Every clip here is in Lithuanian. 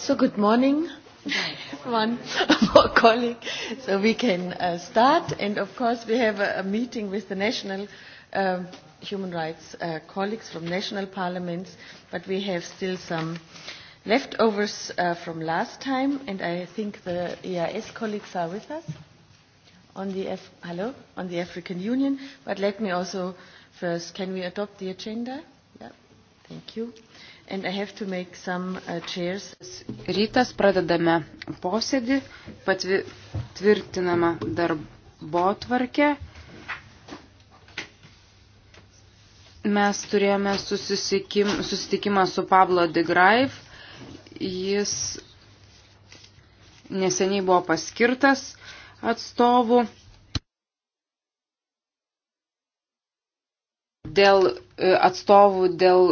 So good morning, one more colleague. So we can uh, start, and of course we have a, a meeting with the national uh, human rights uh, colleagues from national parliaments, but we have still some leftovers uh, from last time, and I think the EIS colleagues are with us on the Af- hello on the African Union. But let me also first, can we adopt the agenda? Yeah, thank you. Uh, Rytas pradedame posėdį, patvirtinama darbo tvarkė. Mes turėjome susitikimą su Pablo de Graif. Jis neseniai buvo paskirtas e, atstovų. Dėl atstovų, dėl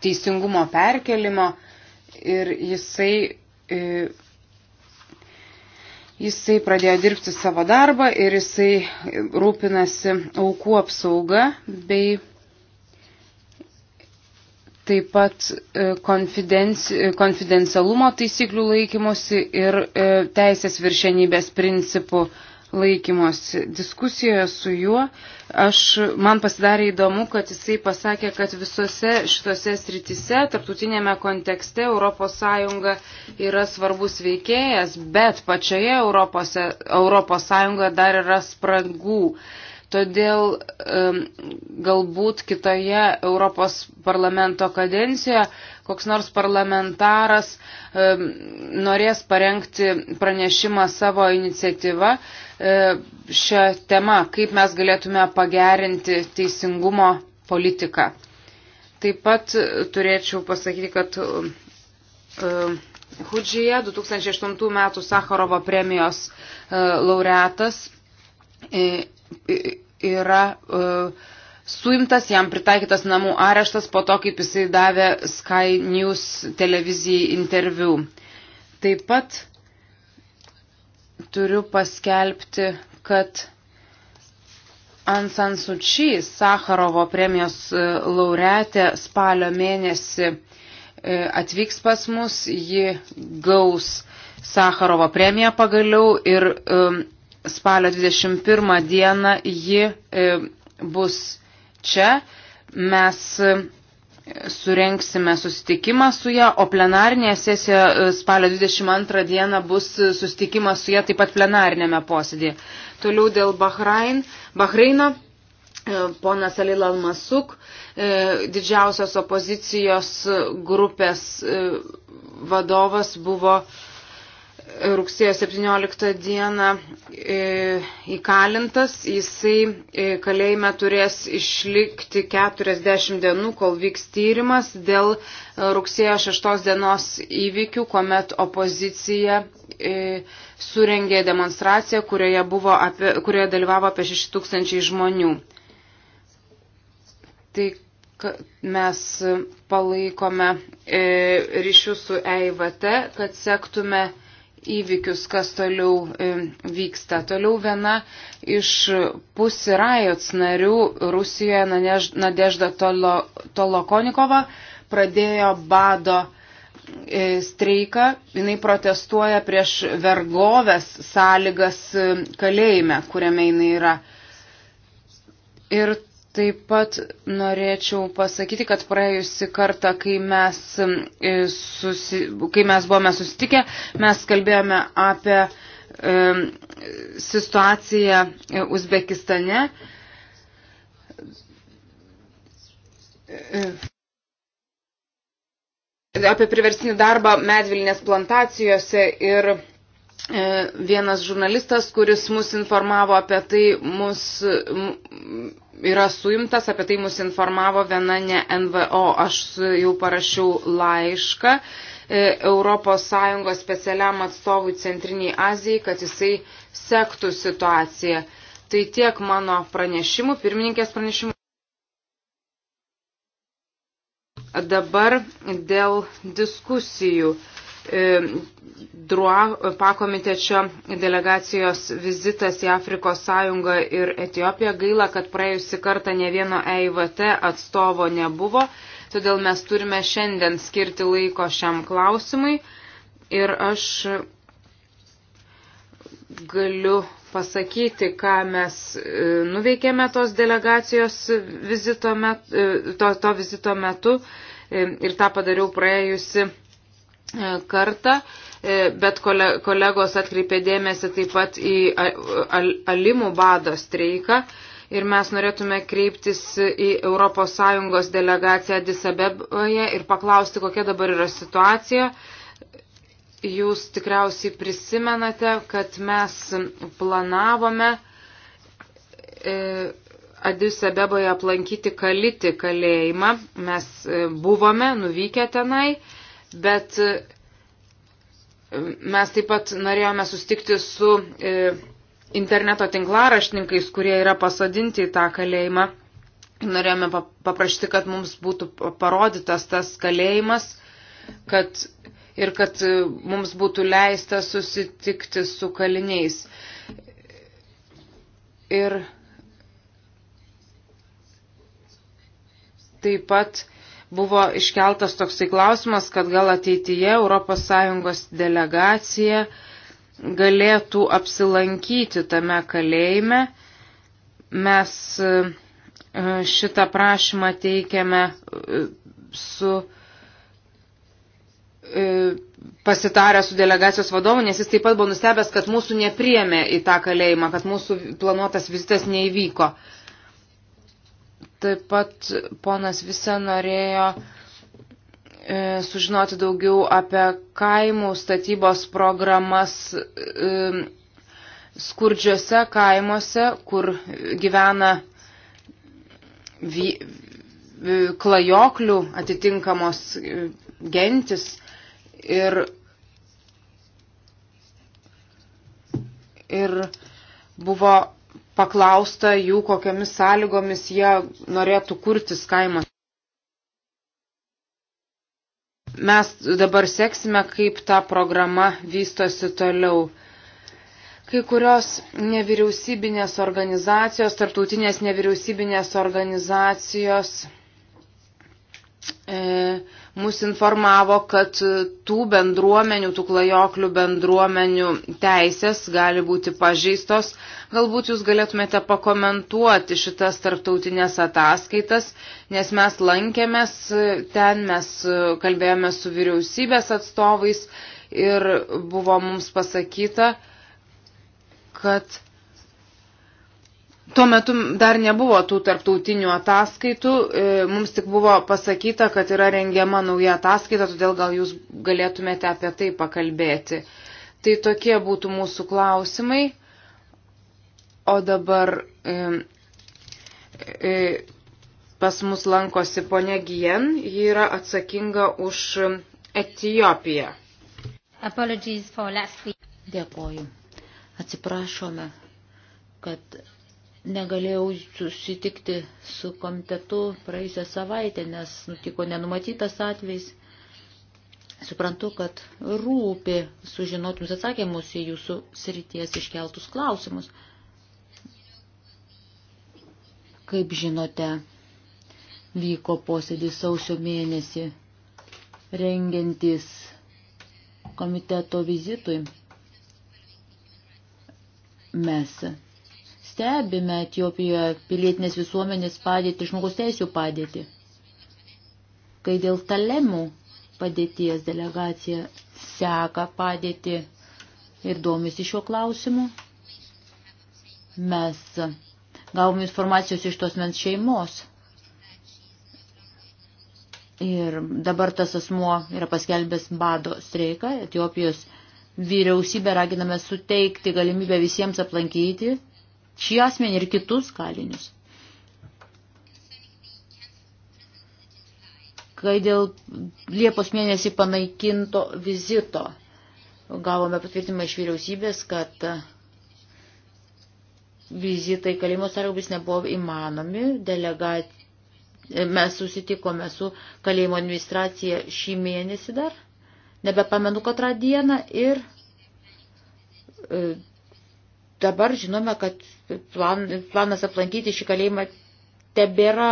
teisingumo perkelimo ir jisai, e, jisai pradėjo dirbti savo darbą ir jisai rūpinasi aukų apsauga bei taip pat e, konfidencialumo taisyklių laikymusi ir e, teisės viršenybės principų laikymosi. Diskusijoje su juo aš, man pasidarė įdomu, kad jisai pasakė, kad visose šitose sritise, tarptautinėme kontekste, ES yra svarbus veikėjas, bet pačioje ES dar yra spragų. Todėl galbūt kitoje Europos parlamento kadencijoje koks nors parlamentaras norės parengti pranešimą savo iniciatyvą e, šią temą, kaip mes galėtume pagerinti teisingumo politiką. Taip pat turėčiau pasakyti, kad Hudžyje 2008 metų Sakarovo premijos e, laureatas e, yra e, suimtas, jam pritaikytas namų areštas po to, kaip jisai davė Sky News televizijai interviu. Taip pat turiu paskelbti, kad Ansan Suči, Sakarovo premijos e, laureatė, spalio mėnesį e, atvyks pas mus, ji gaus Sakarovo premiją pagaliau ir um, spalio 21 dieną ji e, bus čia. Mes e, surenksime susitikimą su ją, o plenarinė sesija e, spalio 22 dieną bus susitikimas su ją taip pat plenarinėme posėdėje. Toliau dėl Bahrain, Bahreino. Ponas Alil Almasuk, didžiausios opozicijos grupės vadovas buvo rugsėjo 17 dieną e, įkalintas. Jisai e, kalėjime turės išlikti 40 dienų, kol vyks tyrimas dėl e, rugsėjo 6 dienos įvykių, kuomet opozicija surengė demonstraciją, kurioje, apie, kurioje dalyvavo apie 6 tūkstančiai žmonių. Tai mes palaikome ryšius su EIVT, kad sektume įvykius, kas toliau e, vyksta. Toliau viena iš pusi rajots narių Rusijoje, Nadežda Tolo, Tolokonikova, pradėjo bado e, streiką, jinai protestuoja prieš vergovės sąlygas e, kalėjime, kuriame jinai yra. Ir Taip pat norėčiau pasakyti, kad praėjusi kartą, kai mes, e, susi, kai mes buvome susitikę, mes kalbėjome apie e, situaciją Uzbekistane. E, e, apie priversinį darbą medvilnės plantacijose ir E, vienas žurnalistas, kuris mus informavo apie tai, mus yra suimtas, apie tai mus informavo viena ne NVO. Aš jau parašiau laišką ES specialiam atstovui Centriniai Azijai, kad jisai sektų situaciją. Tai tiek mano pranešimų, pirmininkės pranešimų. Dabar dėl diskusijų. E, Drua pakomitečio delegacijos vizitas į Afrikos sąjungą ir Etiopiją. Gaila, kad praėjusi kartą ne vieno EIVT atstovo nebuvo, todėl mes turime šiandien skirti laiko šiam klausimui. Ir aš galiu pasakyti, ką mes e, nuveikėme tos delegacijos vizito met, e, to, to vizito metu ir tą padariau praėjusi kartą, e, bet kolegos atkreipė dėmesį taip pat į alimų bado streiką. Ir mes norėtume kreiptis į ES delegaciją Disabeboje ir paklausti, kokia dabar yra situacija. Jūs tikriausiai prisimenate, kad mes planavome e, Adis Abeboje aplankyti Kaliti kalėjimą. Mes e, buvome nuvykę tenai bet e, mes taip pat norėjome sustikti su e, interneto tinklaraštininkais, kurie yra pasodinti į tą kalėjimą. Norėjome paprašyti, kad mums būtų parodytas tas kalėjimas kad, ir kad e, mums būtų leista susitikti su kaliniais. Ir taip pat buvo iškeltas toksai klausimas, kad gal ateityje ES delegacija galėtų apsilankyti tame kalėjime. Mes e, šitą prašymą teikiame e, su e, pasitarę su delegacijos vadovu, nes jis taip pat buvo nustebęs, kad mūsų nepriemė į tą kalėjimą, kad mūsų planuotas vizitas neįvyko. Uh, Taip pat ponas Visa norėjo e, sužinoti daugiau apie kaimų statybos programas e, skurdžiose kaimuose, kur gyvena klajoklių atitinkamos e, gentis ir, ir buvo paklausta jų, kokiamis sąlygomis jie norėtų kurtis kaimą. Mes dabar seksime, kaip ta programa vystosi toliau. Kai kurios nevyriausybinės organizacijos, tarptautinės nevyriausybinės organizacijos e, mus informavo, kad tų bendruomenių, tų klajoklių bendruomenių teisės gali būti pažeistos. Galbūt jūs galėtumėte pakomentuoti šitas tarptautinės ataskaitas, nes mes lankėmės ten, mes kalbėjome su vyriausybės atstovais ir buvo mums pasakyta, kad Tuo metu dar nebuvo tų tarptautinių ataskaitų, e, mums tik buvo pasakyta, kad yra rengiama nauja ataskaita, todėl gal jūs galėtumėte apie tai pakalbėti. Tai tokie būtų mūsų klausimai. O dabar e, e, pas mus lankosi ponia Gien, ji yra atsakinga už Etijopiją. Dėkoju. Atsiprašome, kad Negalėjau susitikti su komitetu praėjusią savaitę, nes nutiko nenumatytas atvejs. Suprantu, kad rūpi sužinoti jums atsakymus į jūsų srities iškeltus klausimus. Kaip žinote, vyko posėdis sausio mėnesį rengiantis komiteto vizitui. Mes stebime Etiopijoje pilietinės visuomenės padėtį, žmogus teisų padėtį. Kai dėl talemų padėties delegacija seka padėtį ir domisi šiuo klausimu, mes gavome informacijos iš tos mens šeimos. Ir dabar tas asmuo yra paskelbęs bado streiką Etiopijos vyriausybę raginame suteikti galimybę visiems aplankyti šį asmenį ir kitus kalinius. Kai dėl Liepos mėnesį panaikinto vizito gavome patvirtimą iš vyriausybės, kad vizitai kalėjimo sargubis nebuvo įmanomi. Delegat... Mes susitikome su kalėjimo administracija šį mėnesį dar, nebepamenu katrą dieną ir e, dabar žinome, kad plan, planas aplankyti šį kalėjimą tebėra,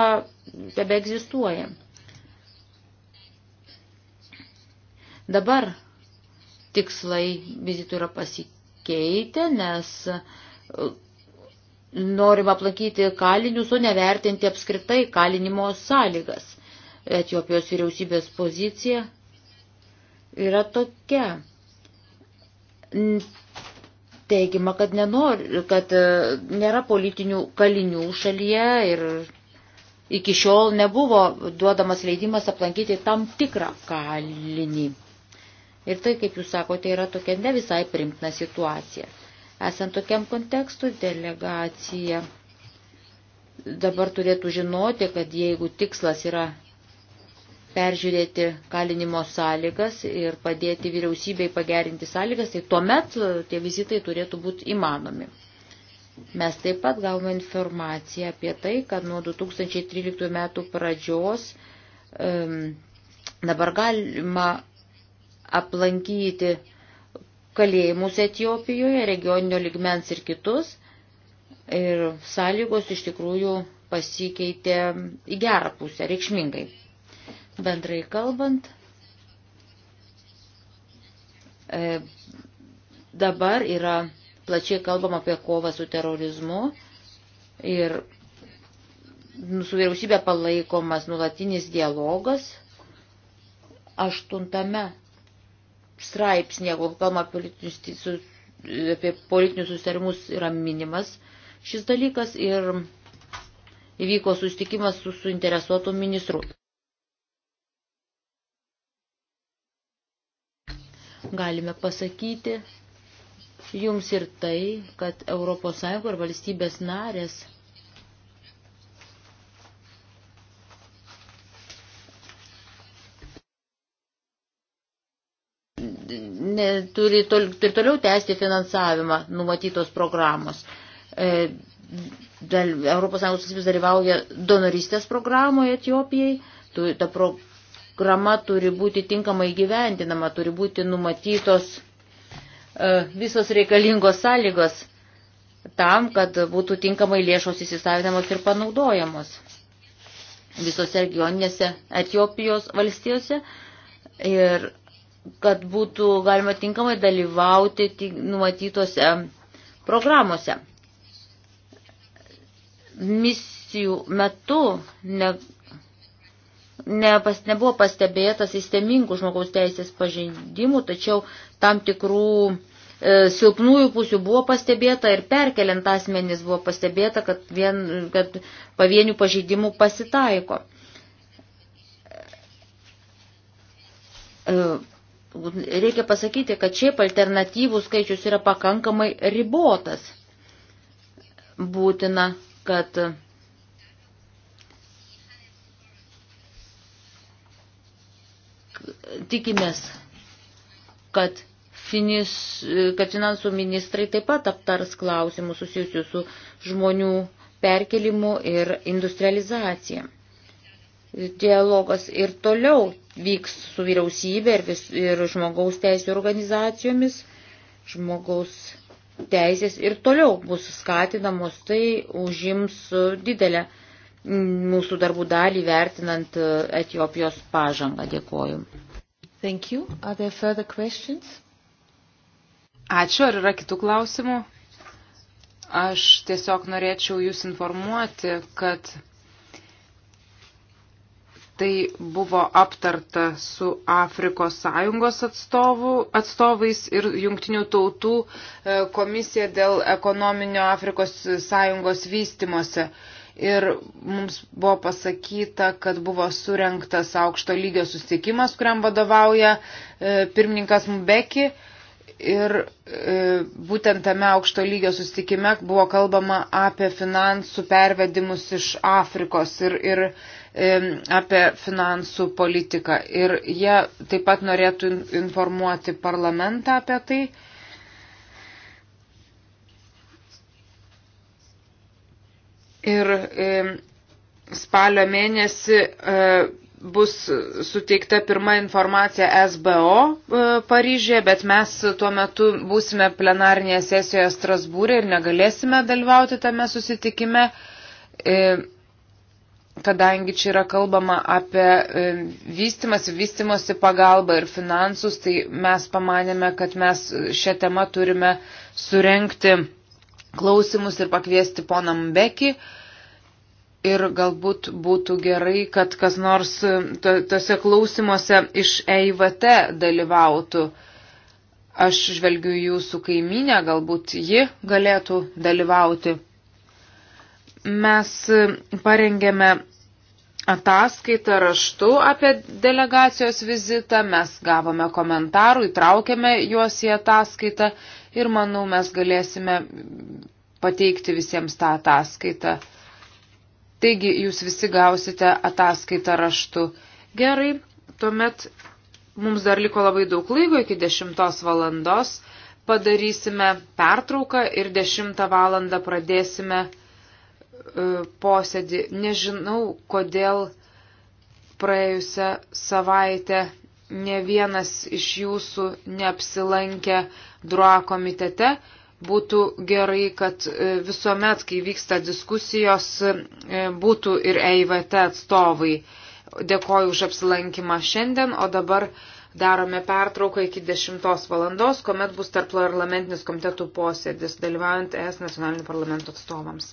tebe egzistuoja. Dabar tikslai vizitų yra pasikeitę, nes e, norima aplankyti kalinius, o nevertinti apskritai kalinimo sąlygas. Etiopijos vyriausybės pozicija yra tokia Teigima, kad, nenori, kad e, nėra politinių kalinių šalyje ir iki šiol nebuvo duodamas leidimas aplankyti tam tikrą kalinį. Ir tai, kaip jūs sakote, yra tokia ne visai primtina situacija. Esant tokiam kontekstui, delegacija dabar turėtų žinoti, kad jeigu tikslas yra peržiūrėti kalinimo sąlygas ir padėti vyriausybei pagerinti sąlygas, tai tuomet e, tie vizitai turėtų būti įmanomi. Mes taip pat gavome informaciją apie tai, kad nuo 2013 metų pradžios um, dabar galima aplankyti kalėjimus Etijopijoje, regioninio ligmens ir kitus. Ir sąlygos iš tikrųjų pasikeitė į gerą pusę, reikšmingai. Bendrai kalbant, e, dabar yra plačiai kalbama apie kovą su terorizmu ir su vyriausybė palaikomas nulatinis dialogas. Aštuntame straipsnėje, kol kalbama politinius, apie politinius susitarimus, yra minimas šis dalykas ir įvyko susitikimas su suinteresuotų ministrų. galime pasakyti jums ir tai, kad ES ir valstybės narės ne, turi, tol, turi toliau tęsti finansavimą numatytos programos. E, Europos Sąjungos valstybės dalyvauja donoristės programoje Etijopijai, tu, ta pro, programa turi būti tinkamai gyvendinama, turi būti numatytos e, visos reikalingos sąlygos tam, kad būtų tinkamai lėšos įsisavinamos ir panaudojamos. Visose regioninėse Etiopijos valstijose ir kad būtų galima tinkamai dalyvauti numatytose programuose. Misijų metu ne, nepas, nebuvo pastebėta sistemingų žmogaus teisės pažeidimų, tačiau tam tikrų e, silpnųjų pusių buvo pastebėta ir perkeliant asmenys buvo pastebėta, kad, vien, kad pavienių pažeidimų pasitaiko. E, reikia pasakyti, kad šiaip alternatyvų skaičius yra pakankamai ribotas. Būtina, kad tikimės, kad, finis, kad finansų ministrai taip pat aptars klausimus susijusius su žmonių perkelimu ir industrializacija. Dialogas ir toliau vyks su vyriausybė ir, vis, ir žmogaus teisų organizacijomis, žmogaus teisės ir toliau bus skatinamos, tai užims didelę uh, mūsų darbų dalį vertinant e, Etijopijos pažangą. Dėkoju. Thank you. Are there further questions? Ačiū, ar yra kitų klausimų? Aš tiesiog norėčiau jūs informuoti, kad tai buvo aptarta su Afrikos sąjungos atstovų, atstovais ir jungtinių tautų e, komisija dėl ekonominio Afrikos sąjungos vystimosi ir mums buvo pasakyta, kad buvo surenktas aukšto lygio susitikimas, kuriam vadovauja e, pirmininkas Mbeki. Ir e, būtent tame aukšto lygio sustikime buvo kalbama apie finansų pervedimus iš Afrikos ir, ir e, apie finansų politiką. Ir jie taip pat norėtų informuoti parlamentą apie tai. E, Ir spalio mėnesį e, bus suteikta pirma informacija SBO e, Paryžėje, bet mes tuo metu būsime plenarnėje sesijoje Strasbūrė ir negalėsime dalyvauti tame susitikime, e, kadangi čia yra kalbama apie vystimas, vystimosi pagalbą ir finansus, tai mes pamanėme, kad mes šią temą turime surenkti klausimus ir pakviesti poną Mbeki. Ir galbūt būtų gerai, kad kas nors e, tose klausimuose iš EIVT dalyvautų. Aš žvelgiu jūsų kaiminę, galbūt ji galėtų dalyvauti. Mes e, parengėme ataskaitą raštu apie delegacijos vizitą, mes gavome komentarų, įtraukėme juos į ataskaitą ir manau mes galėsime pateikti visiems tą ataskaitą. Taigi jūs visi gausite ataskaitą raštu. Gerai, tuomet mums dar liko labai daug laiko iki 10 valandos. Padarysime pertrauką ir 10 valandą pradėsime e, posėdį. Nežinau, kodėl praėjusią savaitę ne vienas iš jūsų neapsilankė DROA komitete. Būtų gerai, kad e, visuomet, kai vyksta diskusijos, e, būtų ir EIVT atstovai. Dėkoju už apsilankymą šiandien, o dabar darome pertrauką iki 10 valandos, kuomet bus tarp parlamentinis komitetų posėdis, dalyvaujant ES nacionalinių parlamentų atstovams.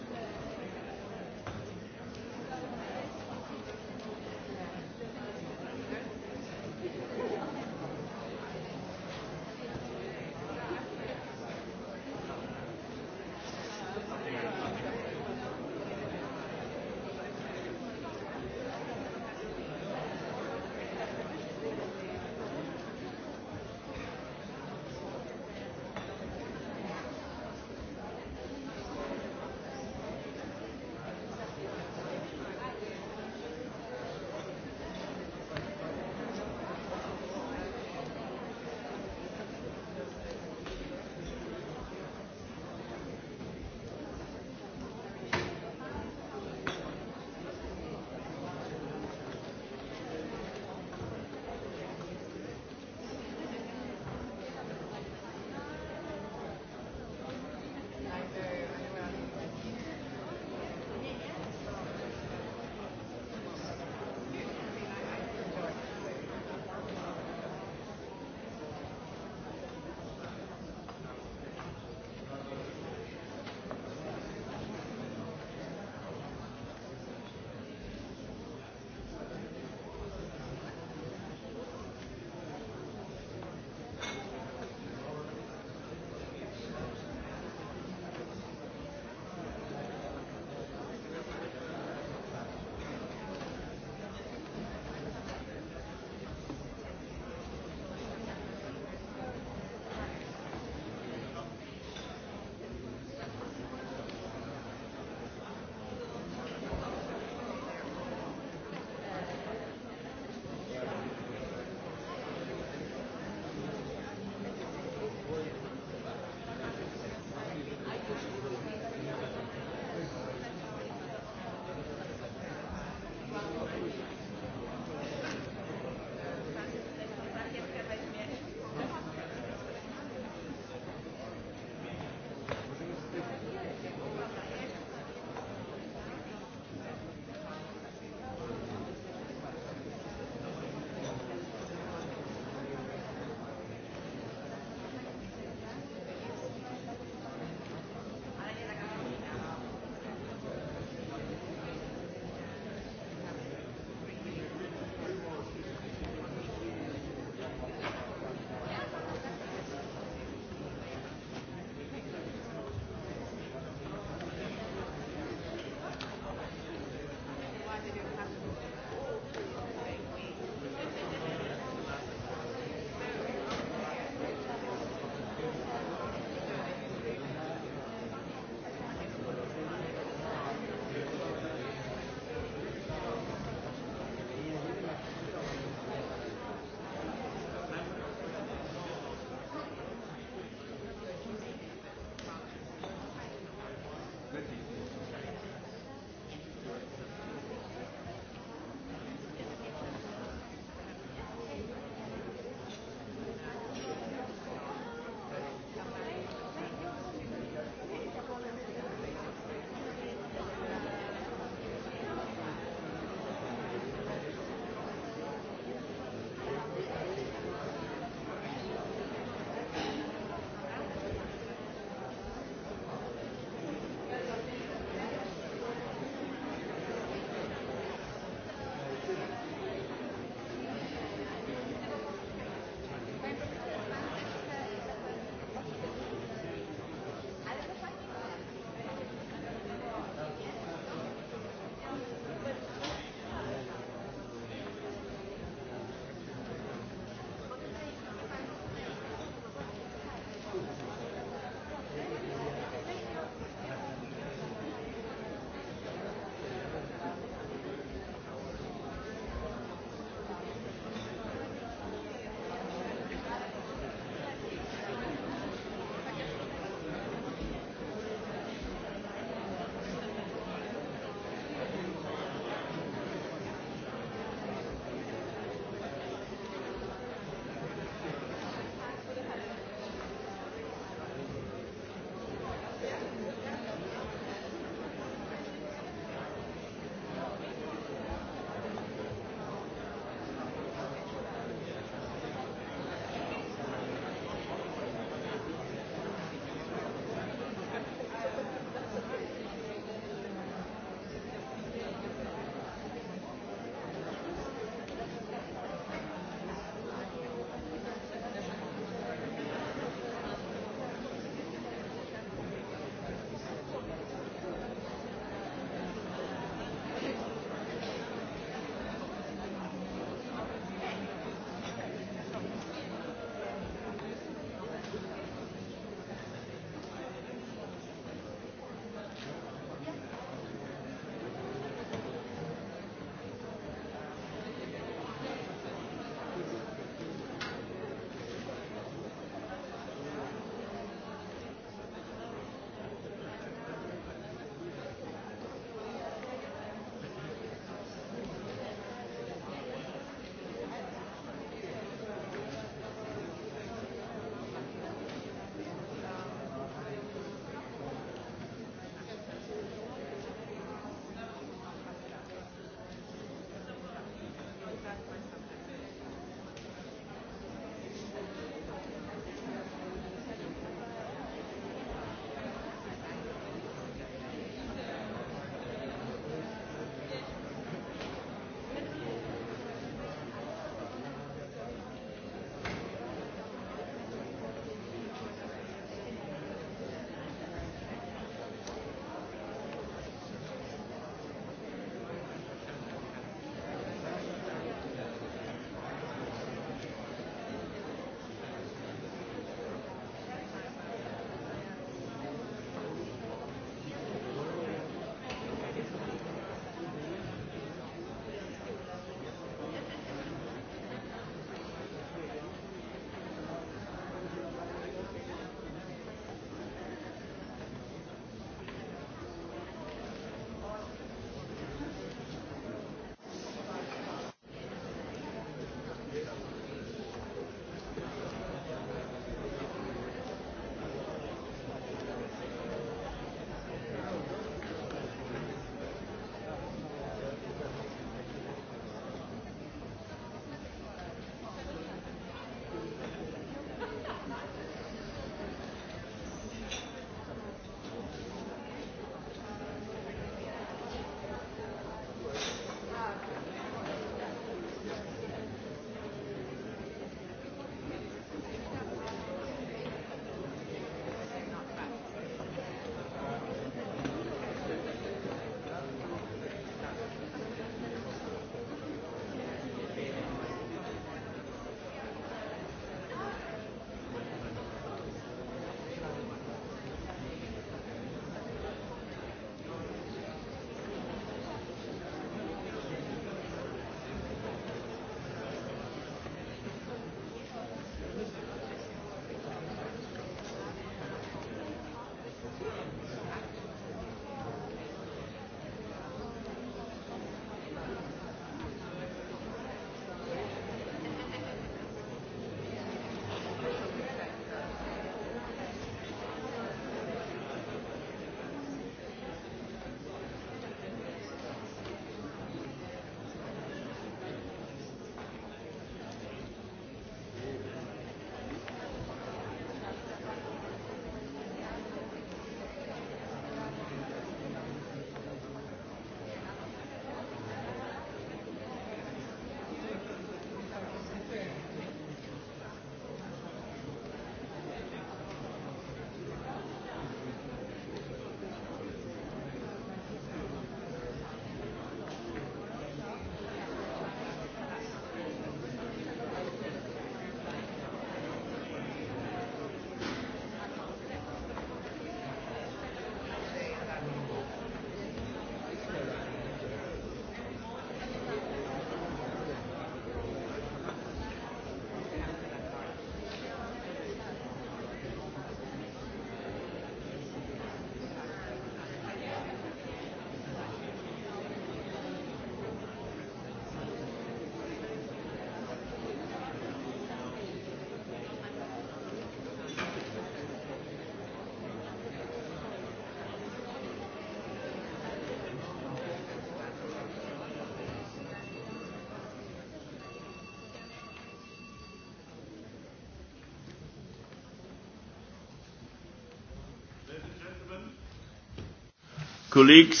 colleagues.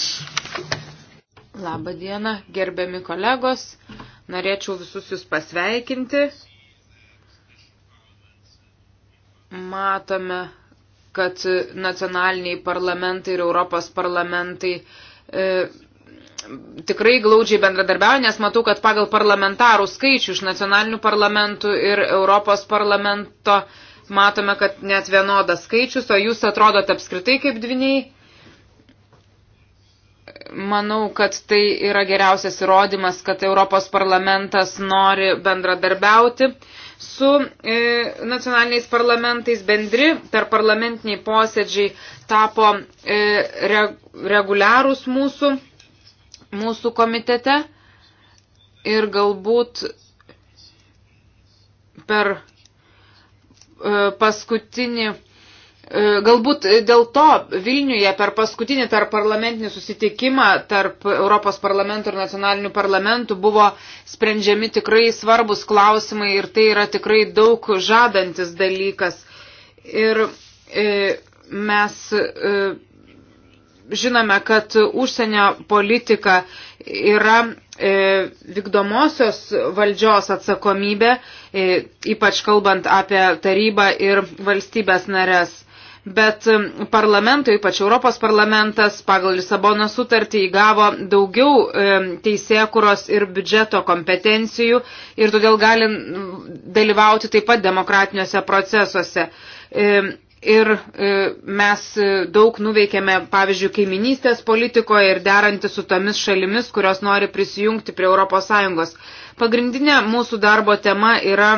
Labą dieną, gerbiami kolegos. Norėčiau visus jūs pasveikinti. Matome, kad nacionaliniai parlamentai ir Europos parlamentai e, tikrai glaudžiai bendradarbiauja, nes matau, kad pagal parlamentarų skaičių iš nacionalinių parlamentų ir Europos parlamento matome, kad net vienodas skaičius, o jūs atrodote apskritai kaip dviniai. Manau, kad tai yra geriausias įrodymas, kad Europos parlamentas nori bendradarbiauti su e, nacionaliniais parlamentais bendri per parlamentiniai posėdžiai tapo e, re, reguliarūs mūsų, mūsų komitete ir galbūt per e, paskutinį E, galbūt dėl to Vilniuje per paskutinį tarp parlamentinį susitikimą tarp Europos parlamento ir nacionalinių parlamentų buvo sprendžiami tikrai svarbus klausimai ir tai yra tikrai daug žadantis dalykas. Ir e, mes e, žinome, kad užsienio politika yra e, vykdomosios valdžios atsakomybė, e, ypač kalbant apie tarybą ir valstybės narės bet um, parlamentai, ypač Europos parlamentas, pagal Lisabono sutartį įgavo daugiau um, teisėkuros ir biudžeto kompetencijų ir todėl gali mm, dalyvauti taip pat demokratiniuose procesuose. Um, ir uh, mes uh, daug nuveikėme, pavyzdžiui, kaiminystės politikoje ir derantį su tomis šalimis, kurios nori prisijungti prie ES. Pagrindinė mūsų darbo tema yra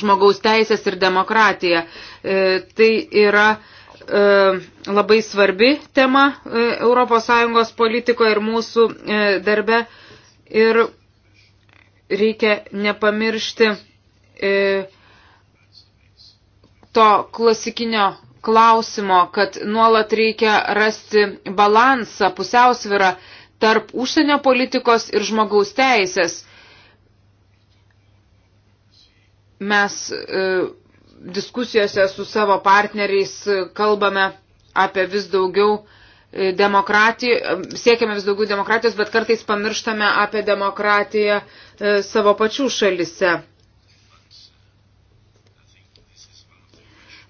žmogaus teisės ir demokratiją. E, tai yra e, labai svarbi tema ES politikoje ir mūsų e, darbe. Ir reikia nepamiršti to klasikinio klausimo, kad nuolat reikia rasti balansą, pusiausvirą tarp užsienio politikos ir žmogaus teisės mes e, diskusijose su savo partneriais e, kalbame apie vis daugiau e, demokratijų, siekiame vis daugiau demokratijos, bet kartais pamirštame apie demokratiją savo pačių šalise.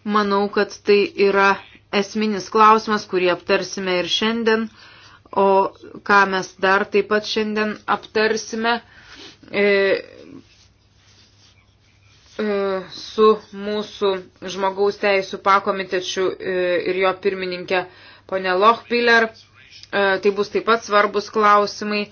Manau, kad tai yra esminis klausimas, kurį aptarsime ir šiandien, o ką mes dar taip pat šiandien aptarsime. E, E, su mūsų žmogaus teisų pakomitečiu e, ir jo pirmininkė ponė Lochpiller. E, tai bus taip pat svarbus klausimai.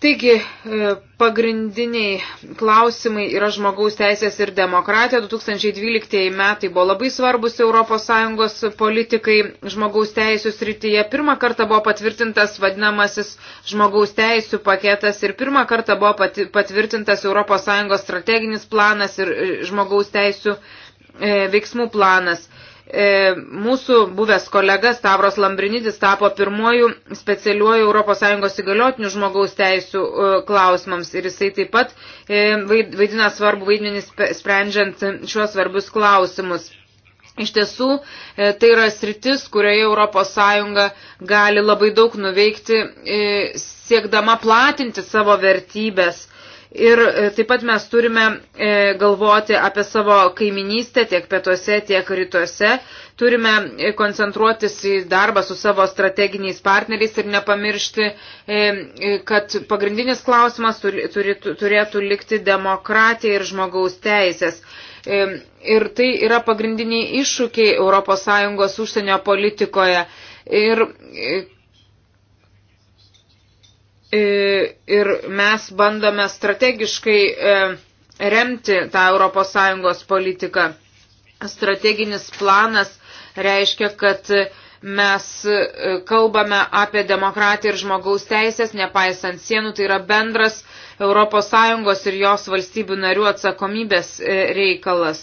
Taigi, e, pagrindiniai klausimai yra žmogaus teisės ir demokratija. 2012 metai buvo labai svarbus ES politikai žmogaus teisų srityje. Pirmą kartą buvo patvirtintas vadinamasis žmogaus teisų paketas ir pirmą kartą buvo patvirtintas ES strateginis planas ir e, žmogaus teisų e, veiksmų planas. E, mūsų buvęs kolega Stavros Lambrinidis tapo pirmuoju specialiuoju ES įgaliotiniu žmogaus teisų e, klausimams ir jisai taip pat e, vaidina svarbu vaidmenį sprendžiant šiuos svarbius klausimus. Iš tiesų, tai yra sritis, kurioje ES gali labai daug nuveikti, siekdama platinti savo vertybės Ir e, taip pat mes turime e, galvoti apie savo kaiminystę tiek pietuose, tiek rytuose. Turime e, koncentruotis į darbą su savo strateginiais partneriais ir nepamiršti, kad pagrindinis klausimas turėtų likti demokratija ir žmogaus teisės. Ir tai yra pagrindiniai iššūkiai ES užsienio politikoje. Ir E, ir mes bandome strategiškai e, remti tą ES politiką. Strateginis planas reiškia, kad mes e, kalbame apie demokratiją ir žmogaus teisės, nepaisant sienų, tai yra bendras ES ir jos valstybių narių atsakomybės reikalas.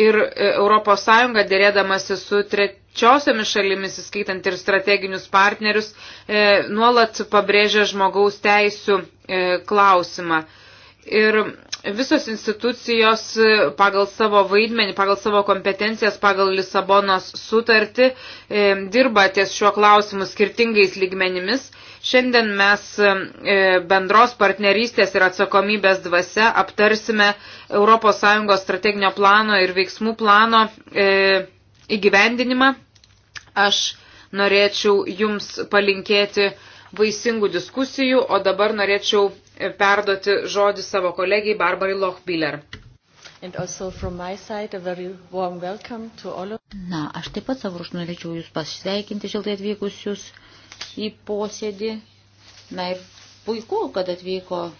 ir ES dėrėdamasi su trečiosiomis šalimis, įskaitant ir strateginius partnerius, e, nuolat pabrėžia žmogaus teisų e, klausimą. Ir visos institucijos e, pagal savo vaidmenį, pagal savo kompetencijas, pagal Lisabonos sutartį e, dirba ties šiuo klausimu skirtingais lygmenimis. Šiandien mes e, bendros partnerystės ir atsakomybės dvasia aptarsime ES strateginio plano ir veiksmų plano įgyvendinimą. Aš norėčiau Jums palinkėti vaisingų diskusijų, o dabar norėčiau perduoti žodį savo kolegijai Barbarai Lochbiller. Na, aš taip pat savo ruoštų norėčiau Jūs pasveikinti šiltai atvykusius į posėdį. Na ir puiku, kad atvyko e,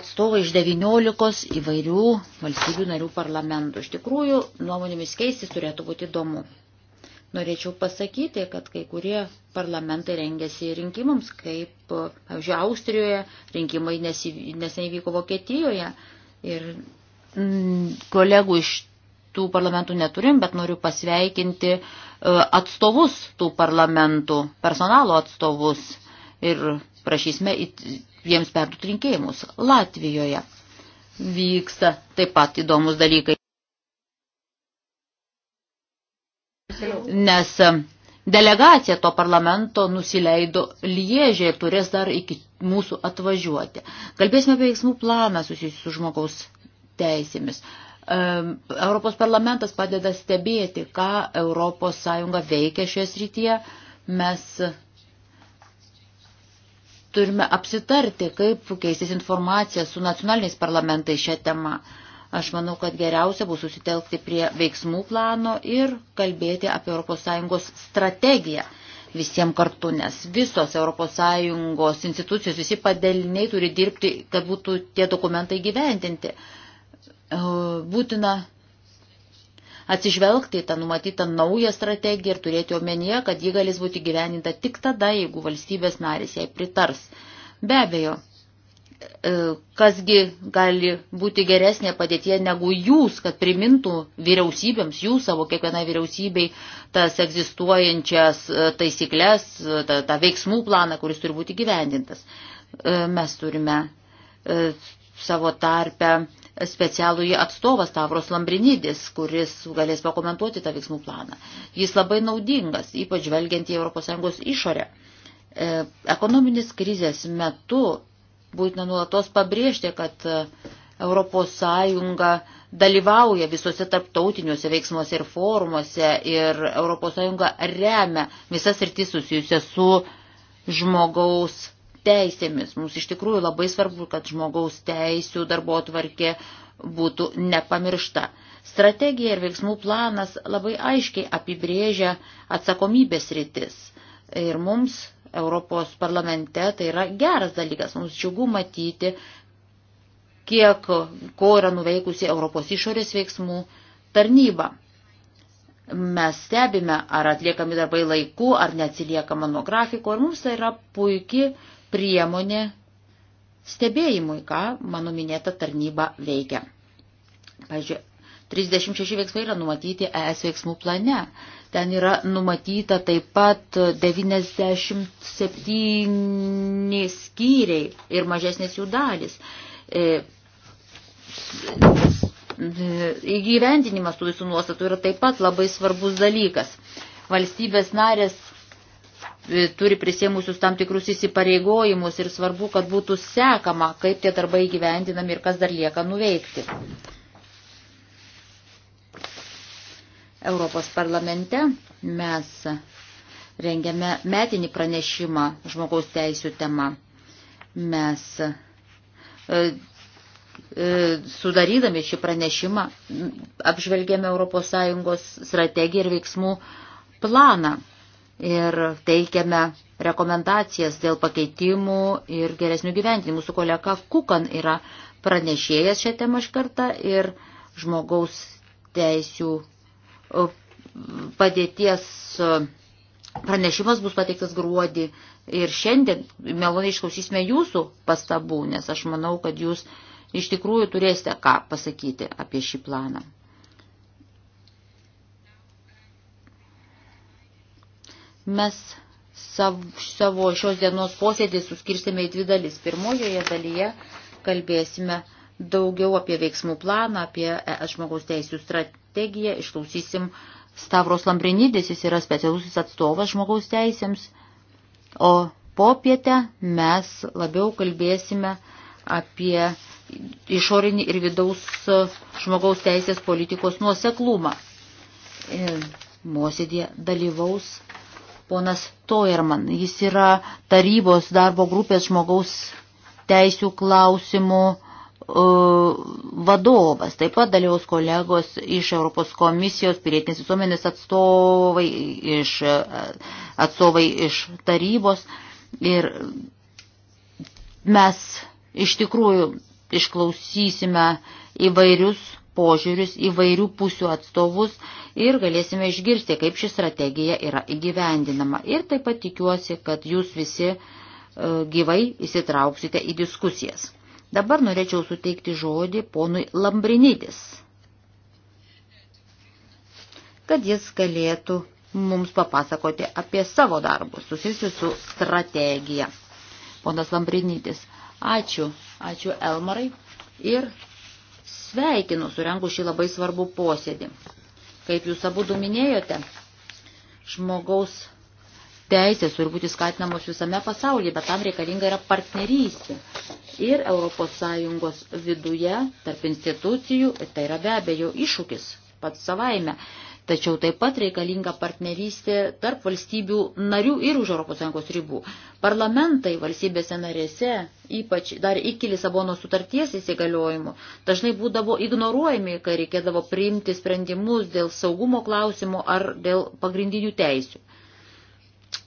atstovai iš 19 įvairių valstybių narių parlamentų. Iš tikrųjų, nuomonėmis keistis turėtų būti įdomu. Norėčiau pasakyti, kad kai kurie parlamentai rengiasi rinkimams, kaip, pavyzdžiui, Austrijoje, rinkimai neseniai vyko Vokietijoje. Ir mm, kolegų iš tų parlamentų neturim, bet noriu pasveikinti e, atstovus tų parlamentų, personalo atstovus ir prašysime jiems perduoti rinkėjimus. Latvijoje vyksta taip pat įdomus dalykai. nes e, delegacija to parlamento nusileido Liežė ir turės dar iki mūsų atvažiuoti. Kalbėsime apie veiksmų planą susijusiu su žmogaus teisėmis. E, Europos parlamentas padeda stebėti, ką Europos Sąjunga veikia šioje srityje. Mes turime apsitarti, kaip keistis informacija su nacionaliniais parlamentais šią temą. Aš manau, kad geriausia bus susitelkti prie veiksmų plano ir kalbėti apie ES strategiją visiems kartu, nes visos ES institucijos, visi padaliniai turi dirbti, kad būtų tie dokumentai gyventinti. E, būtina atsižvelgti į tą numatytą naują strategiją ir turėti omenyje, kad ji galės būti gyveninta tik tada, jeigu valstybės narės jai pritars. Be abejo, E, kasgi gali būti geresnė padėtie negu jūs, kad primintų vyriausybėms, jūs savo kiekvienai vyriausybei tas egzistuojančias e, taisyklės, e, tą, tą veiksmų planą, kuris turi būti gyvendintas. Mes turime savo tarpę specialųjį atstovą Stavros Lambrinidis, kuris galės pakomentuoti tą veiksmų planą. Jis labai naudingas, ypač žvelgiant į ES išorę. Ekonominis krizės metu Būtina nuolatos pabrėžti, kad ES dalyvauja visose tarptautiniuose veiksmuose ir forumuose ir ES remia visas rytis susijusias su žmogaus teisėmis. Mums iš tikrųjų labai svarbu, kad žmogaus teisių darbo tvarkė būtų nepamiršta. Strategija ir veiksmų planas labai aiškiai apibrėžia atsakomybės rytis. Ir mums Europos parlamente, tai yra geras dalykas. Mums džiugu matyti, kiek ko yra nuveikusi Europos išorės veiksmų tarnyba. Mes stebime, ar atliekami darbai laiku, ar neatsiliekama nuo grafiko, ir mums tai yra puikia priemonė stebėjimui, ką mano minėta tarnyba veikia. Pavyzdžiui, 36 veiksmai yra numatyti ES veiksmų plane. Ten yra numatyta taip pat 97 skyriai ir mažesnės jų dalis. E, įgyvendinimas tų visų nuostatų yra taip pat labai svarbus dalykas. Valstybės narės e, turi prisėmusius tam tikrus įsipareigojimus ir svarbu, kad būtų sekama, kaip tie darbai gyvendinami ir kas dar lieka nuveikti. Europos parlamente mes rengiame metinį pranešimą žmogaus teisų tema. Mes e, e, sudarydami šį pranešimą apžvelgėme ES strategiją ir veiksmų planą ir teikiame rekomendacijas dėl pakeitimų ir geresnių gyventinimų. Mūsų kolega Kukan yra pranešėjas šią temą iš kartą ir žmogaus teisių padėties pranešimas bus pateiktas gruodį ir šiandien meloniai išklausysime jūsų pastabų, nes aš manau, kad jūs iš tikrųjų turėsite ką pasakyti apie šį planą. Mes savo šios dienos posėdį suskirstėme į dvi dalis. Pirmojoje dalyje kalbėsime daugiau apie veiksmų planą, apie e, žmogaus teisų strategiją strategiją, išklausysim Stavros Lambrinidis, jis yra specialusis atstovas žmogaus teisėms, o popietę mes labiau kalbėsime apie išorinį ir vidaus žmogaus teisės politikos nuoseklumą. Mosėdė e, dalyvaus ponas Toerman. Jis yra tarybos darbo grupės žmogaus teisių klausimų E, vadovas. Taip pat dalyvaus kolegos iš Europos komisijos, pilietinės visuomenės atstovai, iš, e, atstovai iš tarybos. Ir mes iš tikrųjų išklausysime įvairius požiūrius, įvairių pusių atstovus ir galėsime išgirsti, kaip ši strategija yra įgyvendinama. Ir taip pat tikiuosi, kad jūs visi e, gyvai įsitrauksite į diskusijas. Dabar norėčiau suteikti žodį ponui Lambrinidis, kad jis galėtų mums papasakoti apie savo darbus susijusius su strategija. Ponas Lambrinytis, ačiū, ačiū Elmarai ir sveikinu surengu šį labai svarbų posėdį. Kaip jūs abu minėjote, žmogaus teisės turi būti skatinamos visame pasaulyje, bet tam reikalinga yra partnerystė. Ir ES viduje, tarp institucijų, tai yra be abejo iššūkis pats savaime. Tačiau taip pat reikalinga partnerystė tarp valstybių narių ir už ES ribų. Parlamentai valstybėse narėse, ypač dar iki Lisabono sutarties įsigaliojimų, dažnai būdavo ignoruojami, kai reikėdavo priimti sprendimus dėl saugumo klausimų ar dėl pagrindinių teisių.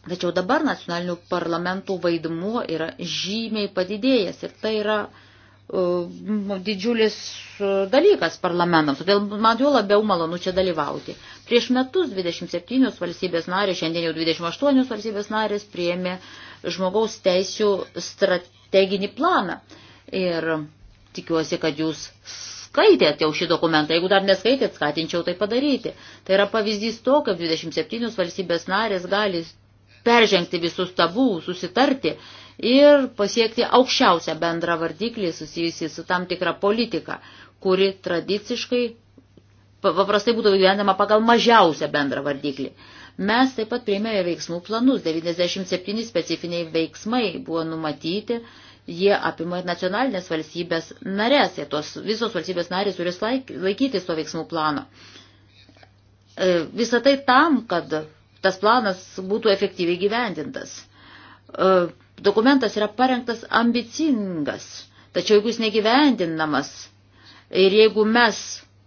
Tačiau dabar nacionalinių parlamentų vaidmuo yra žymiai padidėjęs ir tai yra uh, didžiulis uh, dalykas parlamentams, todėl man jau labiau malonu čia dalyvauti. Prieš metus 27 valstybės narės, šiandien jau 28 valstybės narės priėmė žmogaus teisių strateginį planą. Ir tikiuosi, kad jūs skaitėt jau šį dokumentą. Jeigu dar neskaitėt, skatinčiau tai padaryti. Tai yra pavyzdys to, kaip 27 valstybės narės gali peržengti visus tabų, susitarti ir pasiekti aukščiausią bendrą vardiklį susijusi su tam tikra politika, kuri tradiciškai paprastai būtų gyvenama pagal mažiausią bendrą vardiklį. Mes taip pat priėmėme veiksmų planus, 97 specifiniai veiksmai buvo numatyti, jie apima ir nacionalinės valstybės narės, jie tos visos valstybės narės turės laikytis to veiksmų plano. E, Visą tai tam, kad tas planas būtų efektyviai gyvendintas. E, dokumentas yra parengtas ambicingas, tačiau jeigu jis negyvendinamas ir jeigu mes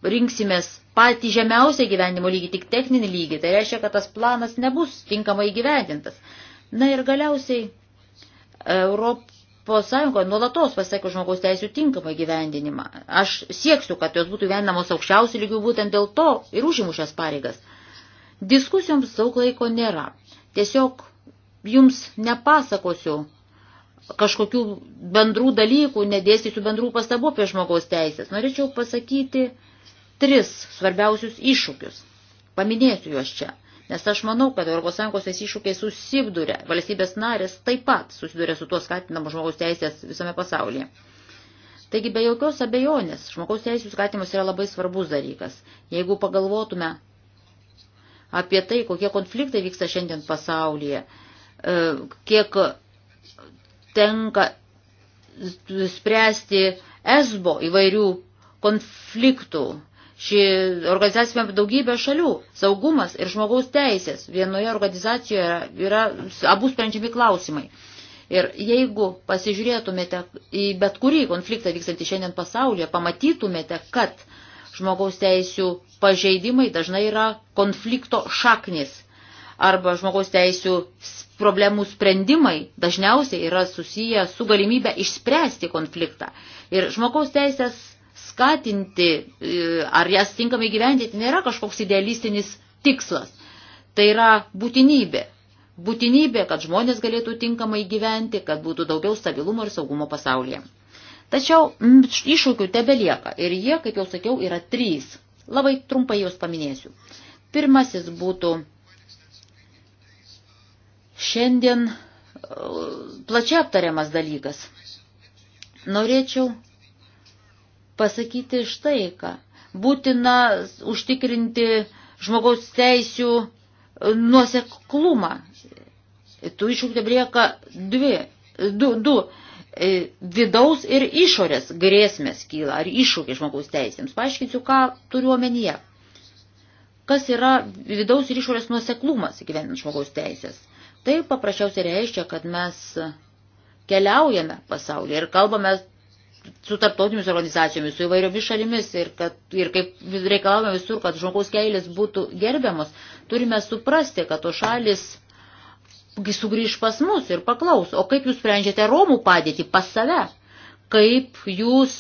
rinksimės patį žemiausią gyvenimo lygį, tik techninį lygį, tai reiškia, kad tas planas nebus tinkamai gyvendintas. Na ir galiausiai e, Europos Sąjungoje nuolatos pasiekiu žmogaus teisų tinkamą gyvendinimą. Aš sieksiu, kad jos būtų gyvenamos aukščiausių lygių, būtent dėl to ir užimu šias pareigas. Diskusijoms daug laiko nėra. Tiesiog jums nepasakosiu kažkokių bendrų dalykų, nedėstysiu bendrų pastabų apie žmogaus teisės. Norėčiau pasakyti tris svarbiausius iššūkius. Paminėsiu juos čia. Nes aš manau, kad ES iššūkiai susiduria, valstybės narės taip pat susiduria su tuo skatinamu žmogaus teisės visame pasaulyje. Taigi be jokios abejonės, žmogaus teisės skatinimas yra labai svarbus dalykas. Jeigu pagalvotume, apie tai, kokie konfliktai vyksta šiandien pasaulyje, e, kiek tenka spręsti esbo įvairių konfliktų. Ši organizacija apima daugybę šalių. Saugumas ir žmogaus teisės vienoje organizacijoje yra, yra abu sprendžiami klausimai. Ir jeigu pasižiūrėtumėte į bet kurį konfliktą vykstantį šiandien pasaulyje, pamatytumėte, kad uh, Žmogaus teisių pažeidimai dažnai yra konflikto šaknis arba žmogaus teisių problemų sprendimai dažniausiai yra susiję su galimybė išspręsti konfliktą. Ir žmogaus teisės skatinti e, ar jas tinkamai gyventi nėra kažkoks idealistinis tikslas. Tai yra būtinybė. Būtinybė, kad žmonės galėtų tinkamai gyventi, kad būtų daugiau stabilumo ir saugumo pasaulyje. Tačiau m, mm, iššūkių tebelieka ir jie, kaip jau sakiau, yra trys. Labai trumpai juos paminėsiu. Pirmasis būtų šiandien e, plačiai aptariamas dalykas. Norėčiau pasakyti štai ką. Būtina užtikrinti žmogaus teisių e, nuoseklumą. Tų iššūkių lieka dvi, du, du. E, vidaus ir išorės grėsmės kyla ar iššūkiai žmogaus teisėms. Paaiškinsiu, ką turiu omenyje. Kas yra vidaus ir išorės nuoseklumas įgyvendinant žmogaus teisės. Tai paprasčiausiai reiškia, kad mes keliaujame pasaulyje ir kalbame su tarptautinėmis organizacijomis, su įvairiomis šalimis ir, kad, ir kaip reikalavome visur, kad žmogaus keilis būtų gerbiamos, turime suprasti, kad to šalis sugrįž pas mus ir paklaus, o kaip jūs sprendžiate Romų padėtį pas save? Kaip jūs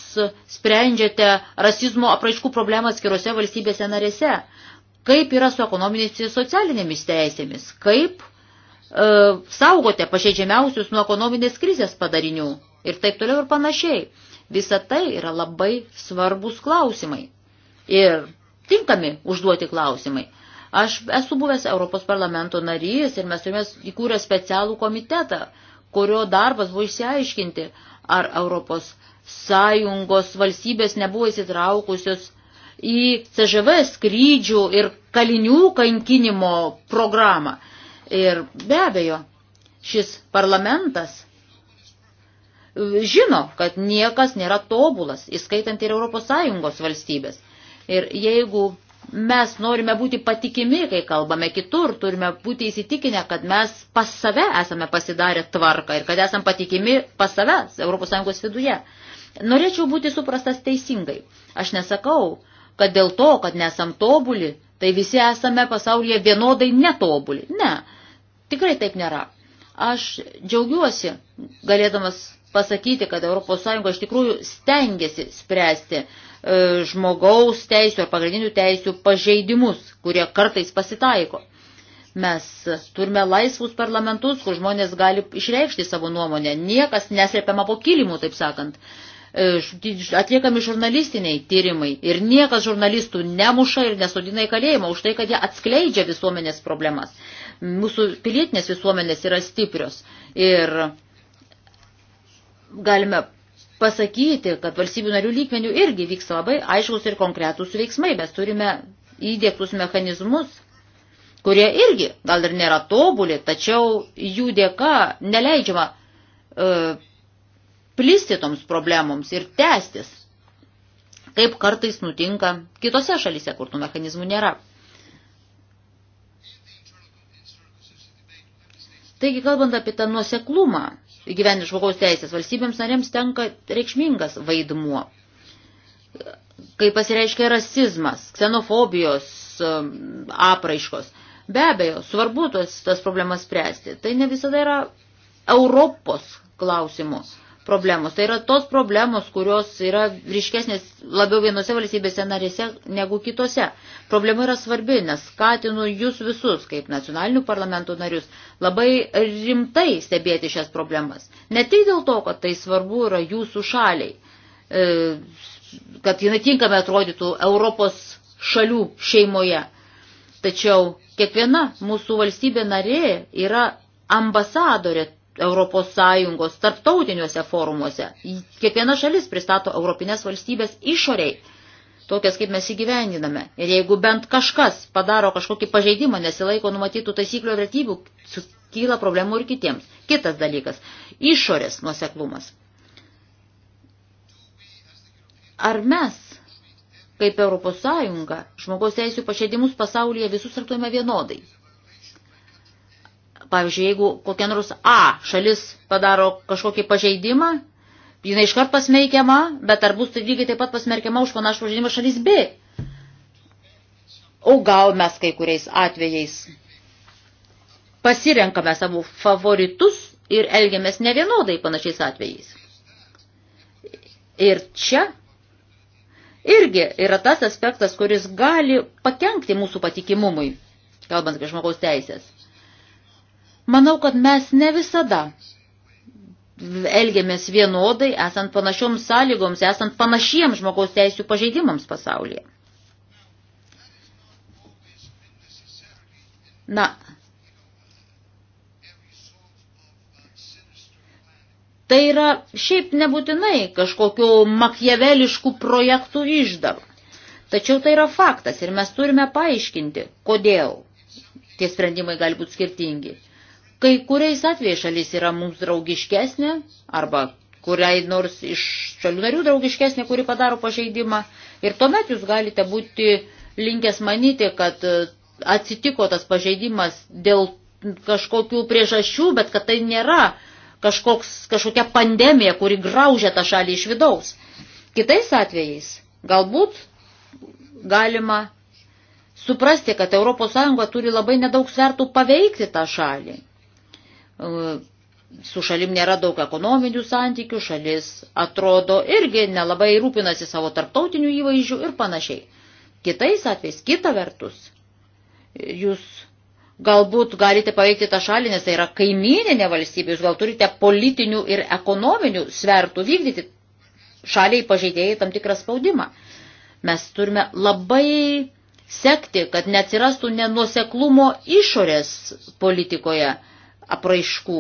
sprendžiate rasizmo apraiškų problemą atskirose valstybėse narėse? Kaip yra su ekonominės ir socialinėmis teisėmis? Kaip e, saugote pažeidžiamiausius nuo ekonominės krizės padarinių? Ir taip toliau ir panašiai. Visa tai yra labai svarbus klausimai. Ir tinkami užduoti klausimai. Aš esu buvęs Europos parlamento narys ir mes turime įkūrę specialų komitetą, kurio darbas buvo išsiaiškinti, ar Europos sąjungos valstybės nebuvo įsitraukusios į CŽV skrydžių ir kalinių kankinimo programą. Ir be abejo, šis parlamentas žino, kad niekas nėra tobulas, įskaitant ir ES valstybės. Ir jeigu mes norime būti patikimi, kai kalbame kitur, turime būti įsitikinę, kad mes pas save esame pasidarę tvarką ir kad esame patikimi pas save ES viduje. Norėčiau būti suprastas teisingai. Aš nesakau, kad dėl to, kad nesam tobuli, tai visi esame pasaulyje vienodai netobuli. Ne, tikrai taip nėra. Aš džiaugiuosi, galėdamas pasakyti, kad ES iš tikrųjų stengiasi spręsti uh, E, žmogaus teisų ar pagrindinių teisų pažeidimus, kurie kartais pasitaiko. Mes turime laisvus parlamentus, kur žmonės gali išreikšti savo nuomonę. Niekas neslepiama po kilimu, taip sakant. E, atliekami žurnalistiniai tyrimai ir niekas žurnalistų nemuša ir nesodina į kalėjimą už tai, kad jie atskleidžia visuomenės problemas. Mūsų pilietinės visuomenės yra stiprios ir galime pasakyti, kad valstybių narių lygmenių irgi vyksta labai aiškus ir konkretūs veiksmai. Mes turime įdėktus mechanizmus, kurie irgi gal ir nėra tobulė, tačiau jų dėka neleidžiama e, plisti toms problemoms ir tęstis, kaip kartais nutinka kitose šalyse, kur tų mechanizmų nėra. Taigi, kalbant apie tą nuoseklumą, įgyvendinti žmogaus teisės, valstybėms narėms tenka reikšmingas vaidmuo. Kai pasireiškia rasizmas, ksenofobijos um, apraiškos. Be abejo, svarbu tos, tas problemas spręsti. Tai ne visada yra Europos klausimus problemos. Tai yra tos problemos, kurios yra ryškesnės labiau vienose valstybėse narėse negu kitose. Problema yra svarbi, nes skatinu jūs visus, kaip nacionalinių parlamentų narius, labai rimtai stebėti šias problemas. Ne tik dėl to, kad tai svarbu yra jūsų šaliai, e, kad jinai tinkamai atrodytų Europos šalių šeimoje. Tačiau kiekviena mūsų valstybė narė yra ambasadorė ES tarptautiniuose forumuose. Kiekviena šalis pristato Europinės valstybės išoriai, tokias kaip mes įgyvendiname. Ir jeigu bent kažkas padaro kažkokį pažeidimą, nesilaiko numatytų taisyklių ir atybių, kyla problemų ir kitiems. Kitas dalykas – išorės nuoseklumas. Ar mes, kaip Europos Sąjunga, žmogaus teisų pažeidimus pasaulyje visus traktuojame vienodai? Pavyzdžiui, jeigu kokia nors A šalis padaro kažkokį pažeidimą, jinai iškart pasmeikiama, bet ar bus lygiai taip pat pasmerkiama už panašų pažeidimą šalis B. O gal mes kai kuriais atvejais pasirenkame savo favoritus ir elgiamės nevienodai panašiais atvejais. Ir čia irgi yra tas aspektas, kuris gali pakengti mūsų patikimumui, kalbant apie žmogaus teisės. Manau, kad mes ne visada elgiamės vienodai, esant panašioms sąlygoms, esant panašiems žmogaus teisų pažeidimams pasaulyje. Na, Tai yra šiaip nebūtinai kažkokiu makjaveliškų projektų išdava. Tačiau tai yra faktas ir mes turime paaiškinti, kodėl tie sprendimai gali būti skirtingi. Kai kuriais atvejais šalis yra mums draugiškesnė arba kuriai nors iš šalių narių draugiškesnė, kuri padaro pažeidimą. Ir tuomet jūs galite būti linkęs manyti, kad e, atsitiko tas pažeidimas dėl kažkokių priežasčių, bet kad tai nėra kažkoks, kažkokia pandemija, kuri graužia tą šalį iš vidaus. Kitais atvejais galbūt galima suprasti, kad ES turi labai nedaug svertų paveikti tą šalį su šalim nėra daug ekonominių santykių, šalis atrodo irgi nelabai rūpinasi savo tarptautinių įvaizdžių ir panašiai. Kitais atvejais, kita vertus, jūs galbūt galite paveikti tą šalį, nes tai yra kaimininė valstybė, jūs gal turite politinių ir ekonominių svertų vykdyti šaliai pažeidėjai tam tikrą spaudimą. Mes turime labai sekti, kad neatsirastų nenuseklumo išorės politikoje apraiškų.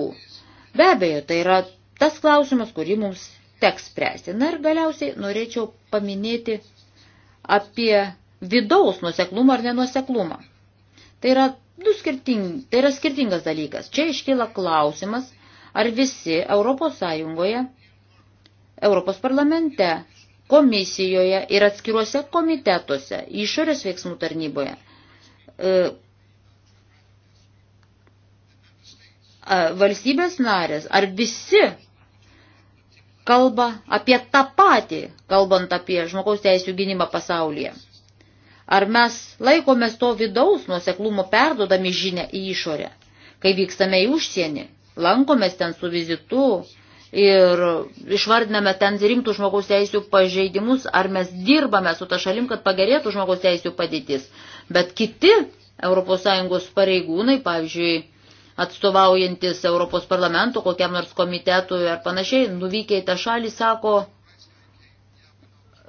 Be abejo, tai yra tas klausimas, kurį mums teks spręsti. Na ir galiausiai norėčiau paminėti apie vidaus nuseklumą ar nenuseklumą. Tai yra, du skirting, tai yra skirtingas dalykas. Čia iškyla klausimas, ar visi Europos Sąjungoje, Europos parlamente, komisijoje ir atskiruose komitetuose, išorės veiksmų tarnyboje, e, valstybės narės, ar visi kalba apie tą patį, kalbant apie žmogaus teisų gynimą pasaulyje. Ar mes laikomės to vidaus nuoseklumo perdodami žinę į išorę, kai vykstame į užsienį, lankomės ten su vizitu ir išvardiname ten rimtų žmogaus teisų pažeidimus, ar mes dirbame su ta šalim, kad pagerėtų žmogaus teisų padėtis. Bet kiti ES pareigūnai, pavyzdžiui, atstovaujantis Europos parlamento kokiam nors komitetui ar panašiai, nuvykę į tą šalį, sako,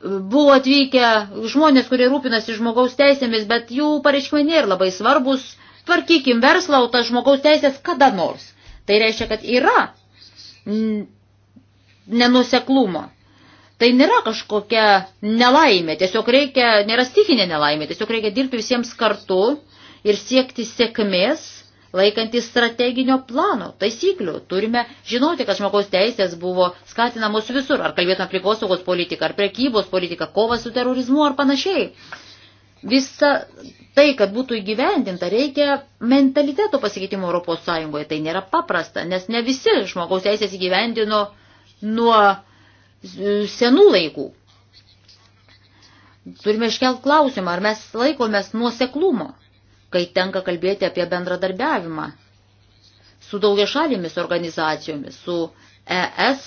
buvo atvykę žmonės, kurie rūpinasi žmogaus teisėmis, bet jų pareiškimai nėra labai svarbus, tvarkykim verslą, o tas žmogaus teisės kada nors. Tai reiškia, kad yra nenuseklumo. Tai nėra kažkokia nelaimė, tiesiog reikia, nėra stikinė nelaimė, tiesiog reikia dirbti visiems kartu ir siekti sėkmės laikantis strateginio plano, taisyklių. Turime žinoti, kad žmogaus teisės buvo skatinamos visur, ar kalbėtume aplinkosaugos politiką, ar prekybos politiką, kovą su terorizmu ar panašiai. Visa tai, kad būtų įgyvendinta, reikia mentaliteto pasikeitimo Europos Sąjungoje. Tai nėra paprasta, nes ne visi žmogaus teisės įgyvendino nuo senų laikų. Turime iškelti klausimą, ar mes laikomės nuoseklumo kai tenka kalbėti apie bendradarbiavimą su daugia šalimis organizacijomis, su ES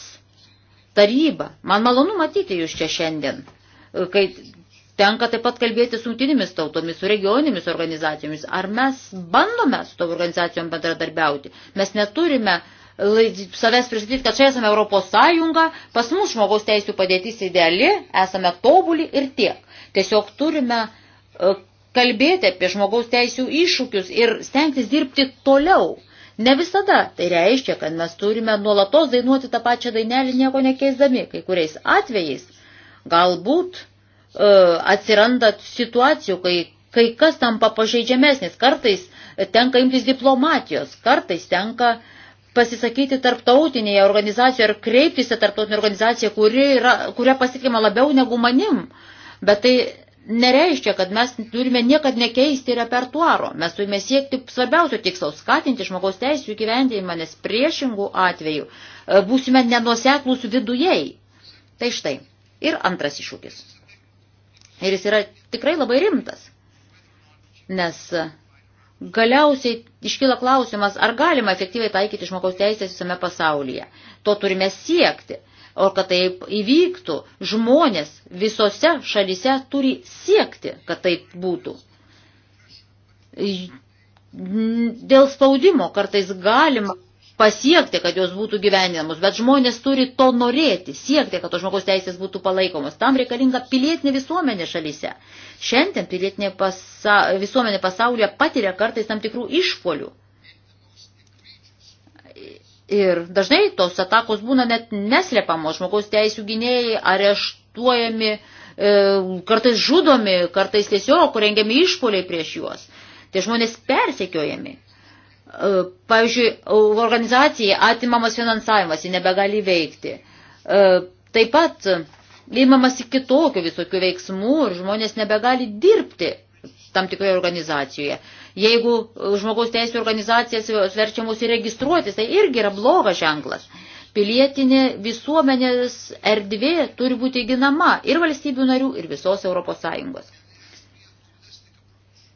taryba. Man malonu matyti jūs čia šiandien, kai tenka taip pat kalbėti su jungtinėmis tautomis, su regioninėmis organizacijomis. Ar mes bandome su to organizacijom bendradarbiauti? Mes neturime savęs pristatyti, kad čia esame Europos Sąjunga, pas mus žmogaus teisų padėtis ideali, esame tobuli ir tiek. Tiesiog turime e, kalbėti apie žmogaus teisų iššūkius ir stengtis dirbti toliau. Ne visada tai reiškia, kad mes turime nuolatos dainuoti tą pačią dainelį nieko nekeisdami. Kai kuriais atvejais galbūt e, atsiranda situacijų, kai kai kas tampa pažeidžiamesnis, kartais tenka imtis diplomatijos, kartais tenka pasisakyti tarptautinėje organizacijoje ir kreiptis į tarptautinę organizaciją, kuri yra, kuria pasitikima labiau negu manim. Bet tai nereiškia, kad mes turime niekad nekeisti repertuaro. Mes turime siekti svarbiausio tikslo - skatinti žmogaus teisų įgyvendinimą, nes priešingų atvejų e, būsime nenuoseklus vidujei. Tai štai. Ir antras iššūkis. Ir jis yra tikrai labai rimtas. Nes e, galiausiai iškyla klausimas, ar galima efektyviai taikyti žmogaus teisės visame pasaulyje. To turime siekti. O kad taip įvyktų, žmonės visose šalise turi siekti, kad taip būtų. Dėl spaudimo kartais galima pasiekti, kad jos būtų gyveninamos, bet žmonės turi to norėti, siekti, kad to žmogaus teisės būtų palaikomos. Tam reikalinga pilietinė visuomenė šalyse. Šiandien pilietinė pasa visuomenė pasaulyje patiria kartais tam tikrų išpolių. Ir dažnai tos atakos būna net neslepiamos, žmogaus teisų gynėjai areštuojami, e, kartais žudomi, kartais tiesiog rengiami išpoliai prieš juos. Tie žmonės persekiojami. E, pavyzdžiui, organizacijai atimamas finansavimas, ji nebegali veikti. E, taip pat įmamasi kitokių visokių veiksmų ir žmonės nebegali dirbti tam tikroje organizacijoje. Jeigu žmogaus teisų organizacijas verčia mus įregistruotis, tai irgi yra blogas ženklas. Pilietinė visuomenės erdvė turi būti ginama ir valstybių narių, ir visos Europos Sąjungos.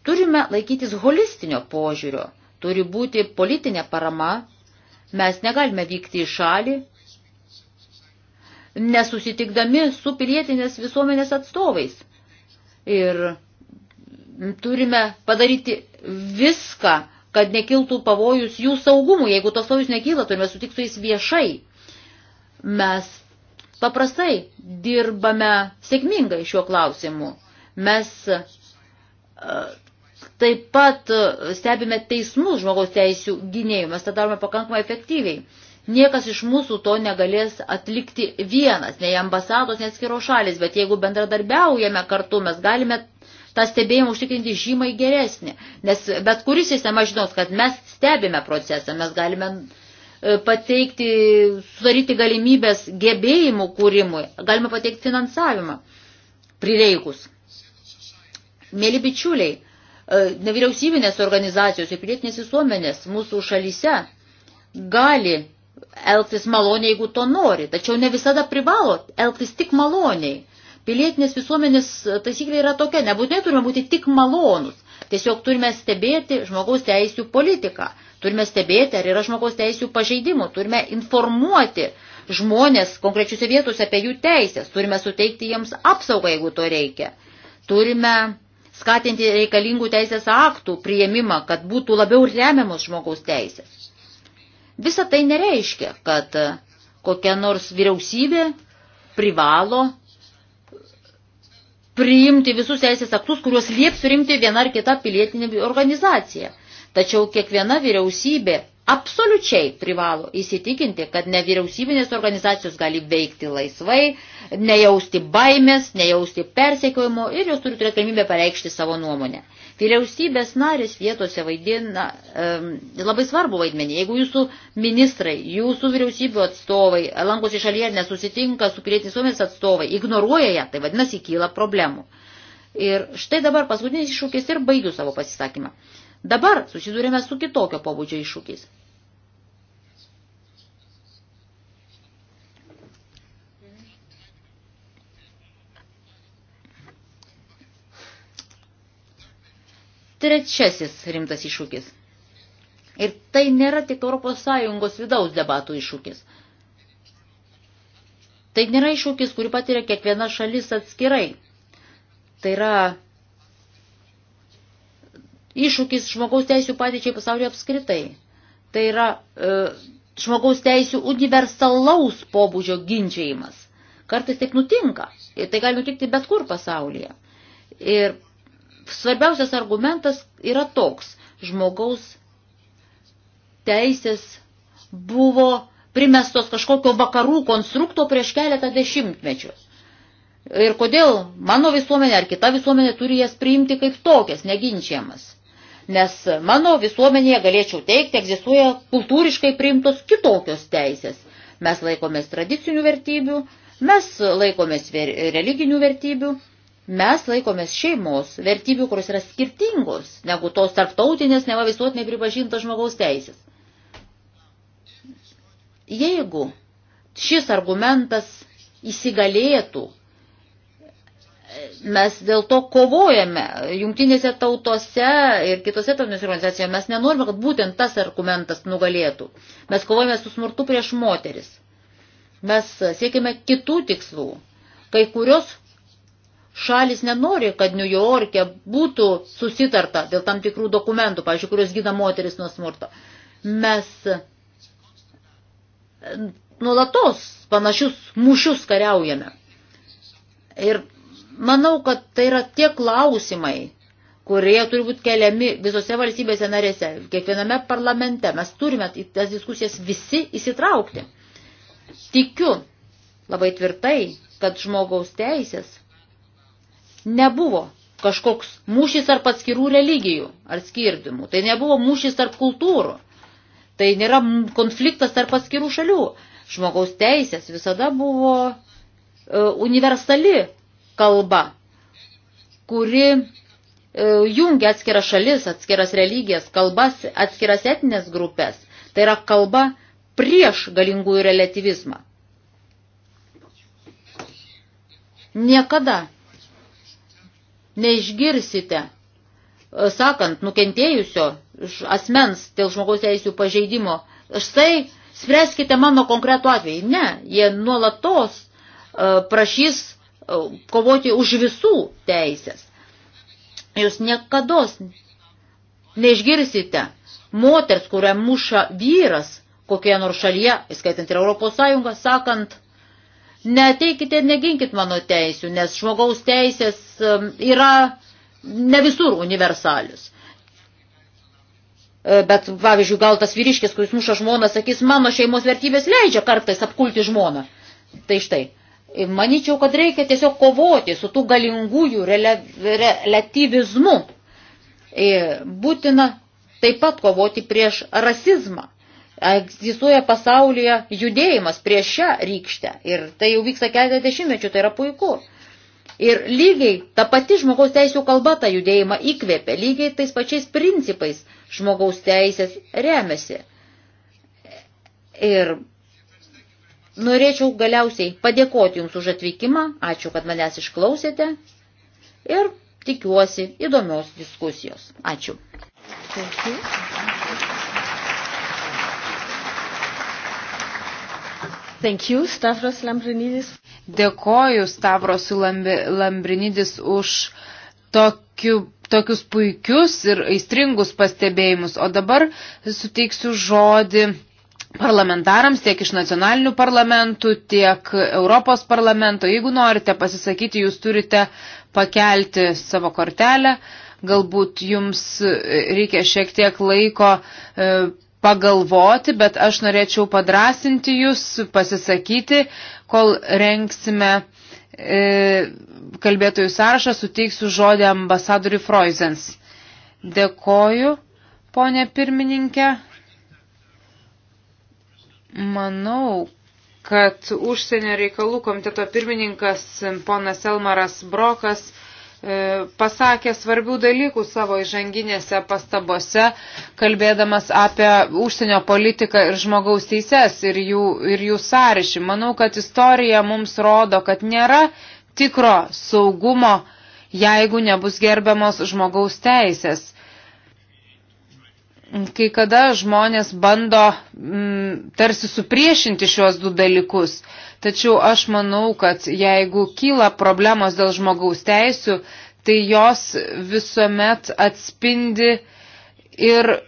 Turime laikytis holistinio požiūrio, turi būti politinė parama, mes negalime vykti į šalį, nesusitikdami su pilietinės visuomenės atstovais. Ir turime padaryti viską, kad nekiltų pavojus jų saugumui. Jeigu tos pavojus nekyla, turime sutikti su jais viešai. Mes paprastai dirbame sėkmingai šiuo klausimu. Mes e, taip pat stebime teismus žmogaus teisių gynėjų. Mes tą darome pakankamai efektyviai. Niekas iš mūsų to negalės atlikti vienas, nei ambasados, nei atskiro šalis, bet jeigu bendradarbiaujame kartu, mes galime tą stebėjimą užtikrinti žymai geresnį. Nes bet kuris sistema žinos, kad mes stebime procesą, mes galime e, pateikti, sudaryti galimybės gebėjimų kūrimui, galime pateikti finansavimą prireikus. Mėly bičiuliai, e, nevyriausybinės organizacijos ir pilietinės visuomenės mūsų šalyse gali elgtis maloniai, jeigu to nori, tačiau ne visada privalo elgtis tik maloniai. Pilietinės visuomenės taisyklė yra tokia, nebūtinai turime būti tik malonus, tiesiog turime stebėti žmogaus teisų politiką, turime stebėti, ar yra žmogaus teisų pažeidimų, turime informuoti žmonės konkrečiuose vietose apie jų teisės, turime suteikti jiems apsaugą, jeigu to reikia, turime skatinti reikalingų teisės aktų priėmimą, kad būtų labiau remiamos žmogaus teisės. Visa tai nereiškia, kad kokia nors vyriausybė privalo priimti visus teisės aktus, kuriuos lieps priimti viena ar kita pilietinė organizacija. Tačiau kiekviena vyriausybė absoliučiai privalo įsitikinti, kad nevyriausybinės organizacijos gali veikti laisvai, nejausti baimės, nejausti persekiojimo ir jos turi turėti galimybę pareikšti savo nuomonę. Vyriausybės narės vietose vaidina um, labai svarbu vaidmenį. Jeigu jūsų ministrai, jūsų vyriausybių atstovai lankosi šalyje ir nesusitinka su pilietinės visuomenės atstovai, ignoruoja ją, tai vadinasi, kyla problemų. Ir štai dabar paskutinis iššūkis ir baigiu savo pasisakymą. Dabar susidūrėme su kitokio pobūdžio iššūkiais. Trečiasis rimtas iššūkis. Ir tai nėra tik ES vidaus debatų iššūkis. Tai nėra iššūkis, kurį patiria kiekviena šalis atskirai. Tai yra iššūkis žmogaus teisų padėčiai pasaulyje apskritai. Tai yra e, žmogaus teisų universalaus pobūdžio ginčiajimas. Kartais taip nutinka. Ir tai gali nutikti bet kur pasaulyje. Ir Svarbiausias argumentas yra toks. Žmogaus teisės buvo primestos kažkokio vakarų konstrukto prieš keletą dešimtmečių. Ir kodėl mano visuomenė ar kita visuomenė turi jas priimti kaip tokias, neginčiamas. Nes mano visuomenėje, galėčiau teikti, egzistuoja kultūriškai priimtos kitokios teisės. Mes laikomės tradicinių vertybių, mes laikomės religinių vertybių mes laikomės šeimos vertybių, kurios yra skirtingos negu tos tarptautinės, neva visuotinai pripažintos žmogaus teisės. Jeigu šis argumentas įsigalėtų, mes dėl to kovojame jungtinėse tautose ir kitose tautinėse organizacijoje, mes nenorime, kad būtent tas argumentas nugalėtų. Mes kovojame su smurtu prieš moteris. Mes siekime kitų tikslų. Kai kurios šalis nenori, kad New York'e būtų susitarta dėl tam tikrų dokumentų, pavyzdžiui, kurios gyda moteris nuo smurto. Mes e, nuolatos panašius mušius kariaujame. Ir manau, kad tai yra tie klausimai, kurie turi būti keliami visose valstybėse narėse, kiekviename parlamente. Mes turime į tas diskusijas visi įsitraukti. Tikiu labai tvirtai, kad žmogaus teisės nebuvo kažkoks mūšis ar paskirų religijų ar skirdimų. Tai nebuvo mūšis tarp kultūrų. Tai nėra konfliktas tarp paskirų šalių. Žmogaus teisės visada buvo e, universali kalba, kuri e, jungia atskiras šalis, atskiras religijas, kalbas, atskiras etinės grupės. Tai yra kalba prieš galingųjų relativizmą. Niekada neišgirsite, e, sakant, nukentėjusio asmens dėl žmogaus teisų pažeidimo, štai spręskite mano konkretų atvejį. Ne, jie nuolatos e, prašys e, kovoti už visų teisės. Jūs niekada neišgirsite moters, kurią muša vyras kokie nors šalyje, įskaitant ir Europos Sąjungą, sakant, Neteikite ir neginkit mano teisių, nes žmogaus teisės um, yra ne visur universalius. E, bet, pavyzdžiui, gal tas vyriškis, kuris muša žmoną, sakys, mano šeimos vertybės leidžia kartais apkulti žmoną. Tai štai. E, Maničiau, kad reikia tiesiog kovoti su tų galingųjų relativizmu. E, būtina taip pat kovoti prieš rasizmą egzistuoja pasaulyje judėjimas prieš šią rykštę. Ir tai jau vyksta keletą dešimtmečių, tai yra puiku. Ir lygiai ta pati žmogaus teisų kalba tą judėjimą įkvėpia, lygiai tais pačiais principais žmogaus teisės remiasi. Ir norėčiau galiausiai padėkoti Jums už atvykimą, ačiū, kad manęs išklausėte ir tikiuosi įdomios diskusijos. Ačiū. Thank you. Thank you, Stavros Lambrinidis. Dėkoju Stavros Lambrinidis už tokiu, tokius puikius ir aistringus pastebėjimus. O dabar suteiksiu žodį parlamentarams tiek iš nacionalinių parlamentų, tiek Europos parlamento. Jeigu norite pasisakyti, jūs turite pakelti savo kortelę. Galbūt jums reikia šiek tiek laiko e, pagalvoti, bet aš norėčiau padrasinti jūs, pasisakyti, kol renksime e, kalbėtojų sąrašą, suteiksiu žodį ambasadoriui Freuzens. Dėkoju, ponė pirmininkė. Manau, kad užsienio reikalų komiteto pirmininkas ponas Elmaras Brokas E, pasakė svarbių dalykų savo įžanginėse pastabose, kalbėdamas apie užsienio politiką ir žmogaus teises ir jų, ir jų sąryšį. Manau, kad istorija mums rodo, kad nėra tikro saugumo, jeigu nebus gerbiamos žmogaus teisės kai kada žmonės bando mm, tarsi supriešinti šiuos du dalykus. Tačiau aš manau, kad jeigu kyla problemos dėl žmogaus teisių, tai jos visuomet atspindi ir e,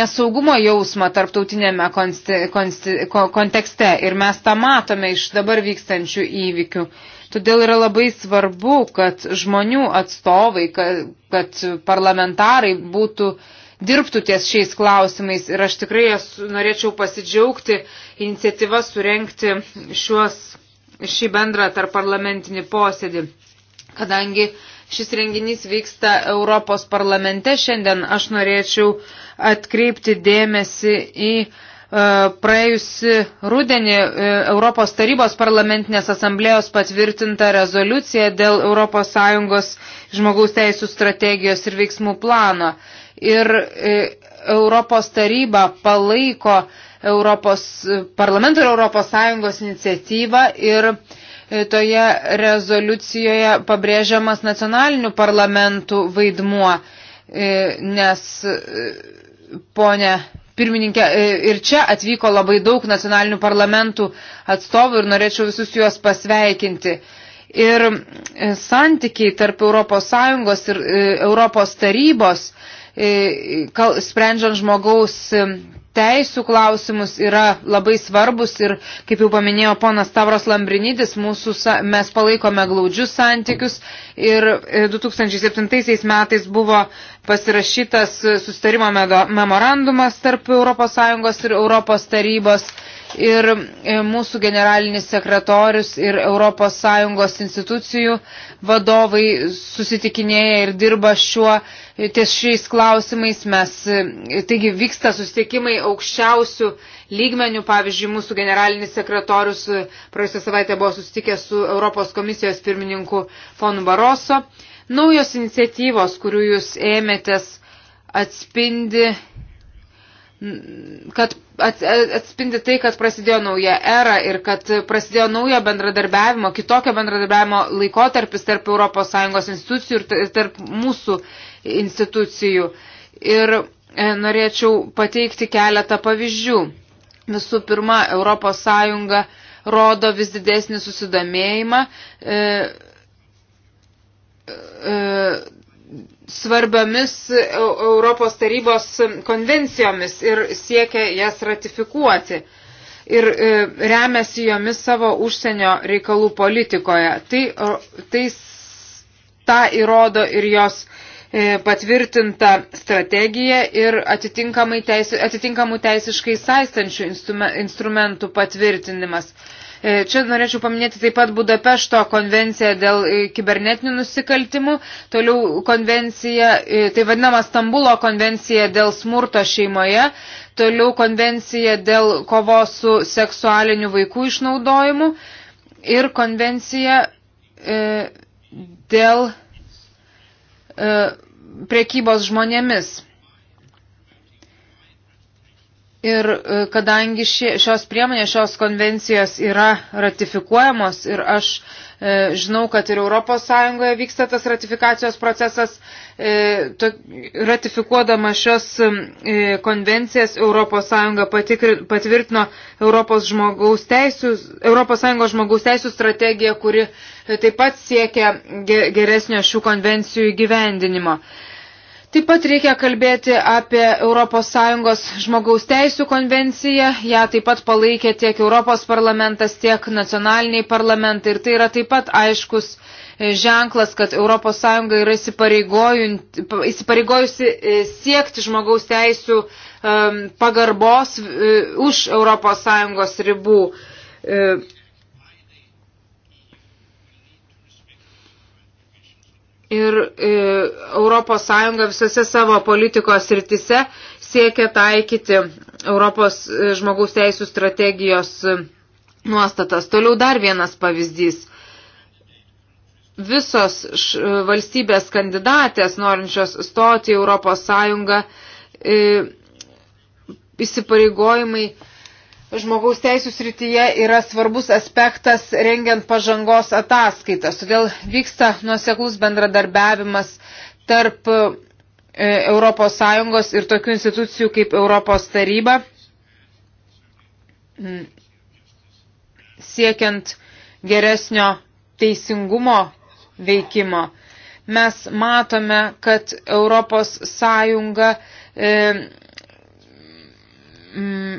nesaugumo jausmą tarptautinėme konsti, konsti, kontekste. Ir mes tą matome iš dabar vykstančių įvykių. E, Todėl yra labai svarbu, kad žmonių atstovai, kad, kad parlamentarai būtų dirbtų ties šiais klausimais ir aš tikrai norėčiau pasidžiaugti iniciatyvą surenkti šiuos, šį bendrą tarp parlamentinį posėdį, kadangi šis renginys vyksta Europos parlamente. Šiandien aš norėčiau atkreipti dėmesį į E, Praėjusi rudenį e, Europos tarybos parlamentinės asamblėjos patvirtinta rezoliucija dėl ES žmogaus teisų strategijos ir veiksmų plano. Ir e, Europos taryba palaiko Europos parlamento ir Europos Sąjungos iniciatyvą ir toje rezoliucijoje pabrėžiamas nacionalinių parlamentų vaidmuo, nes ponė pirmininkė, e, ir čia atvyko labai daug nacionalinių parlamentų atstovų ir norėčiau visus juos pasveikinti. Ir e, santykiai tarp ES ir e, Europos tarybos, sprendžiant žmogaus teisų klausimus yra labai svarbus ir, kaip jau paminėjo ponas Tavros Lambrinidis, mūsų, mes palaikome glaudžius santykius ir 2007 metais buvo pasirašytas sustarimo memorandumas tarp ES ir Europos tarybos ir e, mūsų generalinis sekretorius ir ES institucijų vadovai susitikinėja ir dirba šiuo ties šiais klausimais. Mes, e, taigi vyksta susitikimai aukščiausių lygmenių. Pavyzdžiui, mūsų generalinis sekretorius e, praėjusią savaitę buvo susitikęs su Europos komisijos pirmininku Fonu Baroso. Naujos iniciatyvos, kurių jūs ėmėtės, atspindi, kad atspindi tai, kad prasidėjo nauja era ir kad prasidėjo naujo bendradarbiavimo, kitokio bendradarbiavimo laikotarpis tarp ES institucijų ir tarp mūsų institucijų. Ir e, norėčiau pateikti keletą pavyzdžių. Visų pirma, ES rodo vis didesnį susidomėjimą. E, E, svarbiomis Europos tarybos konvencijomis ir siekia jas ratifikuoti ir e, remiasi jomis savo užsienio reikalų politikoje. Tai, tai tą įrodo ir jos e, patvirtinta strategija ir atitinkamai teisi, atitinkamų teisiškai saistančių instrumentų patvirtinimas. E, čia norėčiau paminėti taip pat Budapešto konvenciją dėl e, kibernetinių nusikaltimų, toliau konvencija, e, tai vadinama Stambulo konvencija dėl smurto šeimoje, toliau konvencija dėl kovos su seksualiniu vaikų išnaudojimu ir konvencija dėl prekybos žmonėmis. Ir e, kadangi ši, šios priemonės, šios konvencijos yra ratifikuojamos ir aš e, žinau, kad ir ES vyksta tas ratifikacijos procesas, e, to, ratifikuodama šios e, konvencijas ES patikri, patvirtino ES žmogaus teisų, ES žmogaus teisų strategiją, kuri e, taip pat siekia geresnio šių konvencijų įgyvendinimo. E, Taip pat reikia kalbėti apie ES žmogaus teisų konvenciją. Ja taip pat palaikė tiek Europos parlamentas, tiek nacionaliniai parlamentai. Ir tai yra taip pat aiškus e, ženklas, kad ES yra įsipareigojusi e, siekti žmogaus teisų e, pagarbos už ES ribų. Ir ES visose savo politikos rytise siekia taikyti Europos e, žmogaus teisų strategijos e, nuostatas. Toliau dar vienas pavyzdys. Visos e, valstybės kandidatės, norinčios stoti į Europos Sąjungą, įsipareigojimai žmogaus teisų srityje yra svarbus aspektas rengiant pažangos ataskaitas. Todėl vyksta nuoseklus bendradarbiavimas tarp ES ir tokių institucijų kaip Europos taryba siekiant geresnio teisingumo veikimo. Mes matome, kad Europos Sąjunga e, m,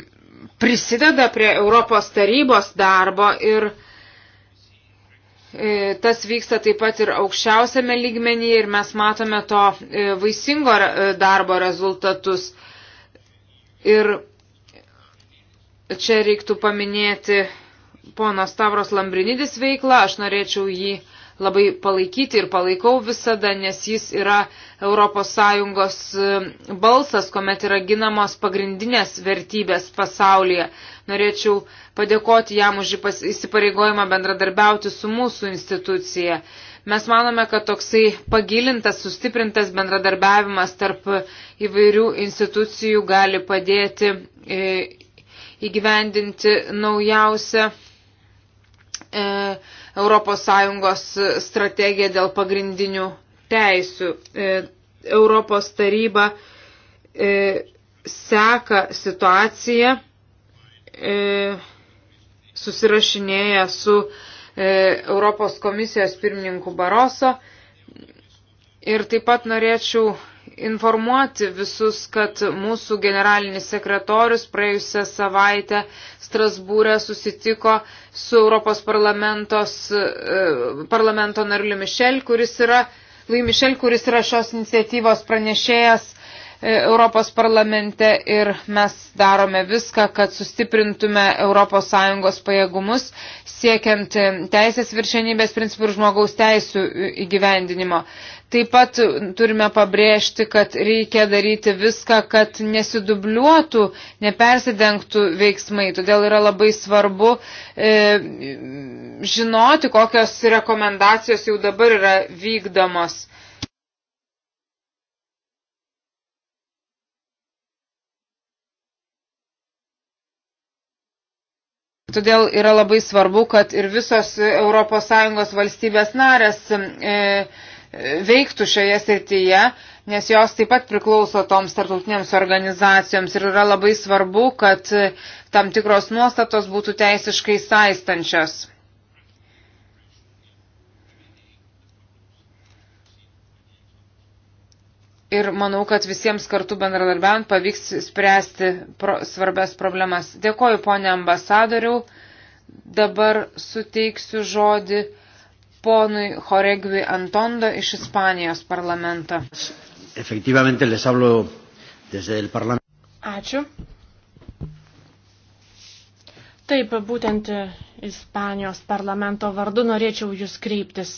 prisideda prie Europos tarybos darbo ir e, Tas vyksta taip pat ir aukščiausiame lygmenyje ir mes matome to e, vaisingo e, darbo rezultatus. Ir čia reiktų paminėti pono Stavros Lambrinidis veiklą, aš norėčiau jį uh, labai palaikyti ir palaikau visada, nes jis yra ES e, balsas, kuomet yra ginamos pagrindinės vertybės pasaulyje. Norėčiau padėkoti jam už įsipareigojimą bendradarbiauti su mūsų institucija. Mes manome, kad toksai pagilintas, sustiprintas bendradarbiavimas tarp įvairių institucijų gali padėti e, įgyvendinti naujausią e, ES strategiją dėl pagrindinių teisių. E, Europos taryba e, seka situaciją, e, susirašinėja su Europos komisijos pirmininku Baroso. Ir taip pat norėčiau informuoti visus, kad mūsų generalinis sekretorius praėjusią savaitę Strasbūrė susitiko su Europos e, parlamento nariu Mišel, kuris yra, Lui Mišel, kuris yra šios iniciatyvos pranešėjas E, Europos parlamente ir mes darome viską, kad sustiprintume ES pajėgumus siekiant e, teisės viršenybės principų ir žmogaus teisų įgyvendinimo. Taip pat turime pabrėžti, kad reikia daryti viską, kad nesidubliuotų, nepersidengtų veiksmai. Todėl yra labai svarbu e, žinoti, kokios rekomendacijos jau dabar yra vykdomos. Todėl yra labai svarbu, kad ir visos ES valstybės narės e, e, veiktų šioje srityje, nes jos taip pat priklauso toms tarptautinėms organizacijoms ir yra labai svarbu, kad tam tikros nuostatos būtų teisiškai saistančios. ir manau, kad visiems kartu bendradarbiant pavyks spręsti pro, svarbės problemas. Dėkoju, ponė ambasadoriau. Dabar suteiksiu žodį ponui Horegvi Antondo iš Ispanijos parlamento. Ačiū. Taip, būtent Ispanijos parlamento vardu norėčiau jūs kreiptis.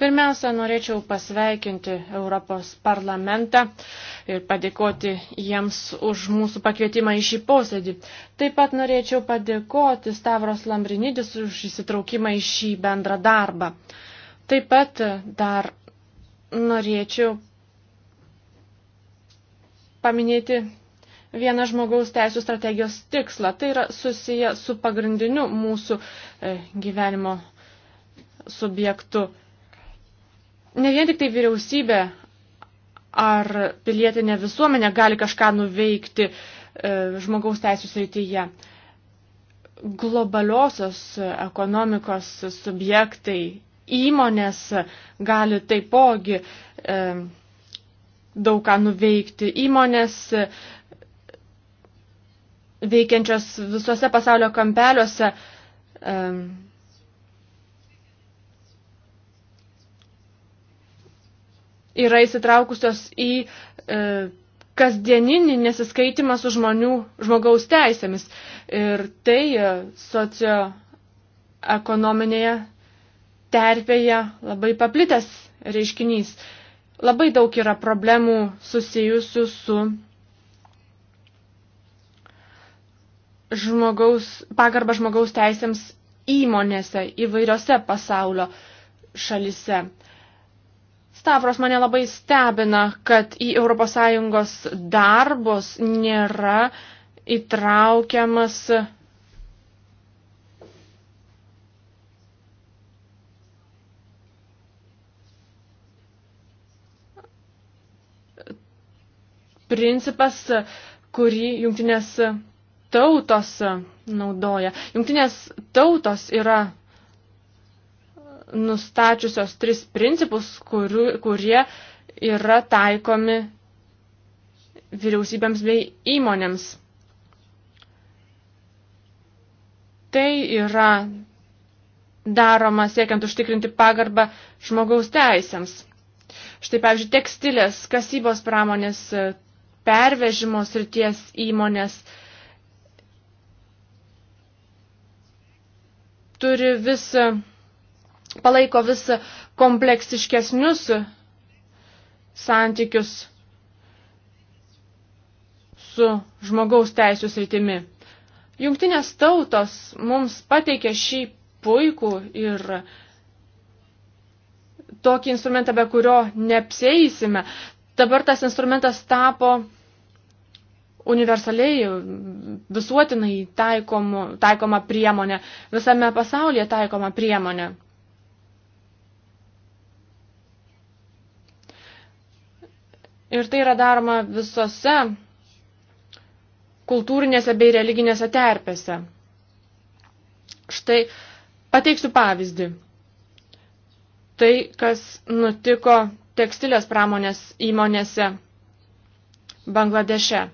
Pirmiausia, norėčiau pasveikinti Europos parlamentą ir padėkoti jiems už mūsų pakvietimą į šį posėdį. Taip pat norėčiau padėkoti Stavros Lambrinidis už įsitraukimą į šį bendrą darbą. Taip pat dar norėčiau paminėti vieną žmogaus teisų strategijos tikslą. Tai yra susiję su pagrindiniu mūsų e, gyvenimo subjektu. Ne vien tik tai vyriausybė ar pilietinė visuomenė gali kažką nuveikti e, žmogaus teisų srityje. Globaliosios ekonomikos subjektai, įmonės gali taipogi e, daug ką nuveikti. Įmonės veikiančios visuose pasaulio kampeliuose. Yra įsitraukusios į e, kasdieninį nesiskaitimą su žmonių, žmogaus teisėmis. Ir tai e, socioekonominėje terpėje labai paplitęs reiškinys. Labai daug yra problemų susijusių su žmogaus, pagarbą žmogaus teisėms įmonėse įvairiose pasaulio šalise. Stavros mane labai stebina, kad į ES darbus nėra įtraukiamas principas, kurį jungtinės tautos naudoja. Jungtinės tautos yra nustačiusios tris principus, kurių, kurie yra taikomi vyriausybėms bei įmonėms. Tai yra daroma siekiant užtikrinti pagarbą žmogaus teisėms. Štai, pavyzdžiui, tekstilės, kasybos pramonės, pervežimo srities įmonės, uh, turi vis, palaiko vis kompleksiškesnius santykius su žmogaus teisų sritimi. Jungtinės tautos mums pateikė šį puikų ir tokį instrumentą, be kurio neapsėsime. Dabar tas instrumentas tapo universaliai visuotinai taikomu, taikoma priemonė, visame pasaulyje taikoma priemonė. Ir tai yra daroma visose kultūrinėse bei religinėse terpėse. Štai pateiksiu pavyzdį. Tai, kas nutiko tekstilės pramonės įmonėse Bangladeše.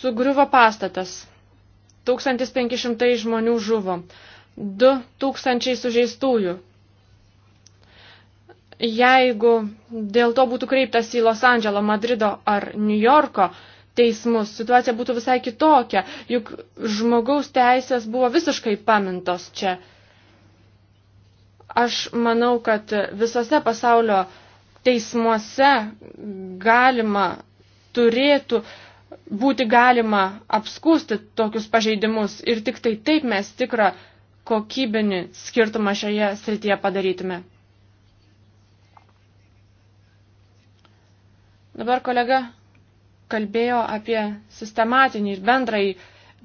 sugriuvo pastatas. 1500 žmonių žuvo. 2000 sužeistųjų. Jeigu dėl to būtų kreiptas į Los Andželo, Madrido ar New Yorko teismus, situacija būtų visai kitokia, juk žmogaus teisės buvo visiškai pamintos čia. Aš manau, kad visose pasaulio teismuose galima turėtų uh, būti galima apskūsti tokius pažeidimus ir tik tai taip mes tikrą kokybinį skirtumą šioje srityje padarytume. Dabar kolega kalbėjo apie sistematinį ir bendrąjį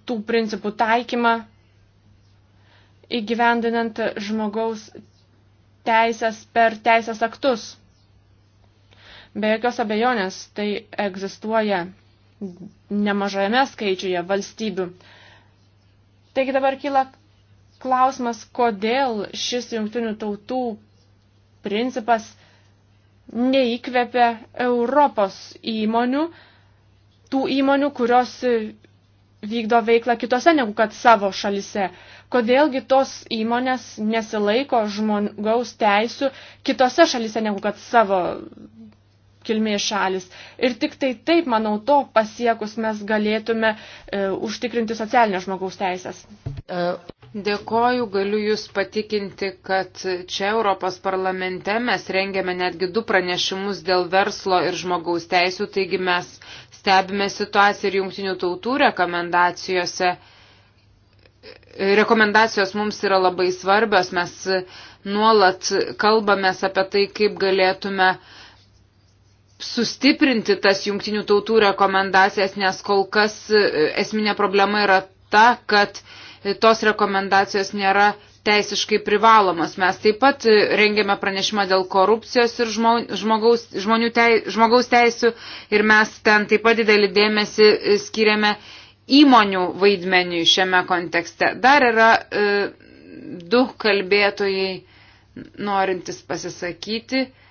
tų principų taikymą įgyvendinant žmogaus teisės per teisės aktus. Be jokios abejonės tai egzistuoja nemažojame skaičiuje valstybių. Taigi dabar kyla klausimas, kodėl šis jungtinių tautų principas neįkvepia Europos įmonių, tų įmonių, kurios vykdo veiklą kitose negu kad savo šalise. Kodėlgi tos įmonės nesilaiko žmogaus teisų kitose šalise negu kad savo kilmės šalis. Ir tik tai taip, manau, to pasiekus mes galėtume e, užtikrinti socialinės žmogaus teisės. E, dėkoju, galiu Jūs patikinti, kad čia Europos parlamente mes rengiame netgi du pranešimus dėl verslo ir žmogaus teisų, taigi mes stebime situaciją ir jungtinių tautų rekomendacijose. E, rekomendacijos mums yra labai svarbios, mes nuolat kalbame apie tai, kaip galėtume uh, sustiprinti tas jungtinių tautų rekomendacijas, nes kol kas e, esminė problema yra ta, kad e, tos rekomendacijos nėra teisiškai privalomas. Mes taip pat e, rengėme pranešimą dėl korupcijos ir žmogaus, žmonių tei, žmogaus teisų ir mes ten taip pat didelį dėmesį skiriame įmonių vaidmeniui šiame kontekste. Dar yra e, du kalbėtojai norintys pasisakyti. E,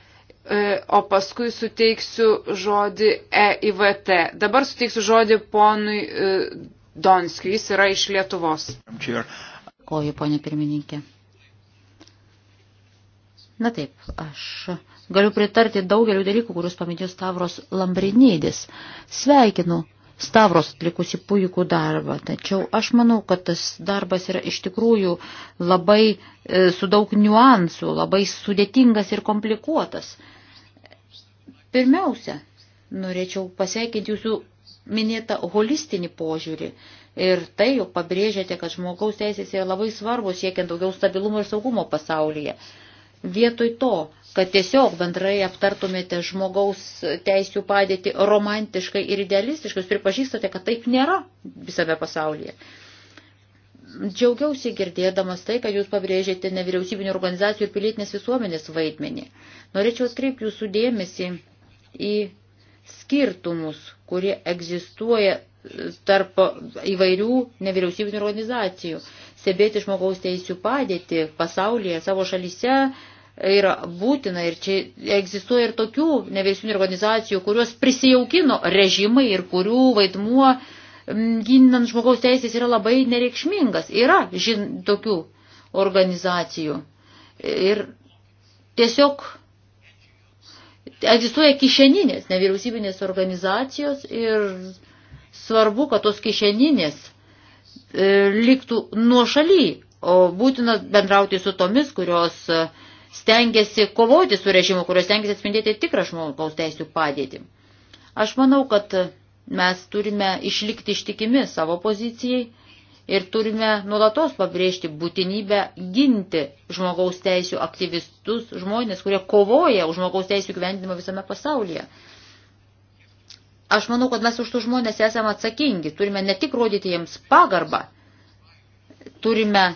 E, o paskui suteiksiu žodį EIVT. Dabar suteiksiu žodį ponui e, Donskiu, jis yra iš Lietuvos. Koju, ponė pirmininkė. Na taip, aš galiu pritarti daugeliu dalykų, kuriuos paminėjo Stavros Lambrinėdis. Sveikinu Stavros atlikusi puikų darbą, tačiau aš manau, kad tas darbas yra iš tikrųjų labai e, su daug niuansų, labai sudėtingas ir komplikuotas. E, Pirmiausia, norėčiau pasveikinti jūsų minėtą holistinį požiūrį ir tai, jog pabrėžiate, kad žmogaus teisės yra labai svarbus siekiant daugiau stabilumo ir saugumo pasaulyje. Vietoj to, kad tiesiog bendrai aptartumėte žmogaus teisių padėti romantiškai ir idealistiškai, jūs pripažįstate, kad taip nėra visame pasaulyje. Džiaugiausi girdėdamas tai, kad jūs pabrėžėte nevyriausybinio organizacijų ir pilietinės visuomenės vaidmenį. Norėčiau atkreipti jūsų dėmesį į skirtumus, kurie egzistuoja tarp įvairių nevyriausybinių organizacijų. Stebėti žmogaus teisių padėti pasaulyje, savo šalyse yra būtina ir čia egzistuoja ir tokių nevyriausybinių organizacijų, kurios prisijaukino režimai ir kurių vaidmuo mm, ginant žmogaus teisės yra labai nereikšmingas. Yra žin, tokių organizacijų. Ir tiesiog egzistuoja kišeninės nevyriausybinės organizacijos ir svarbu, kad tos kišeninės e, liktų nuo šaly, o būtina bendrauti su tomis, kurios e, stengiasi kovoti su režimu, kurios stengiasi atspindėti tikrą žmogaus teisų padėtį. Aš manau, kad mes turime išlikti ištikimi savo pozicijai Ir turime nuolatos pabrėžti būtinybę ginti žmogaus teisų aktyvistus, žmonės, kurie kovoja už žmogaus teisų gyvendimą visame pasaulyje. Aš manau, kad mes už tų žmonės esame atsakingi. Turime ne tik rodyti jiems pagarbą, turime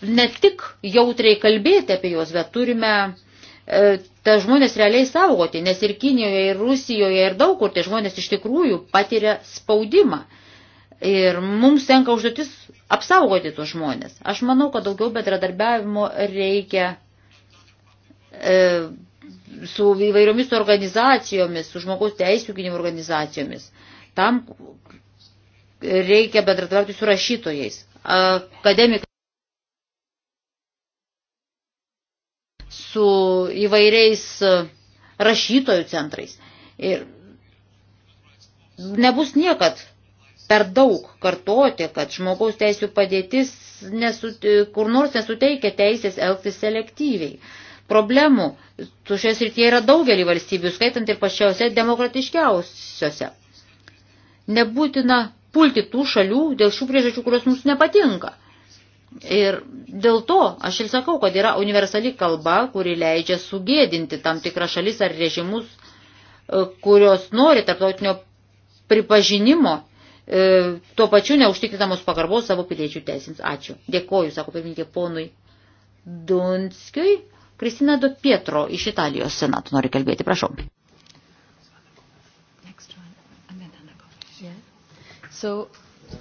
ne tik jautriai kalbėti apie juos, bet turime e, tą žmonės realiai saugoti, nes ir Kinijoje, ir Rusijoje, ir daug kur tie žmonės iš tikrųjų patiria spaudimą. E, Ir mums tenka užduotis apsaugoti tuos žmonės. Aš manau, kad daugiau bedradarbiavimo reikia e, su įvairiomis organizacijomis, su žmogaus teisų gynimo organizacijomis. Tam reikia bendradarbiauti su rašytojais, akademikai, su įvairiais rašytojų centrais. Ir nebus niekad per daug kartoti, kad žmogaus teisų padėtis nesu, kur nors nesuteikia teisės elgtis selektyviai. Problemų su šios rytyje yra daugelį valstybių, skaitant ir pačiose demokratiškiausiose. Nebūtina pulti tų šalių dėl šių priežasčių, kurios mums nepatinka. Ir dėl to aš ir sakau, kad yra universali kalba, kuri leidžia sugėdinti tam tikrą šalis ar režimus, e, kurios nori tarptautinio pripažinimo E, tuo pačiu neužtikrinamos pagarbos savo piliečių teisėms. Ačiū. Dėkoju, sako pirmininkė ponui Dunskiui. Kristina Do Pietro iš Italijos senato nori kalbėti, prašau. So,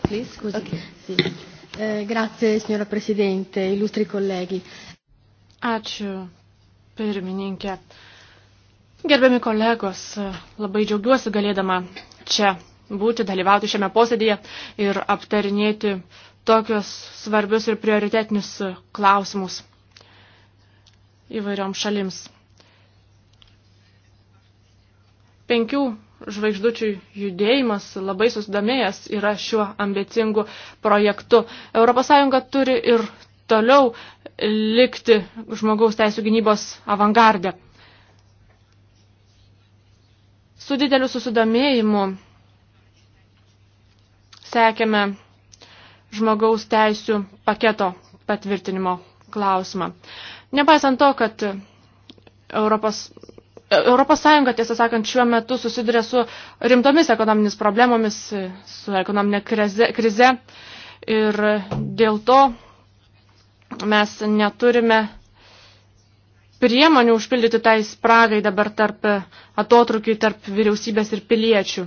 please, okay. sì. eh, grazie signora Presidente, illustri colleghi. Ačiū, pirmininkė. Gerbiami kolegos, labai džiaugiuosi galėdama čia būti, dalyvauti šiame posėdėje ir aptarinėti tokius svarbius ir prioritetinius klausimus įvairioms šalims. Penkių žvaigždučių judėjimas labai susidomėjęs yra šiuo ambicingu projektu. ES turi ir toliau likti žmogaus teisų gynybos avangardę. Su dideliu susidomėjimu sekėme žmogaus teisių paketo patvirtinimo klausimą. Nepaisant to, kad Europos, Europos Sąjunga, tiesą sakant, šiuo metu susiduria su rimtomis ekonominis problemomis, su ekonominė krize, krize ir dėl to mes neturime priemonių užpildyti tai spragai dabar tarp atotrukiai tarp vyriausybės ir piliečių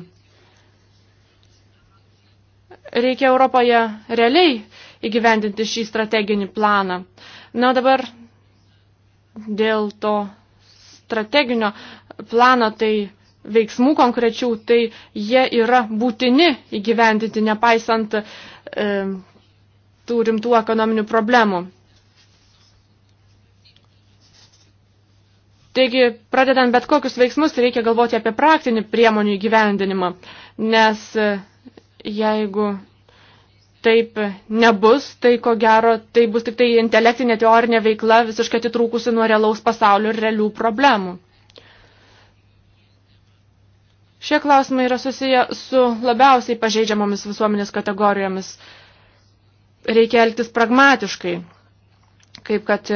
reikia Europoje realiai įgyvendinti šį strateginį planą. Na dabar dėl to strateginio plano, tai veiksmų konkrečių, tai jie yra būtini įgyvendinti, nepaisant e, tų rimtų ekonominių problemų. Taigi, pradedant bet kokius veiksmus, reikia galvoti apie praktinį priemonių įgyvendinimą, nes e, jeigu taip nebus, tai ko gero, tai bus tik tai intelektinė teorinė veikla visiškai atitrūkusi nuo realaus pasaulio ir realių problemų. Šie klausimai yra susiję su labiausiai pažeidžiamomis visuomenės kategorijomis. Reikia elgtis pragmatiškai, kaip kad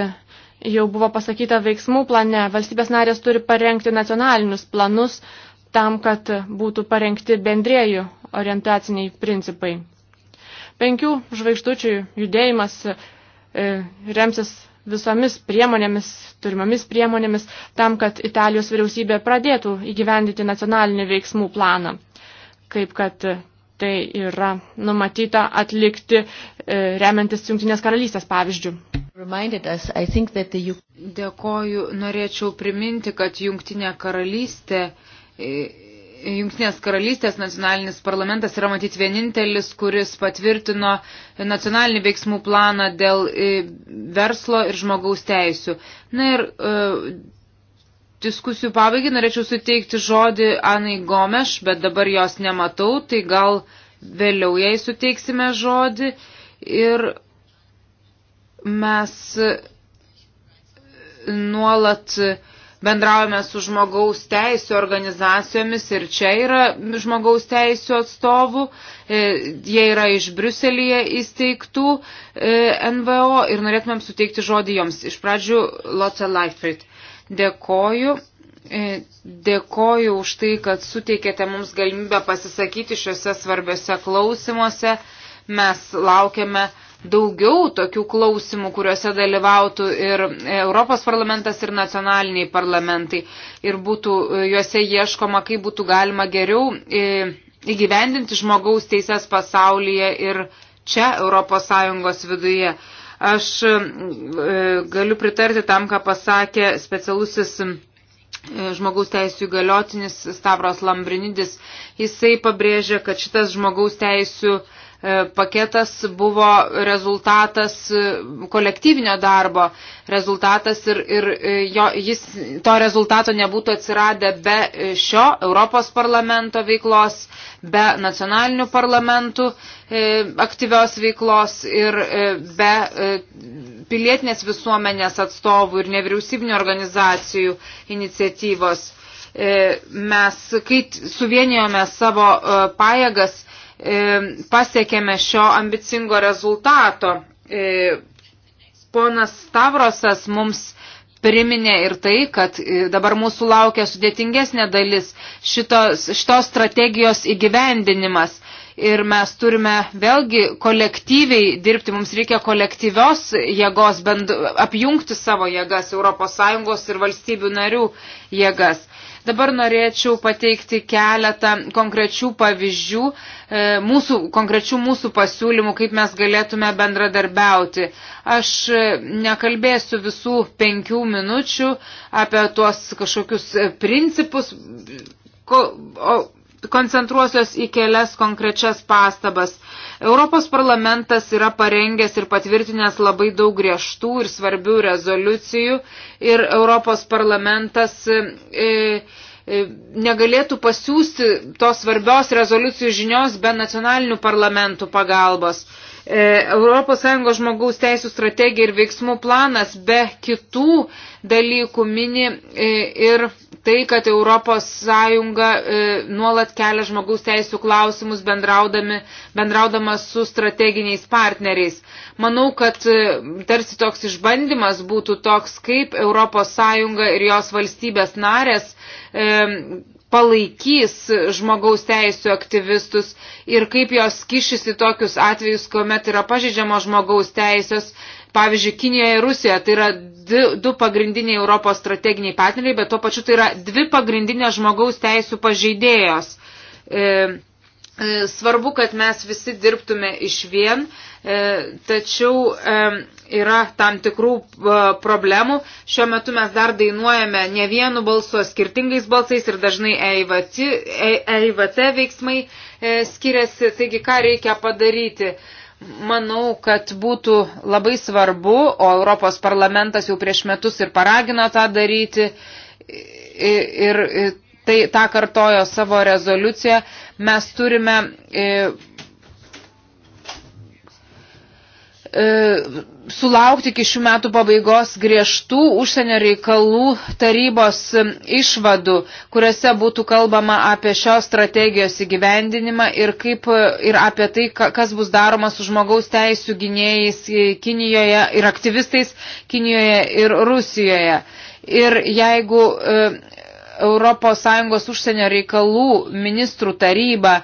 jau buvo pasakyta veiksmų plane. Valstybės narės turi parengti nacionalinius planus tam, kad būtų parengti bendrėjų orientaciniai principai. Penkių žvaigždučių judėjimas e, remsis visomis priemonėmis, turimomis priemonėmis, tam, kad Italijos vyriausybė pradėtų įgyvendyti nacionalinį veiksmų planą, kaip kad tai yra numatyta atlikti e, remiantis Junktinės karalystės pavyzdžių. Dėkoju, norėčiau priminti, kad Junktinė karalystė e, Junktinės karalystės nacionalinis parlamentas yra matyti vienintelis, kuris patvirtino nacionalinį veiksmų planą dėl e, verslo ir žmogaus teisių. Na ir e, diskusijų pabaigai norėčiau suteikti žodį Anai Gomeš, bet dabar jos nematau, tai gal vėliau jai suteiksime žodį ir mes nuolat e, bendraujame su žmogaus teisų organizacijomis ir čia yra žmogaus teisų atstovų, e, jie yra iš Briuselėje įsteigtų e, NVO ir norėtumėm suteikti žodį joms. Iš pradžių Lotte Leifrit. Dėkoju. E, dėkoju už tai, kad suteikėte mums galimybę pasisakyti šiuose svarbiuose klausimuose. Mes laukiame uh, daugiau tokių klausimų, kuriuose dalyvautų ir Europos parlamentas, ir nacionaliniai parlamentai. Ir būtų e, juose ieškoma, kaip būtų galima geriau e, įgyvendinti žmogaus teises pasaulyje ir čia Europos Sąjungos viduje. Aš e, galiu pritarti tam, ką pasakė specialusis žmogaus teisų įgaliotinis Stavros Lambrinidis. Jisai pabrėžia, kad šitas žmogaus teisų uh, E, paketas buvo rezultatas e, kolektyvinio darbo, rezultatas ir, ir e, jo, jis, to rezultato nebūtų atsiradę be šio Europos parlamento veiklos, be nacionalinių parlamentų aktyvios veiklos ir be pilietinės visuomenės atstovų ir nevyriausybinių organizacijų iniciatyvos. Mes, kai suvienijome savo pajėgas, E, pasiekėme šio ambicingo rezultato. E, ponas Stavrosas mums priminė ir tai, kad e, dabar mūsų laukia sudėtingesnė dalis šitos, šitos strategijos įgyvendinimas. Ir mes turime vėlgi kolektyviai dirbti, mums reikia kolektyvios jėgos, bend, apjungti savo jėgas, ES ir valstybių narių jėgas. Dabar norėčiau pateikti keletą konkrečių pavyzdžių, e, mūsų, konkrečių mūsų pasiūlymų, kaip mes galėtume bendradarbiauti. Aš e, nekalbėsiu visų penkių minučių apie tuos kažkokius e, principus, ko, o, koncentruosios į kelias konkrečias pastabas. Europos parlamentas yra parengęs ir patvirtinęs labai daug griežtų ir svarbių rezoliucijų ir Europos parlamentas e, e negalėtų pasiūsti tos svarbios rezoliucijų žinios be nacionalinių parlamentų pagalbos. ES žmogaus teisų strategija ir veiksmų planas be kitų dalykų mini e, ir tai, kad ES e, nuolat kelia žmogaus teisų klausimus bendraudama su strateginiais partneriais. Manau, kad e, tarsi toks išbandymas būtų toks, kaip ES ir jos valstybės narės palaikys žmogaus teisų aktyvistus ir kaip jos kišis į tokius atvejus, kuomet yra pažeidžiamo žmogaus teisės, pavyzdžiui, Kinijoje ir Rusijoje. Tai yra du, du pagrindiniai Europos strateginiai partneriai, bet tuo pačiu tai yra dvi pagrindinės žmogaus teisų pažeidėjos. E, e Svarbu, kad mes visi dirbtume iš vien, E, tačiau e, yra tam tikrų e, problemų. Šiuo metu mes dar dainuojame ne vienu balsu, skirtingais balsais ir dažnai EIVC, EIVC veiksmai skiriasi. Taigi, ką reikia padaryti? Manau, kad būtų labai svarbu, o Europos parlamentas jau prieš metus ir paragino tą daryti ir tai tą kartojo savo rezoliuciją, mes turime E, sulaukti iki šių metų pabaigos griežtų užsienio reikalų tarybos e, išvadų, kuriuose būtų kalbama apie šios strategijos įgyvendinimą ir, kaip, e, ir apie tai, kas bus daroma su žmogaus teisų gynėjais Kinijoje ir aktyvistais Kinijoje ir Rusijoje. Ir jeigu ES užsienio reikalų ministrų taryba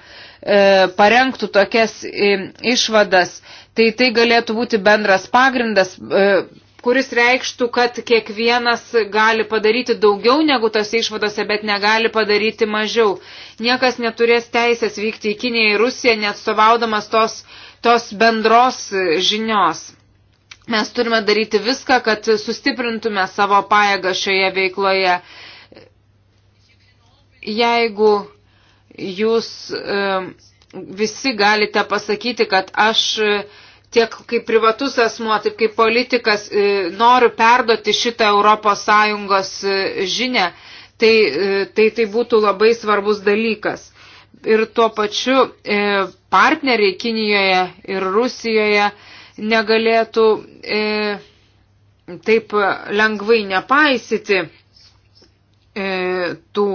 parengtų tokias išvadas, tai tai galėtų būti bendras pagrindas, e, kuris reikštų, kad kiekvienas gali padaryti daugiau negu tose išvadose, bet negali padaryti mažiau. Niekas neturės teisės vykti į Kiniją ir Rusiją, neatstovaudamas tos, tos bendros žinios. Mes turime daryti viską, kad sustiprintume savo pajėgą šioje veikloje. Jeigu jūs e, visi galite pasakyti, kad aš tiek kaip privatus asmuo, taip kaip politikas e, noriu perduoti šitą Europos Sąjungos e, žinę, tai, e, tai tai būtų labai svarbus dalykas. Ir tuo pačiu partneriai Kinijoje ir Rusijoje negalėtų taip lengvai nepaisyti tų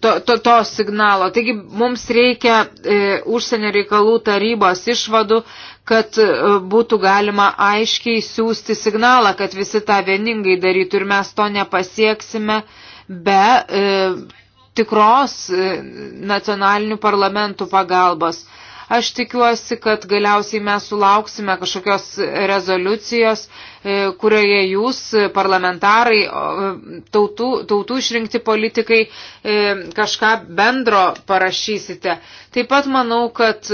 to, to, to signalo. Taigi mums reikia e, užsienio reikalų tarybos išvadų, kad e, būtų galima aiškiai siūsti signalą, kad visi tą vieningai darytų ir mes to nepasieksime be e, tikros e, nacionalinių parlamentų pagalbos. E, Aš tikiuosi, kad galiausiai mes sulauksime kažkokios rezoliucijos, e, kurioje jūs, parlamentarai, tautų, tautų išrinkti politikai, e, kažką bendro parašysite. Taip pat manau, kad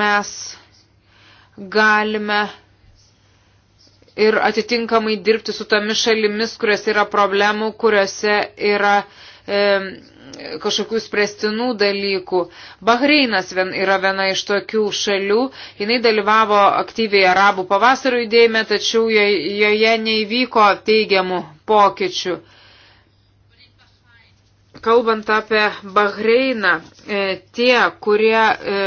mes galime ir atitinkamai dirbti su tomis šalimis, kuriuose yra problemų, kuriuose yra e, kažkokių spręstinų dalykų. Bahreinas vien, yra viena iš tokių šalių. Jis dalyvavo aktyviai arabų pavasario judėjime, tačiau joje neįvyko teigiamų pokyčių. Kalbant apie Bahreiną, e, tie, kurie e,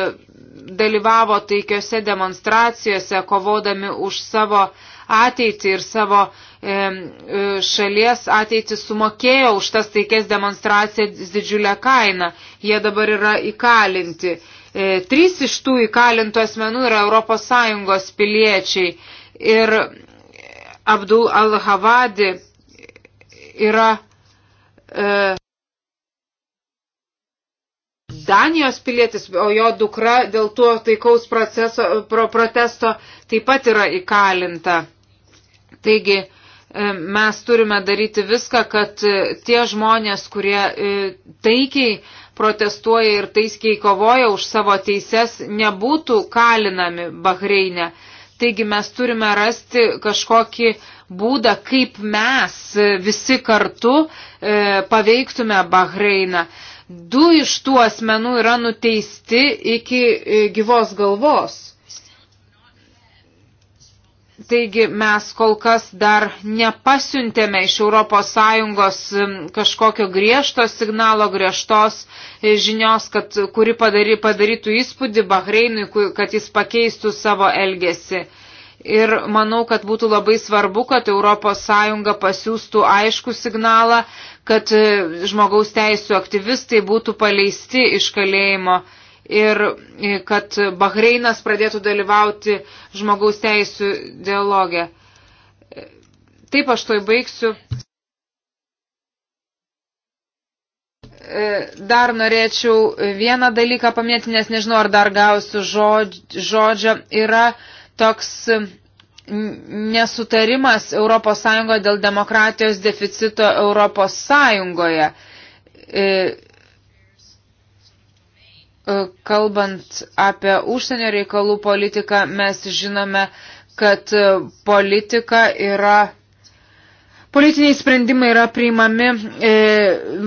dalyvavo taikiose demonstracijose, kovodami už savo ateitį ir savo E, e, šalies ateitį sumokėjo už tas taikės demonstracijas didžiulę kainą. Jie dabar yra įkalinti. E, trys iš tų įkalintų asmenų yra ES piliečiai. Ir Abdul Al-Havadi yra e, Danijos pilietis, o jo dukra dėl to taikaus proceso, pro, protesto taip pat yra įkalinta. Taigi, e, E, mes turime daryti viską, kad e, tie žmonės, kurie e, taikiai protestuoja ir taiskiai kovoja už savo teises, nebūtų kalinami Bahreinė. Taigi mes turime rasti kažkokį būdą, kaip mes visi kartu paveiktume Bahreiną. Du iš tų asmenų yra nuteisti iki gyvos galvos. Taigi mes kol kas dar nepasiuntėme iš ES kažkokio griežto signalo, griežtos e, žinios, kad kuri padary, padarytų įspūdį Bahreinui, kad jis pakeistų savo elgesį. Ir manau, kad būtų labai svarbu, kad ES pasiūstų aišku signalą, kad e, žmogaus teisų aktyvistai būtų paleisti iš kalėjimo ir e, kad Bahreinas pradėtų dalyvauti žmogaus teisų dialogę. E, taip aš toj baigsiu. E, dar norėčiau vieną dalyką paminėti, nes nežinau, ar dar gausiu žodžio. Yra toks nesutarimas ES dėl demokratijos deficito ES E, kalbant apie užsienio reikalų politiką, mes žinome, kad e, politika yra. Politiniai sprendimai yra priimami e,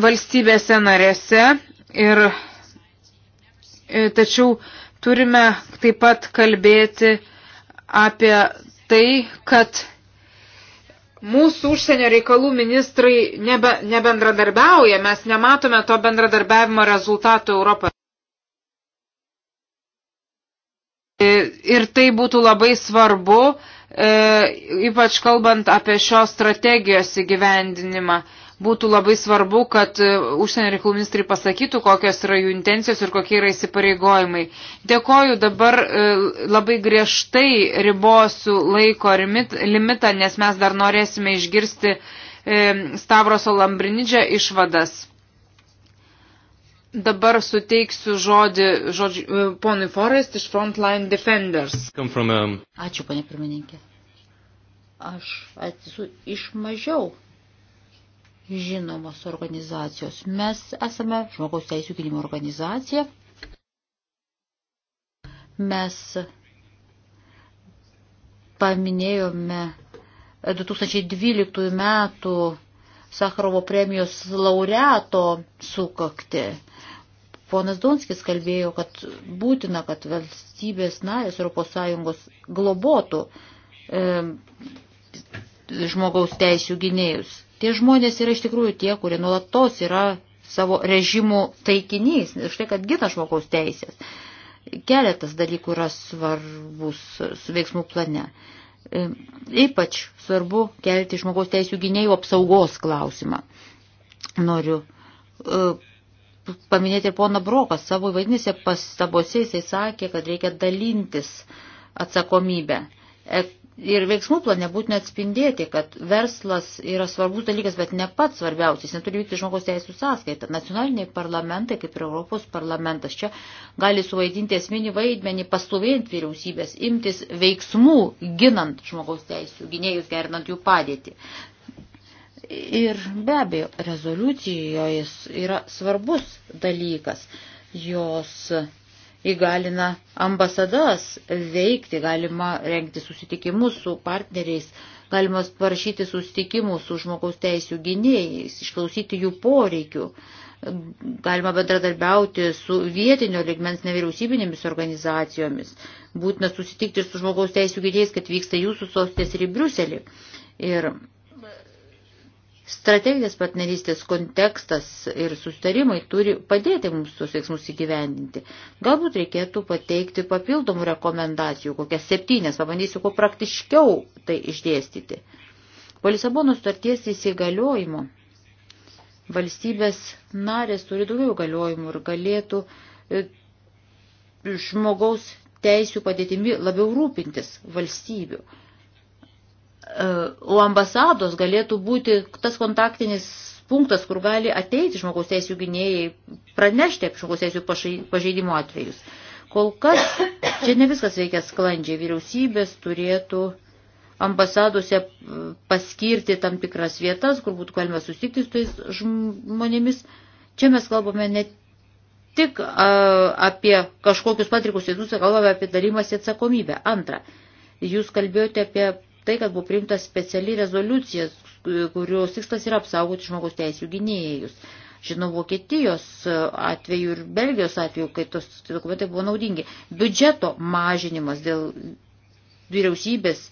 valstybėse narėse ir e, tačiau turime taip pat kalbėti apie tai, kad mūsų užsienio reikalų ministrai nebe, nebendradarbiauja, mes nematome to bendradarbiavimo rezultatų Europoje. E, ir tai būtų labai svarbu, e, ypač kalbant apie šios strategijos įgyvendinimą. Būtų labai svarbu, kad e, užsienio reikalų ministrai pasakytų, kokios yra jų intencijos ir kokie yra įsipareigojimai. Dėkoju, dabar labai griežtai ribosiu laiko limitą, nes mes dar norėsime išgirsti Stavroso Lambrinidžio išvadas. Dabar suteiksiu žodį, žodžiu, e, ponui Forrest iš Frontline Defenders. From, um... Ačiū, ponė pirmininkė. Aš esu iš mažiau žinomos organizacijos. Mes esame žmogaus teisų gynimo organizacija. Mes paminėjome 2012 metų Sakarovo premijos laureato sukakti. Ponas Donskis kalbėjo, kad būtina, kad valstybės narės ES globotų e, žmogaus teisų gynėjus. Tie žmonės yra iš tikrųjų tie, kurie nuolatos yra savo režimų taikinys, štai kad gina žmogaus teisės. Keletas dalykų yra svarbus su veiksmų plane. E, ypač svarbu kelti žmogaus teisų gynėjų apsaugos klausimą. Noriu e, paminėti ir pono Brokas. Savo vaidinėse pastabose jisai sakė, kad reikia dalintis atsakomybę. E, ir veiksmų plane būtina atspindėti, kad verslas yra svarbus dalykas, bet ne pats svarbiausias, neturi vykti žmogaus teisų sąskaita. Nacionaliniai parlamentai, kaip ir Europos parlamentas, čia gali suvaidinti esminį vaidmenį, pastovėjant vyriausybės, imtis veiksmų, ginant žmogaus teisų, gynėjus gerinant jų padėtį. Ir be abejo, rezoliucijos yra svarbus dalykas. Jos įgalina ambasadas veikti, galima renkti susitikimus su partneriais, galima parašyti susitikimus su žmogaus teisų gynėjais, išklausyti jų poreikių, galima bendradarbiauti su vietinio ligmens nevyriausybinėmis organizacijomis, būtina susitikti su žmogaus teisų gynėjais, kad vyksta jūsų sostės ir į Briuselį. Ir Strateginės partnerystės kontekstas ir sustarimai turi padėti mums tuos veiksmus įgyvendinti. Galbūt reikėtų pateikti papildomų rekomendacijų, kokias septynės, pabandysiu kuo praktiškiau tai išdėstyti. Po Lisabono sutarties įsigaliojimo valstybės narės turi daugiau galiojimų ir galėtų e, žmogaus teisių padėtimi labiau rūpintis valstybių E, o ambasados galėtų būti tas kontaktinis punktas, kur gali ateiti žmogaus teisų gynėjai, pranešti apie žmogaus teisų pažeidimo atvejus. Kol kas čia ne viskas veikia sklandžiai. Vyriausybės turėtų ambasadose e, paskirti tam tikras vietas, kur būtų galima susitikti su tais žmonėmis. Čia mes kalbame ne tik a, apie kažkokius patrikus įdus, kalbame apie dalymąsi atsakomybę. Antra, jūs kalbėjote apie tai, kad buvo priimta speciali rezoliucija, kurios tikslas yra apsaugoti žmogaus teisų gynėjus. Žinau, Vokietijos atveju ir Belgijos atveju, kai tos dokumentai buvo naudingi. Biudžeto mažinimas dėl vyriausybės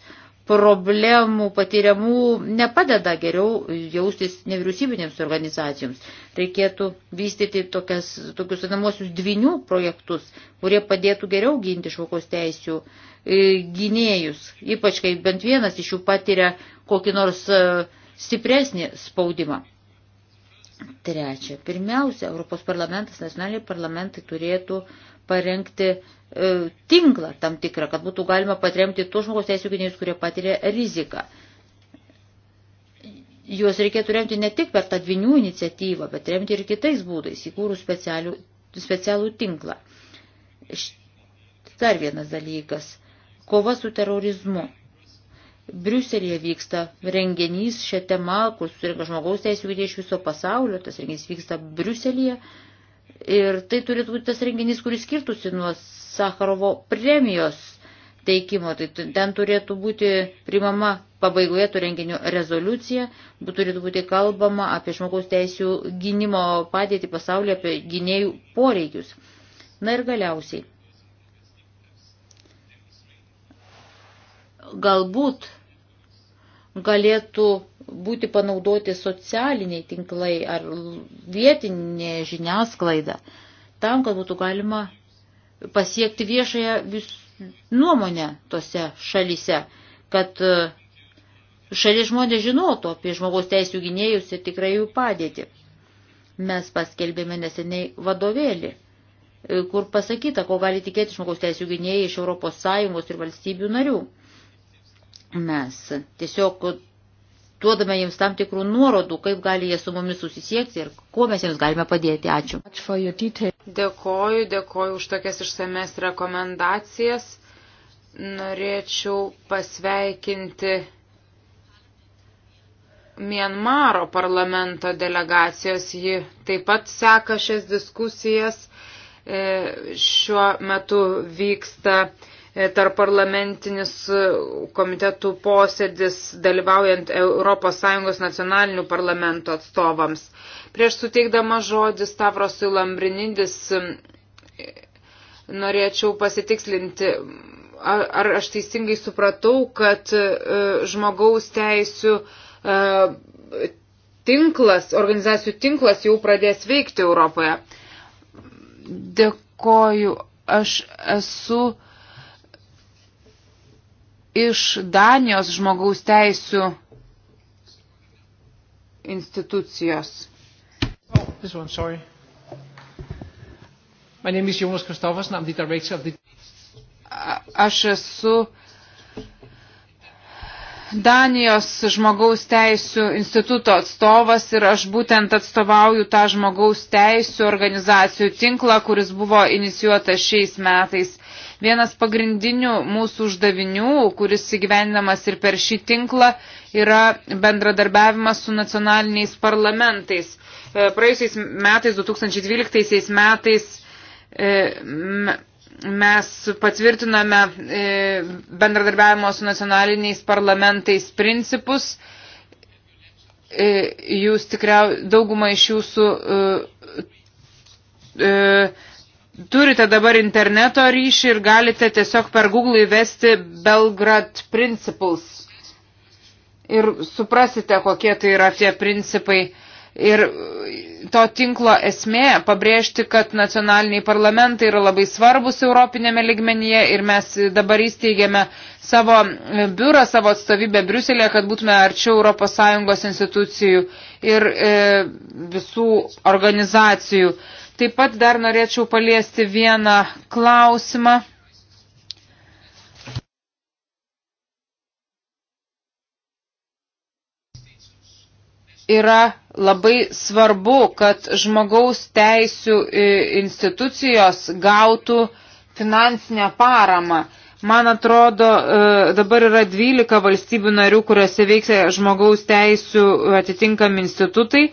problemų patiriamų nepadeda geriau jaustis nevyriausybinėms organizacijoms. Reikėtų vystyti tokias, tokius vadinamosius dvinių projektus, kurie padėtų geriau ginti šaukos teisių e, gynėjus, ypač kai bent vienas iš jų patiria kokį nors e, stipresnį spaudimą. Trečia, pirmiausia, Europos parlamentas, nacionaliniai parlamentai turėtų parengti e, tinklą tam tikrą, kad būtų galima patremti tuos žmogaus teisų gynėjus, kurie patiria riziką. Juos reikėtų remti ne tik per tą dvinių iniciatyvą, bet remti ir kitais būdais, įkūrus specialių, specialų tinklą. Dar vienas dalykas – kova su terorizmu. Briuselėje vyksta renginys šią temą, kur susirinka žmogaus teisų gynėjai iš viso pasaulio, tas renginys vyksta Briuselėje – Ir tai turėtų būti tas renginys, kuris skirtusi nuo Sakarovo premijos teikimo. Tai ten turėtų būti primama pabaigoje tų renginių rezoliucija, turėtų būti kalbama apie žmogaus teisų gynimo padėtį pasaulyje, apie gynėjų poreikius. Na ir galiausiai. Galbūt galėtų būti panaudoti socialiniai tinklai ar vietinė žiniasklaida, tam, kad būtų galima pasiekti viešąją vis nuomonę tose šalyse, kad e, šalies žmonės žinotų apie žmogaus teisų gynėjus ir tikrai jų padėtį. Mes paskelbėme neseniai vadovėlį, e, kur pasakyta, ko gali tikėti žmogaus teisų gynėjai iš ES ir valstybių narių. Mes tiesiog duodame jiems tam tikrų nuorodų, kaip gali jie su mumis susisiekti ir kuo mes jiems galime padėti. Ačiū. Dėkoju, dėkoju už tokias išsames rekomendacijas. Norėčiau pasveikinti Mienmaro parlamento delegacijos. Ji taip pat seka šias diskusijas. E, šiuo metu vyksta E, tarp parlamentinis e, komitetų posėdis dalyvaujant ES nacionalinių parlamento atstovams. Prieš suteikdama žodį Stavrosui Lambrinindis norėčiau pasitikslinti, ar aš teisingai supratau, kad e, žmogaus teisų tinklas, organizacijų tinklas jau pradės veikti Europoje. Dėkoju, aš esu uh, iš Danijos žmogaus teisų institucijos. Oh, this one, sorry. My name is Jonas Kristoffersen, I'm the director of the... A, aš esu Danijos žmogaus teisų instituto atstovas ir aš būtent atstovauju tą žmogaus teisų organizacijų tinklą, kuris buvo inicijuotas šiais metais. Vienas pagrindinių mūsų uždavinių, kuris įgyvendinamas ir per šį tinklą, yra bendradarbiavimas su nacionaliniais parlamentais. E, praėjusiais metais, 2012 metais, e, mes patvirtiname e, bendradarbiavimo su nacionaliniais parlamentais principus jūs tikriau daugumą iš jūsų e, e, turite dabar interneto ryšį ir galite tiesiog per Google įvesti Belgrad Principles. Ir suprasite, kokie tai yra tie principai. Ir to tinklo esmė pabrėžti, kad nacionaliniai parlamentai yra labai svarbus Europinėme ligmenyje ir mes dabar įsteigėme savo biurą, savo atstovybę Briuselėje, kad būtume arčiau ES institucijų ir e, visų organizacijų. E, Taip pat dar norėčiau paliesti vieną klausimą. Yra labai svarbu, kad žmogaus teisų e, institucijos gautų finansinę paramą. Man atrodo, e, dabar yra 12 valstybių narių, kuriuose veikia žmogaus teisų atitinkami institutai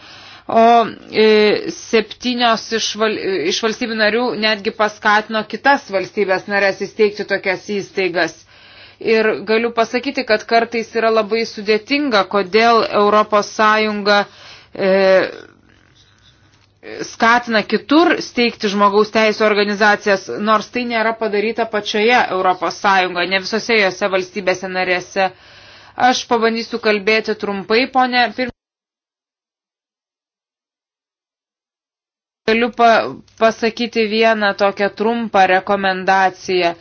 o e, septynios iš, val, iš valstybių narių netgi paskatino kitas valstybės narės įsteigti tokias įstaigas. Ir galiu pasakyti, kad kartais yra labai sudėtinga, kodėl Europos Sąjunga e, skatina kitur steigti žmogaus teisų organizacijas, nors tai nėra padaryta pačioje Europos Sąjungoje, ne visose jose valstybėse narėse. Aš pabandysiu kalbėti trumpai, ponė. galiu pa pasakyti vieną tokią trumpą rekomendaciją.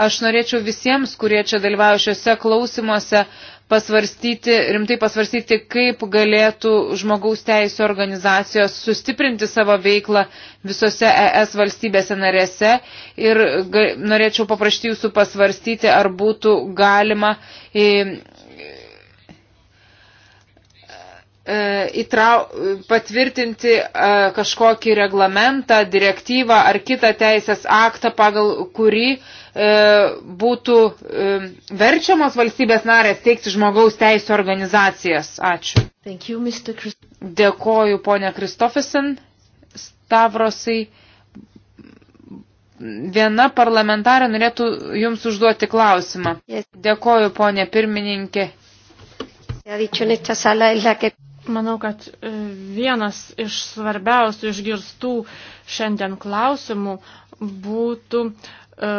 Aš norėčiau visiems, kurie čia dalyvauja šiuose klausimuose, pasvarstyti, rimtai pasvarstyti, kaip galėtų žmogaus teisų organizacijos sustiprinti savo veiklą visose ES valstybėse narėse. Ir norėčiau paprašyti jūsų pasvarstyti, ar būtų galima E, įtrau, patvirtinti e, kažkokį reglamentą, direktyvą ar kitą teisės aktą, pagal kurį e, būtų verčiamos valstybės narės teikti žmogaus teisų organizacijas. Ačiū. Thank you, Mr. Christ Dėkoju, ponia Kristofisen, Stavrosai. Viena parlamentarė norėtų Jums užduoti klausimą. Yes. Dėkoju, ponė pirmininkė. Ha dicho en esta sala es la que Manau, kad e, vienas iš svarbiausių išgirstų šiandien klausimų būtų e,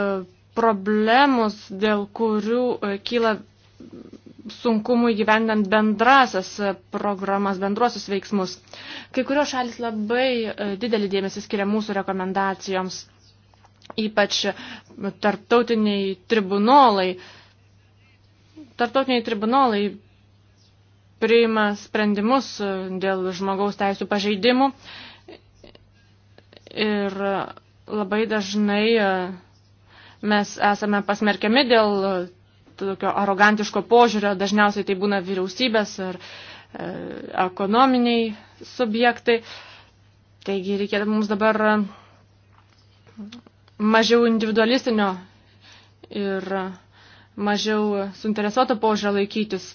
problemus, dėl kurių e, kyla sunkumų įgyvendant bendrasias programas, bendruosius veiksmus. Kai kurios šalis labai didelį dėmesį skiria mūsų rekomendacijoms, ypač tarptautiniai tribunolai. Tarptautiniai tribunolai priima sprendimus dėl žmogaus teisų pažeidimų ir labai dažnai e, mes esame pasmerkiami dėl tokio arogantiško požiūrio, dažniausiai tai būna vyriausybės ar e, ekonominiai subjektai. Taigi reikėtų mums dabar mažiau individualistinio ir mažiau suinteresuoto požiūrio laikytis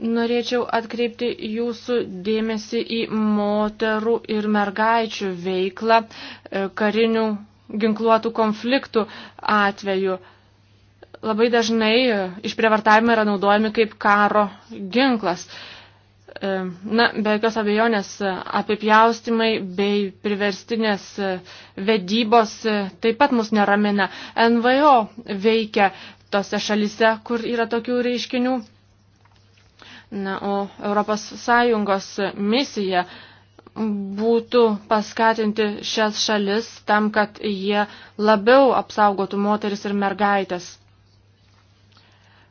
norėčiau atkreipti jūsų dėmesį į moterų ir mergaičių veiklą e, karinių ginkluotų konfliktų atveju. Labai dažnai e, išprievartavimai yra naudojami kaip karo ginklas. E, na, be jokios abejonės, apipjaustimai bei priverstinės vedybos taip pat mus neramina. NVO veikia tose šalise, kur yra tokių reiškinių Na, o ES misija būtų paskatinti šias šalis tam, kad jie labiau apsaugotų moteris ir mergaitės.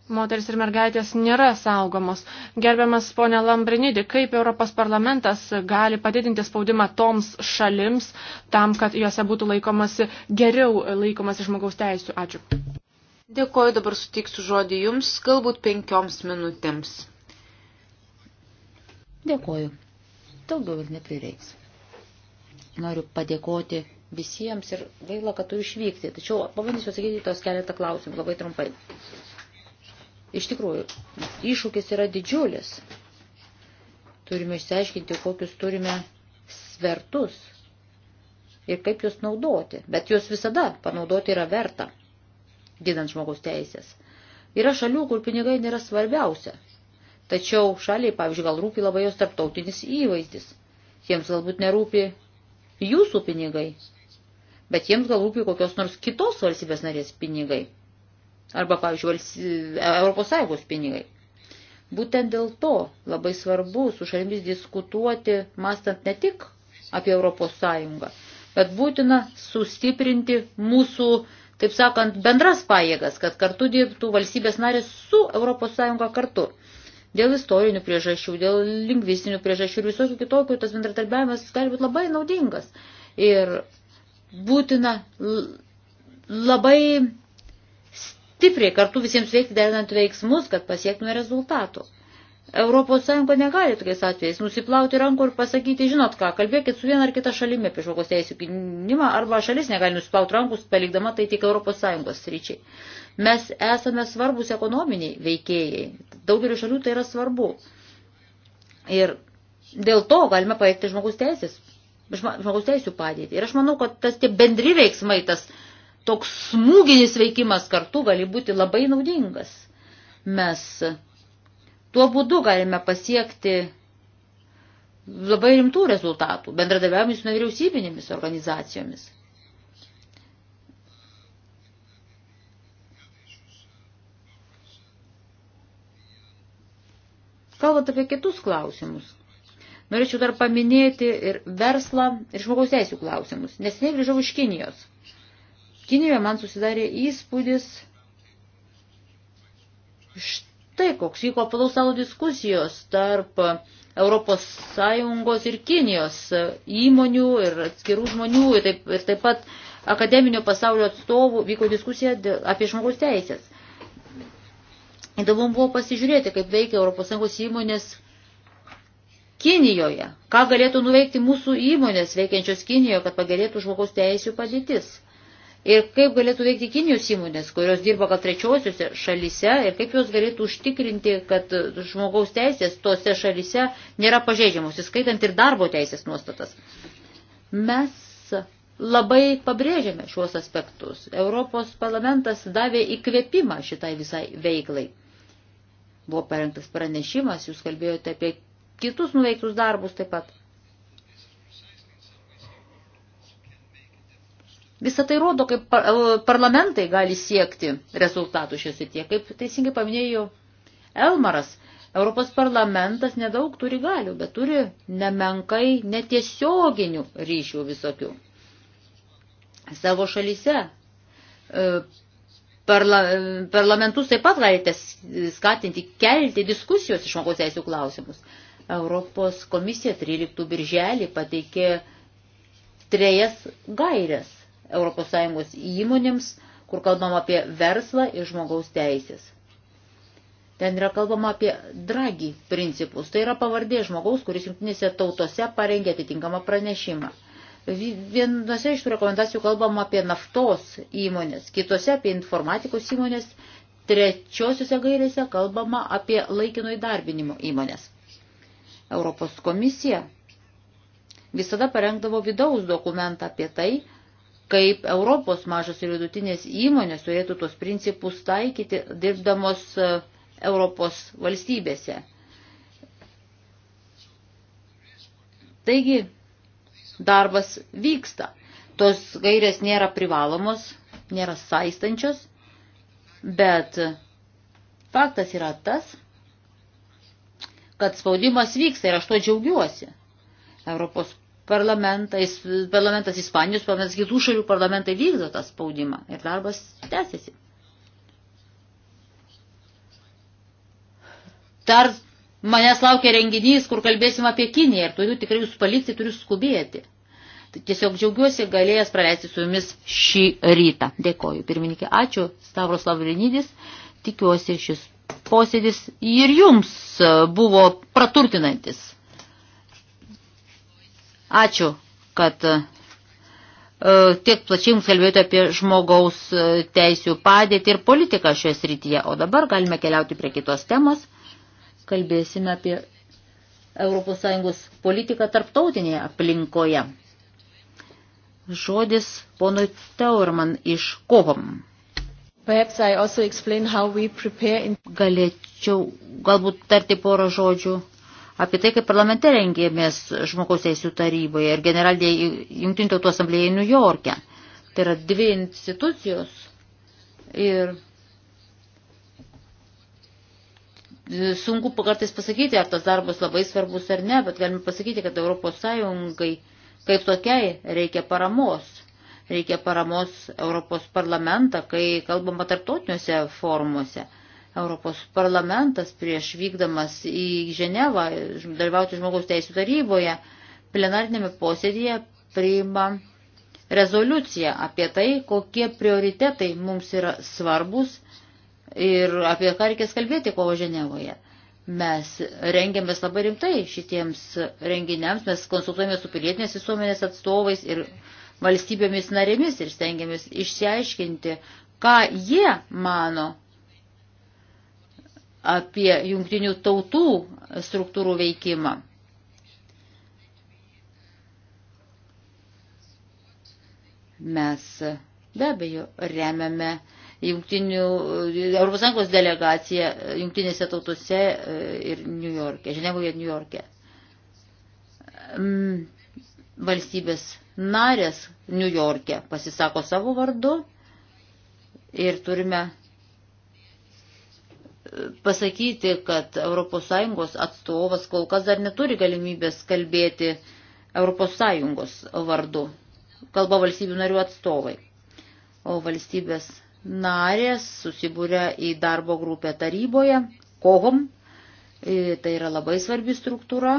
Moteris ir mergaitės nėra saugomos. Gerbiamas ponė Lambrinidi, kaip Europos parlamentas gali padidinti spaudimą toms šalims, tam, kad juose būtų laikomasi geriau laikomasi žmogaus teisų? Ačiū. Dėkuoju, dabar sutiksiu žodį jums, galbūt penkioms minutėms. Dėkoju. Daugiau ir neprireiks. Noriu padėkoti visiems ir gaila, kad turiu išvykti. Tačiau pabandysiu atsakyti tos keletą klausimų labai trumpai. Iš tikrųjų, iššūkis yra didžiulis. Turime išsiaiškinti, kokius turime svertus ir kaip juos naudoti. Bet juos visada panaudoti yra verta, gydant žmogaus teisės. Yra šalių, kur pinigai nėra svarbiausia. Tačiau šaliai, pavyzdžiui, gal rūpi labai jos tarptautinis įvaizdis. Jiems galbūt nerūpi jūsų pinigai, bet jiems gal rūpi kokios nors kitos valstybės narės pinigai. Arba, pavyzdžiui, valsy... E, Europos Sąjungos pinigai. Būtent dėl to labai svarbu su šalimis diskutuoti, mastant ne tik apie Europos Sąjungą, bet būtina sustiprinti mūsų, taip sakant, bendras pajėgas, kad kartu dirbtų valstybės narės su Europos Sąjunga kartu. Dėl istorinių priežasčių, dėl lingvistinių priežasčių ir visokių kitokių tas bendradarbiavimas gali būti labai naudingas. Ir būtina labai stipriai kartu visiems veikti derinant veiksmus, kad pasiektume rezultatų. ES negali tokiais atvejais nusiplauti rankų ir pasakyti, žinot ką, kalbėkit su viena ar kita šalimi apie žmogaus teisų gynimą, arba šalis negali nusiplauti rankus, palikdama tai tik ES ryčiai. Mes esame svarbus ekonominiai veikėjai. Daugeliu šalių tai yra svarbu. Ir dėl to galime paveikti žmogus teisės, žmogus teisų padėtį. Ir aš manau, kad tas tie bendri veiksmai, tas toks smūginis veikimas kartu gali būti labai naudingas. Mes tuo būdu galime pasiekti labai rimtų rezultatų bendradarbiavimus su nevyriausybinėmis organizacijomis. Kalbant apie kitus klausimus, norėčiau dar paminėti ir verslą, ir žmogaus teisų klausimus, nes negrįžau iš Kinijos. Kinijoje man susidarė įspūdis štai koks vyko apalaus savo diskusijos tarp Europos Sąjungos ir Kinijos įmonių ir atskirų žmonių ir taip, ir taip pat akademinio pasaulio atstovų vyko diskusija apie žmogaus teisės. Įdomu buvo pasižiūrėti, kaip veikia ES įmonės Kinijoje. Ką galėtų nuveikti mūsų įmonės veikiančios Kinijoje, kad pagerėtų žmogaus teisų padėtis. Ir kaip galėtų veikti Kinijos įmonės, kurios dirba gal trečiosiuose šalyse ir kaip jos galėtų užtikrinti, kad žmogaus teisės tose šalyse nėra pažeidžiamos, įskaitant ir darbo teisės nuostatas. Mes labai pabrėžėme šiuos aspektus. Europos parlamentas davė įkvėpimą šitai visai veiklai. Buvo parengtas pranešimas, jūs kalbėjote apie kitus nuveiktus darbus taip pat. Visą tai rodo, kaip e, parlamentai gali siekti rezultatų šiose tie. Kaip teisingai paminėjo Elmaras, Europos parlamentas nedaug turi galių, bet turi nemenkai netiesioginių ryšių visokių. Savo šalyse e, Parla, parlamentus taip pat galite skatinti, kelti diskusijos iš žmogaus teisų klausimus. Europos komisija 13 birželį pateikė trejas gairias ES įmonėms, kur kalbam apie verslą ir žmogaus teisės. Ten yra kalbama apie dragi principus. Tai yra pavardė žmogaus, kuris jungtinėse tautose parengė atitinkamą pranešimą. Vienose iš tų rekomendacijų kalbama apie naftos įmonės, kitose apie informatikos įmonės, trečiosiuose gairėse kalbama apie laikino įdarbinimo įmonės. Europos komisija visada parengdavo vidaus dokumentą apie tai, kaip Europos mažos ir vidutinės įmonės turėtų tuos principus taikyti dirbdamos e, Europos valstybėse. Taigi, darbas vyksta. Tos gairės nėra privalomos, nėra saistančios, bet faktas yra tas, kad spaudimas vyksta ir aš to džiaugiuosi. Europos parlamentas, parlamentas Ispanijos, parlamentas kitų šalių parlamentai vykdo tą spaudimą ir darbas tęsiasi. Dar Manęs laukia renginys, kur kalbėsim apie Kiniją ir turiu tikrai jūs palikti, turiu skubėti. Tai tiesiog džiaugiuosi galėjęs praleisti su jumis šį rytą. Dėkoju, pirmininkė. Ačiū, Stavros Lavrinidis. Tikiuosi, šis posėdis ir jums buvo praturtinantis. Ačiū, kad e, tiek plačiai jums kalbėjote apie žmogaus e, teisių padėtį ir politiką šioje srityje. O dabar galime keliauti prie kitos temos kalbėsime apie ES politiką tarptautinėje aplinkoje. Žodis ponui Teurman iš Kovom. In... Galėčiau galbūt tarti porą žodžių apie tai, kaip parlamente rengėmės žmogaus teisų taryboje ir generalėje Junktinių tautų asamblėje New York'e. Tai yra dvi institucijos ir sunku kartais pasakyti, ar tas darbas labai svarbus ar ne, bet galime pasakyti, kad Europos Sąjungai kaip tokiai reikia paramos. Reikia paramos Europos parlamentą, kai kalbama tarptautiniuose formuose. Europos parlamentas prieš vykdamas į Ženevą, dalyvauti žmogaus teisų taryboje, plenarinėme posėdėje priima rezoliuciją apie tai, kokie prioritetai mums yra svarbus ir apie ką reikės kalbėti kovo Ženevoje. Mes rengiamės labai rimtai šitiems renginiams, mes konsultuojame su pilietinės visuomenės atstovais ir valstybėmis narėmis ir stengiamės išsiaiškinti, ką jie mano apie jungtinių tautų struktūrų veikimą. Mes be abejo remiame uh, Europos Sąjungos delegacija e, jungtinėse tautose e, ir New York'e, Ženevoje ir New York'e. Mm, valstybės narės New York'e pasisako savo vardu ir turime e, pasakyti, kad ES atstovas kol kas dar neturi galimybės kalbėti ES vardu. Kalba valstybių narių atstovai. O valstybės narės susibūrė į darbo grupę taryboje, kohom. E, tai yra labai svarbi struktūra,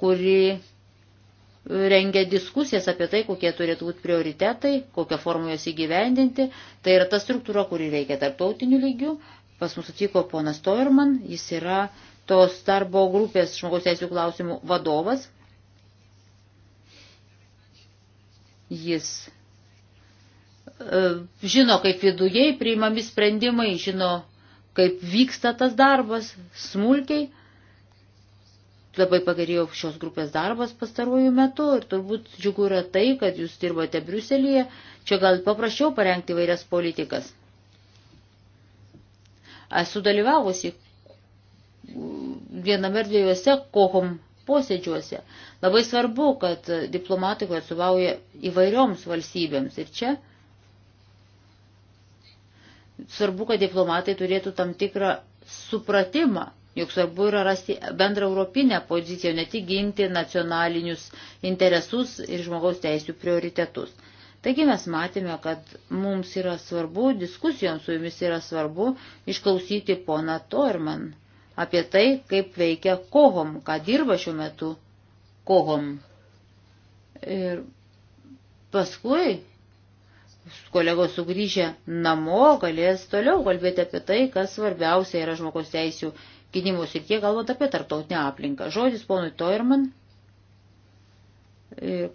kuri rengia diskusijas apie tai, kokie turėtų būti prioritetai, kokią formą juos įgyvendinti. Tai yra ta struktūra, kuri veikia tarptautiniu lygiu. Pas mus atvyko ponas Toirman, jis yra tos darbo grupės žmogaus teisų klausimų vadovas. Jis E, žino, kaip vidujei priimami sprendimai, žino, kaip vyksta tas darbas smulkiai. Labai pagerėjo šios grupės darbas pastaruoju metu ir turbūt džiugu yra tai, kad jūs dirbate Briuselėje, čia gal paprasčiau parengti vairias politikas. Esu dalyvavusi viename ir dviejose kohom posėdžiuose. Labai svarbu, kad diplomatai atstovauja įvairioms valstybėms ir čia svarbu, kad diplomatai turėtų tam tikrą supratimą, juk svarbu yra rasti bendrą europinę poziciją, ne tik ginti nacionalinius interesus ir žmogaus teisų prioritetus. Taigi mes matėme, kad mums yra svarbu, diskusijoms su jumis yra svarbu išklausyti poną Torman apie tai, kaip veikia kohom, ką dirba šiuo metu kohom. Ir paskui kolegos sugrįžę namo galės toliau kalbėti apie tai, kas svarbiausia yra žmogaus teisų gynimus ir tie galvot apie tarptautinę aplinką. Žodis ponui Toirman.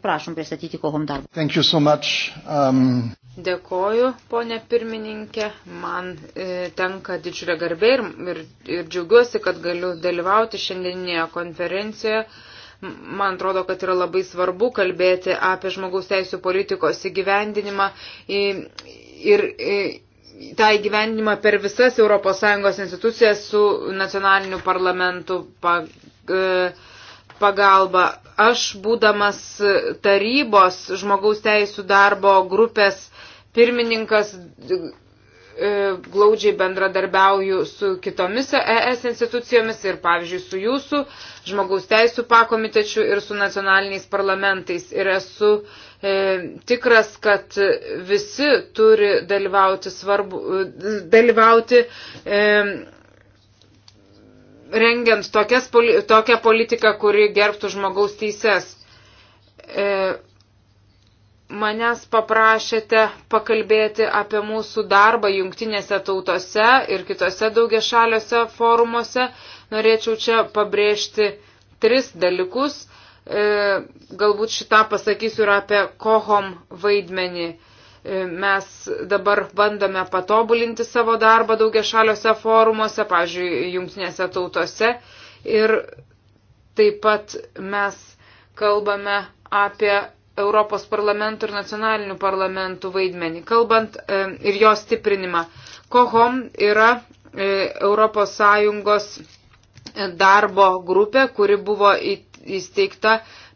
Prašom pristatyti kohom darbą. Thank you so much. Um... Dėkoju, ponė pirmininkė. Man e, tenka didžiulė garbė ir, ir, ir džiaugiuosi, kad galiu dalyvauti šiandieninėje konferencijoje Man atrodo, kad yra labai svarbu kalbėti apie žmogaus teisų politikos įgyvendinimą ir, ir tą įgyvendinimą per visas ES institucijas su nacionaliniu parlamentu e, pagalba. Aš, būdamas tarybos žmogaus teisų darbo grupės pirmininkas, E, glaudžiai bendradarbiauju su kitomis ES institucijomis ir, pavyzdžiui, su jūsų žmogaus teisų pakomitečiu ir su nacionaliniais parlamentais. Ir esu e, tikras, kad visi turi dalyvauti, svarbu, e, dalyvauti e, rengiant tokias, tokią politiką, kuri gerbtų žmogaus teises. E, manęs paprašėte pakalbėti apie mūsų darbą jungtinėse tautose ir kitose daugiašaliuose forumuose. Norėčiau čia pabrėžti tris dalykus. E, galbūt šitą pasakysiu ir apie kohom vaidmenį. E, mes dabar bandome patobulinti savo darbą daugiašaliuose forumuose, pavyzdžiui, jungtinėse tautose. Ir taip pat mes kalbame apie Europos parlamentų ir nacionalinių parlamentų vaidmenį, kalbant e, ir jo stiprinimą. Kohom yra e, Europos Sąjungos e, darbo grupė, kuri buvo įsteigta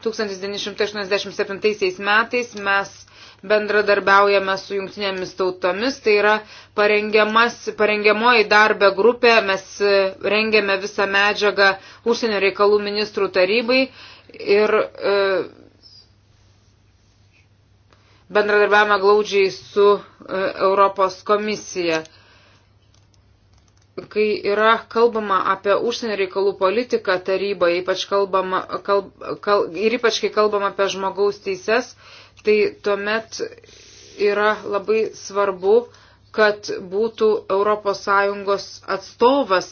1987 metais. Mes bendradarbiaujame su jungtinėmis tautomis, tai yra parengiamoji darbė grupė, mes rengiame visą medžiagą užsienio reikalų ministrų tarybai ir e, bendradarbiavame glaudžiai su e, Europos komisija. Kai yra kalbama apie užsienio reikalų politiką taryboje, ypač kalbama, kalb, kal, ir ypač kai kalbama apie žmogaus teises, tai tuomet yra labai svarbu, kad būtų ES atstovas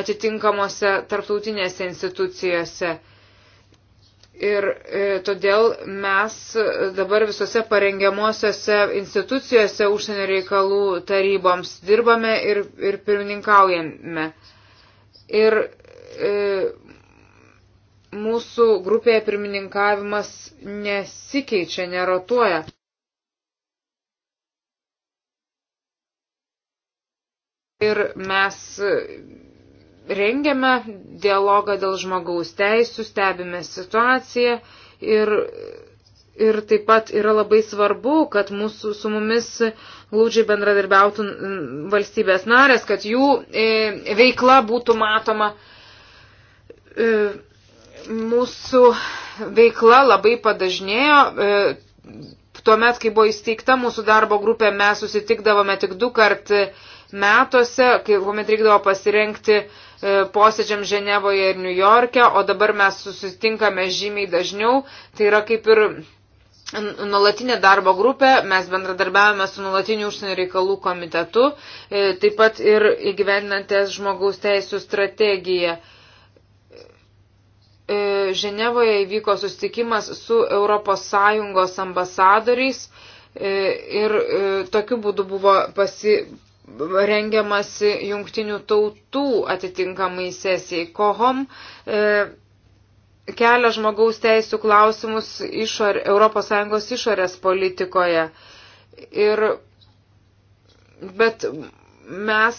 atitinkamose tarptautinėse institucijose. Ir e, todėl mes dabar visose parengiamosiose institucijose užsienio reikalų taryboms dirbame ir, ir pirmininkaujame. Ir e, mūsų grupėje pirmininkavimas nesikeičia, nerotuoja. Ir mes rengiame dialogą dėl žmogaus teisų, stebime situaciją ir, ir taip pat yra labai svarbu, kad mūsų su mumis glūdžiai bendradarbiautų valstybės narės, kad jų e, veikla būtų matoma. E, mūsų veikla labai padažnėjo. E, Tuomet, kai buvo įsteigta mūsų darbo grupė, mes susitikdavome tik du kart metuose, kai kuomet reikdavo pasirenkti uh, E, posėdžiam Ženevoje ir New York'e, o dabar mes susitinkame žymiai dažniau. Tai yra kaip ir Nulatinė darbo grupė, mes bendradarbiavame su nulatiniu užsienio reikalų komitetu, e, taip pat ir įgyvendinantės žmogaus teisų strategiją. E, Ženevoje įvyko susitikimas su ES ambasadoriais ir tokiu būdu buvo pasi, rengiamasi jungtinių tautų atitinkamai sesijai. Kohom e, kelia žmogaus teisų klausimus išor, ES išorės politikoje. Ir, bet mes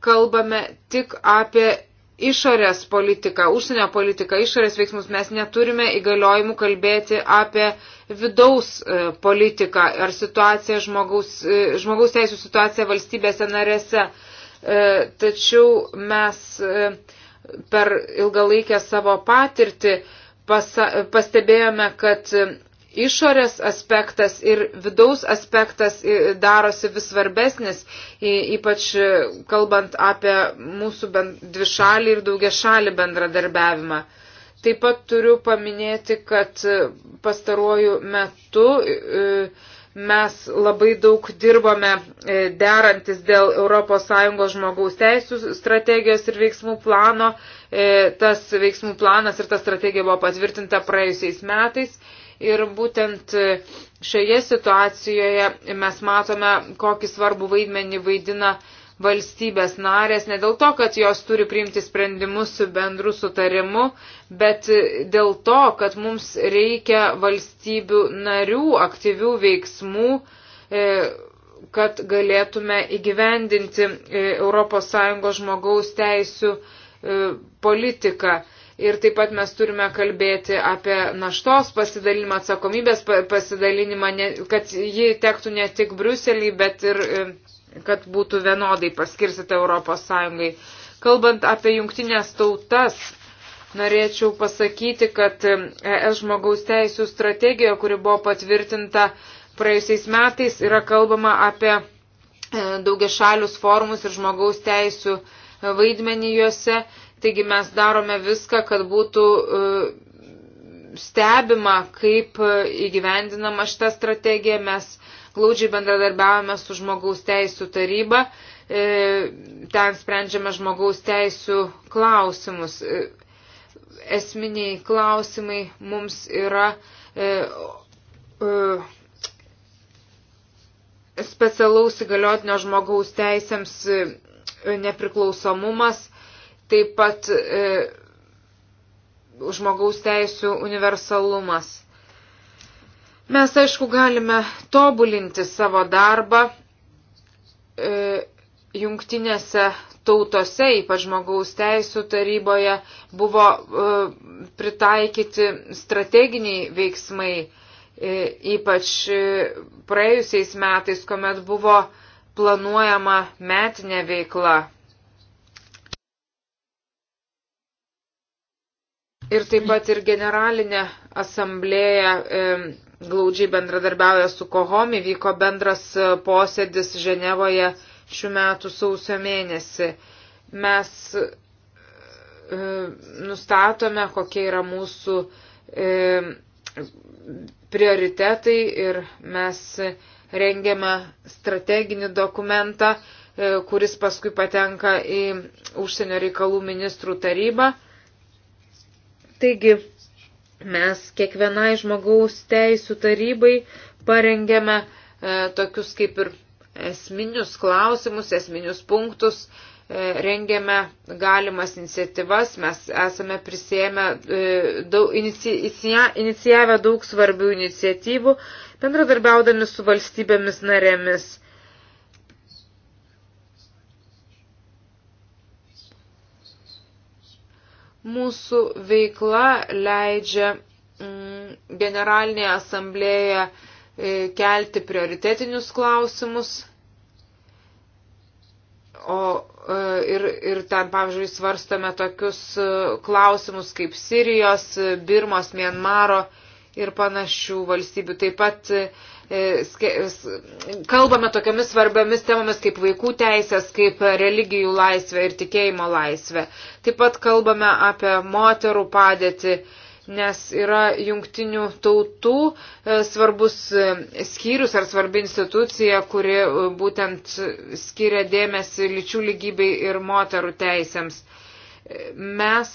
kalbame tik apie išorės politiką, užsienio politiką, išorės veiksmus, mes neturime įgaliojimų kalbėti apie vidaus e, politiką ar situaciją žmogaus, e, žmogaus teisų situaciją valstybėse narėse. E, tačiau mes per ilgalaikę savo patirtį pasa, pastebėjome, kad išorės aspektas ir vidaus aspektas darosi vis svarbesnis, ypač kalbant apie mūsų dvišalį ir daugia šalį bendradarbiavimą. Taip pat turiu paminėti, kad pastaruoju metu mes labai daug dirbame derantis dėl ES žmogaus teisų strategijos ir veiksmų plano. Tas veiksmų planas ir ta strategija buvo patvirtinta praėjusiais metais Ir būtent šioje situacijoje mes matome, kokį svarbų vaidmenį vaidina valstybės narės, ne dėl to, kad jos turi priimti sprendimus su bendru sutarimu, bet dėl to, kad mums reikia valstybių narių aktyvių veiksmų, e, kad galėtume įgyvendinti ES žmogaus teisų e, politiką. Ir taip pat mes turime kalbėti apie naštos pasidalinimą, atsakomybės pasidalinimą, kad ji tektų ne tik Bruselį, bet ir e, kad būtų vienodai paskirstyta Europos Sąjungai. Kalbant apie jungtinės tautas, norėčiau pasakyti, kad ES e žmogaus teisų strategija, kuri buvo patvirtinta praėjusiais metais, yra kalbama apie e, daugia šalius formus ir žmogaus teisų vaidmenį juose. Taigi mes darome viską, kad būtų e, stebima, kaip e, įgyvendinama šita strategija. Mes glaudžiai bendradarbiavame su žmogaus teisų taryba. E, ten sprendžiame žmogaus teisų klausimus. Esminiai klausimai mums yra specialaus įgaliotinio žmogaus teisėms nepriklausomumas, Taip pat e, žmogaus teisų universalumas. Mes, aišku, galime tobulinti savo darbą e, jungtinėse tautose, ypač žmogaus teisų taryboje, buvo e, pritaikyti strateginiai veiksmai, e, ypač e, praėjusiais metais, kuomet buvo planuojama metinė veikla ir taip pat ir generalinė asamblėja e, glaudžiai bendradarbiauja su Kohomi, vyko bendras e, posėdis Ženevoje šių metų sausio mėnesį. Mes e, nustatome, kokie yra mūsų prioritetai ir mes rengiame strateginį dokumentą, kuris paskui patenka į užsienio reikalų ministrų tarybą. Taigi mes kiekvienai žmogaus teisų tarybai parengėme e, tokius kaip ir esminius klausimus, esminius punktus, e, rengėme galimas iniciatyvas, mes esame prisėmę, e, daug, inici, inicia, inicijavę daug svarbių iniciatyvų, bendradarbiaudami su valstybėmis narėmis. Mūsų veikla leidžia mm, generalinėje asamblėje e, kelti prioritetinius klausimus. O e, ir, ir ten, pavyzdžiui, svarstame tokius e, klausimus kaip Sirijos, Birmos, Mienmaro ir panašių valstybių. Taip pat E, kalbame tokiamis svarbiamis temomis kaip vaikų teisės, kaip religijų laisvė ir tikėjimo laisvė. Taip pat kalbame apie moterų padėtį, nes yra jungtinių tautų e, svarbus e, skyrius ar svarbi institucija, kuri būtent skiria dėmesį lyčių lygybei ir moterų teisėms. Mes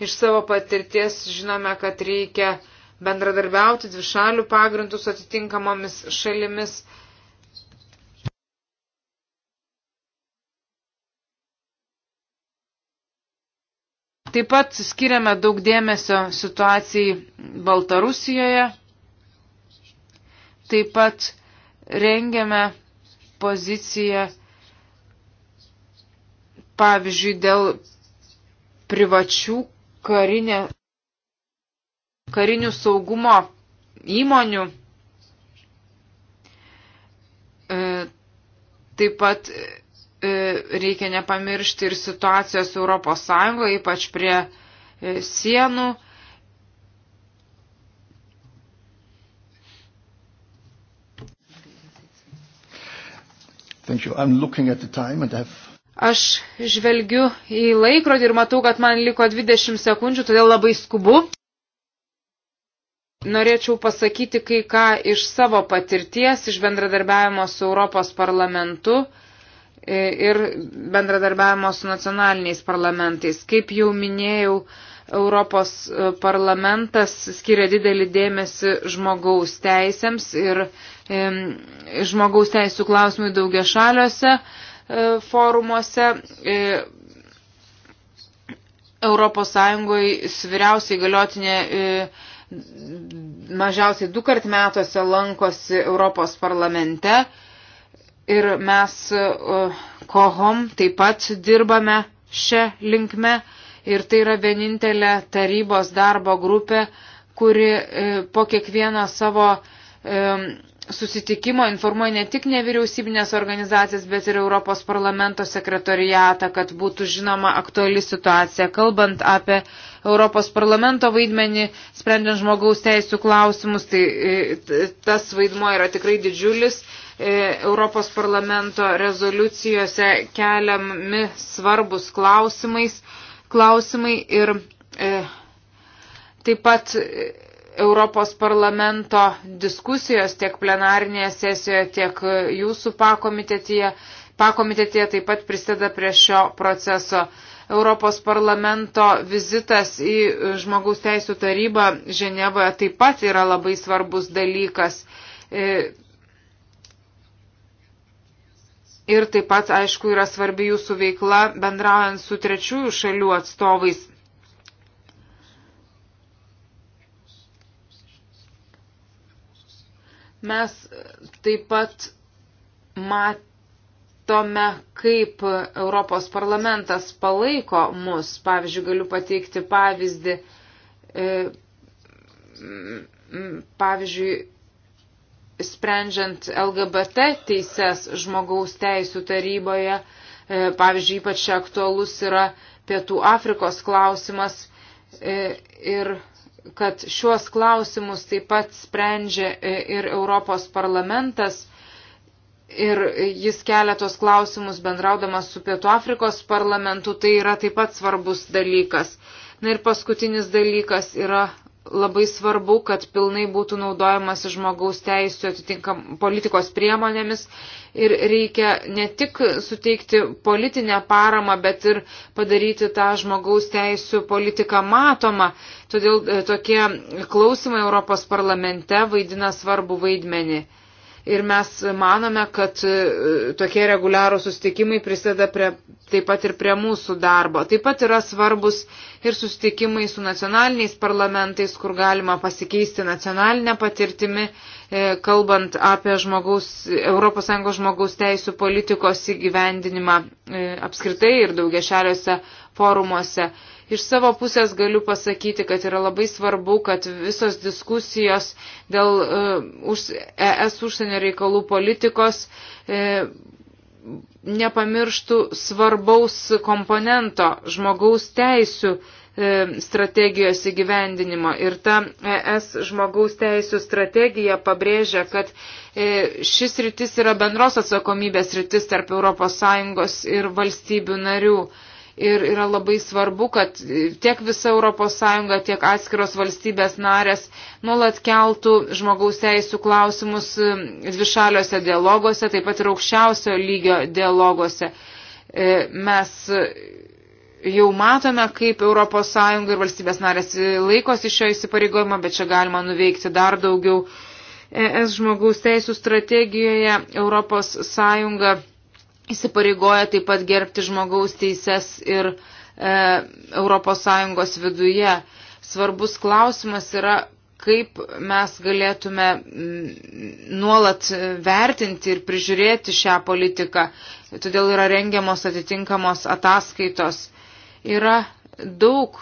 Iš savo patirties žinome, kad reikia bendradarbiauti dvišalių pagrindų su atitinkamomis šalimis. Taip pat skiriame daug dėmesio situacijai Baltarusijoje. Taip pat rengiame poziciją, pavyzdžiui, dėl privačių karinė, karinių saugumo įmonių. E, taip pat e, reikia nepamiršti ir situacijos Europos Sąjungoje, ypač prie e, sienų. Thank you. I'm looking at the time and I have Aš žvelgiu į laikrodį ir matau, kad man liko 20 sekundžių, todėl labai skubu. Norėčiau pasakyti kai ką iš savo patirties, iš bendradarbiavimo su Europos parlamentu e, ir bendradarbiavimo su nacionaliniais parlamentais. Kaip jau minėjau, Europos e, parlamentas skiria didelį dėmesį žmogaus teisėms ir žmogaus teisų klausimui daugia šaliuose E, forumuose. E, Europos Sąjungoje vyriausiai galiotinė e, mažiausiai du kart metuose lankosi Europos parlamente ir mes kohom taip pat dirbame šią linkmę ir tai yra vienintelė tarybos darbo grupė, kuri po kiekvieno savo susitikimo informuoja ne tik nevyriausybinės organizacijas, bet ir Europos parlamento sekretoriatą, kad būtų žinoma aktuali situacija. Kalbant apie Europos parlamento vaidmenį, sprendžiant žmogaus teisų klausimus, tai e, tas vaidmo yra tikrai didžiulis. E, Europos parlamento rezoliucijose keliami svarbus klausimais, klausimai ir e, taip pat e, Europos parlamento diskusijos tiek plenarinėje sesijoje, tiek jūsų pakomitetyje. Pakomitetėje taip pat prisideda prie šio proceso. Europos parlamento vizitas į žmogaus teisų tarybą Ženevoje taip pat yra labai svarbus dalykas. E, ir taip pat, aišku, yra svarbi jūsų veikla bendraujant su trečiųjų šalių atstovais. Mes taip pat matome, kaip Europos parlamentas palaiko mus. Pavyzdžiui, galiu pateikti pavyzdį. E, pavyzdžiui, sprendžiant LGBT teises žmogaus teisų taryboje, e, pavyzdžiui, ypač aktualus yra Pietų Afrikos klausimas e, ir kad šiuos klausimus taip pat sprendžia e, ir Europos parlamentas. Ir jis kelia tos klausimus bendraudamas su Pietų Afrikos parlamentu, tai yra taip pat svarbus dalykas. Na ir paskutinis dalykas yra labai svarbu, kad pilnai būtų naudojamas žmogaus teisų atitinkam politikos priemonėmis ir reikia ne tik suteikti politinę paramą, bet ir padaryti tą žmogaus teisų politiką matomą. Todėl e, tokie klausimai Europos parlamente vaidina svarbu vaidmenį ir mes manome, kad e, tokie reguliarų susitikimai prisideda prie, taip pat ir prie mūsų darbo. Taip pat yra svarbus ir susitikimai su nacionaliniais parlamentais, kur galima pasikeisti nacionalinę patirtimį, e, kalbant apie žmogaus, ES žmogaus teisų politikos įgyvendinimą e, apskritai ir daugia šaliuose forumuose. Iš savo pusės galiu pasakyti, kad yra labai svarbu, kad visos diskusijos dėl ES e užsienio reikalų politikos e, nepamirštų svarbaus komponento žmogaus teisų e, strategijos įgyvendinimo. Ir ta ES žmogaus teisų strategija pabrėžia, kad šis rytis yra bendros atsakomybės rytis tarp ES ir valstybių narių ir yra labai svarbu, kad tiek visa ES, tiek atskiros valstybės narės nuolat keltų žmogaus teisų klausimus um, dvišaliuose dialoguose, taip pat ir aukščiausio lygio dialoguose. E, mes jau matome, kaip ES ir valstybės narės laikosi šio įsipareigojimo, bet čia galima nuveikti dar daugiau. E, ES žmogaus teisų strategijoje ES įsipareigoja taip pat gerbti žmogaus teises ir e, ES viduje. Svarbus klausimas yra, kaip mes galėtume nuolat vertinti ir prižiūrėti šią politiką. Todėl yra rengiamos atitinkamos ataskaitos. Yra daug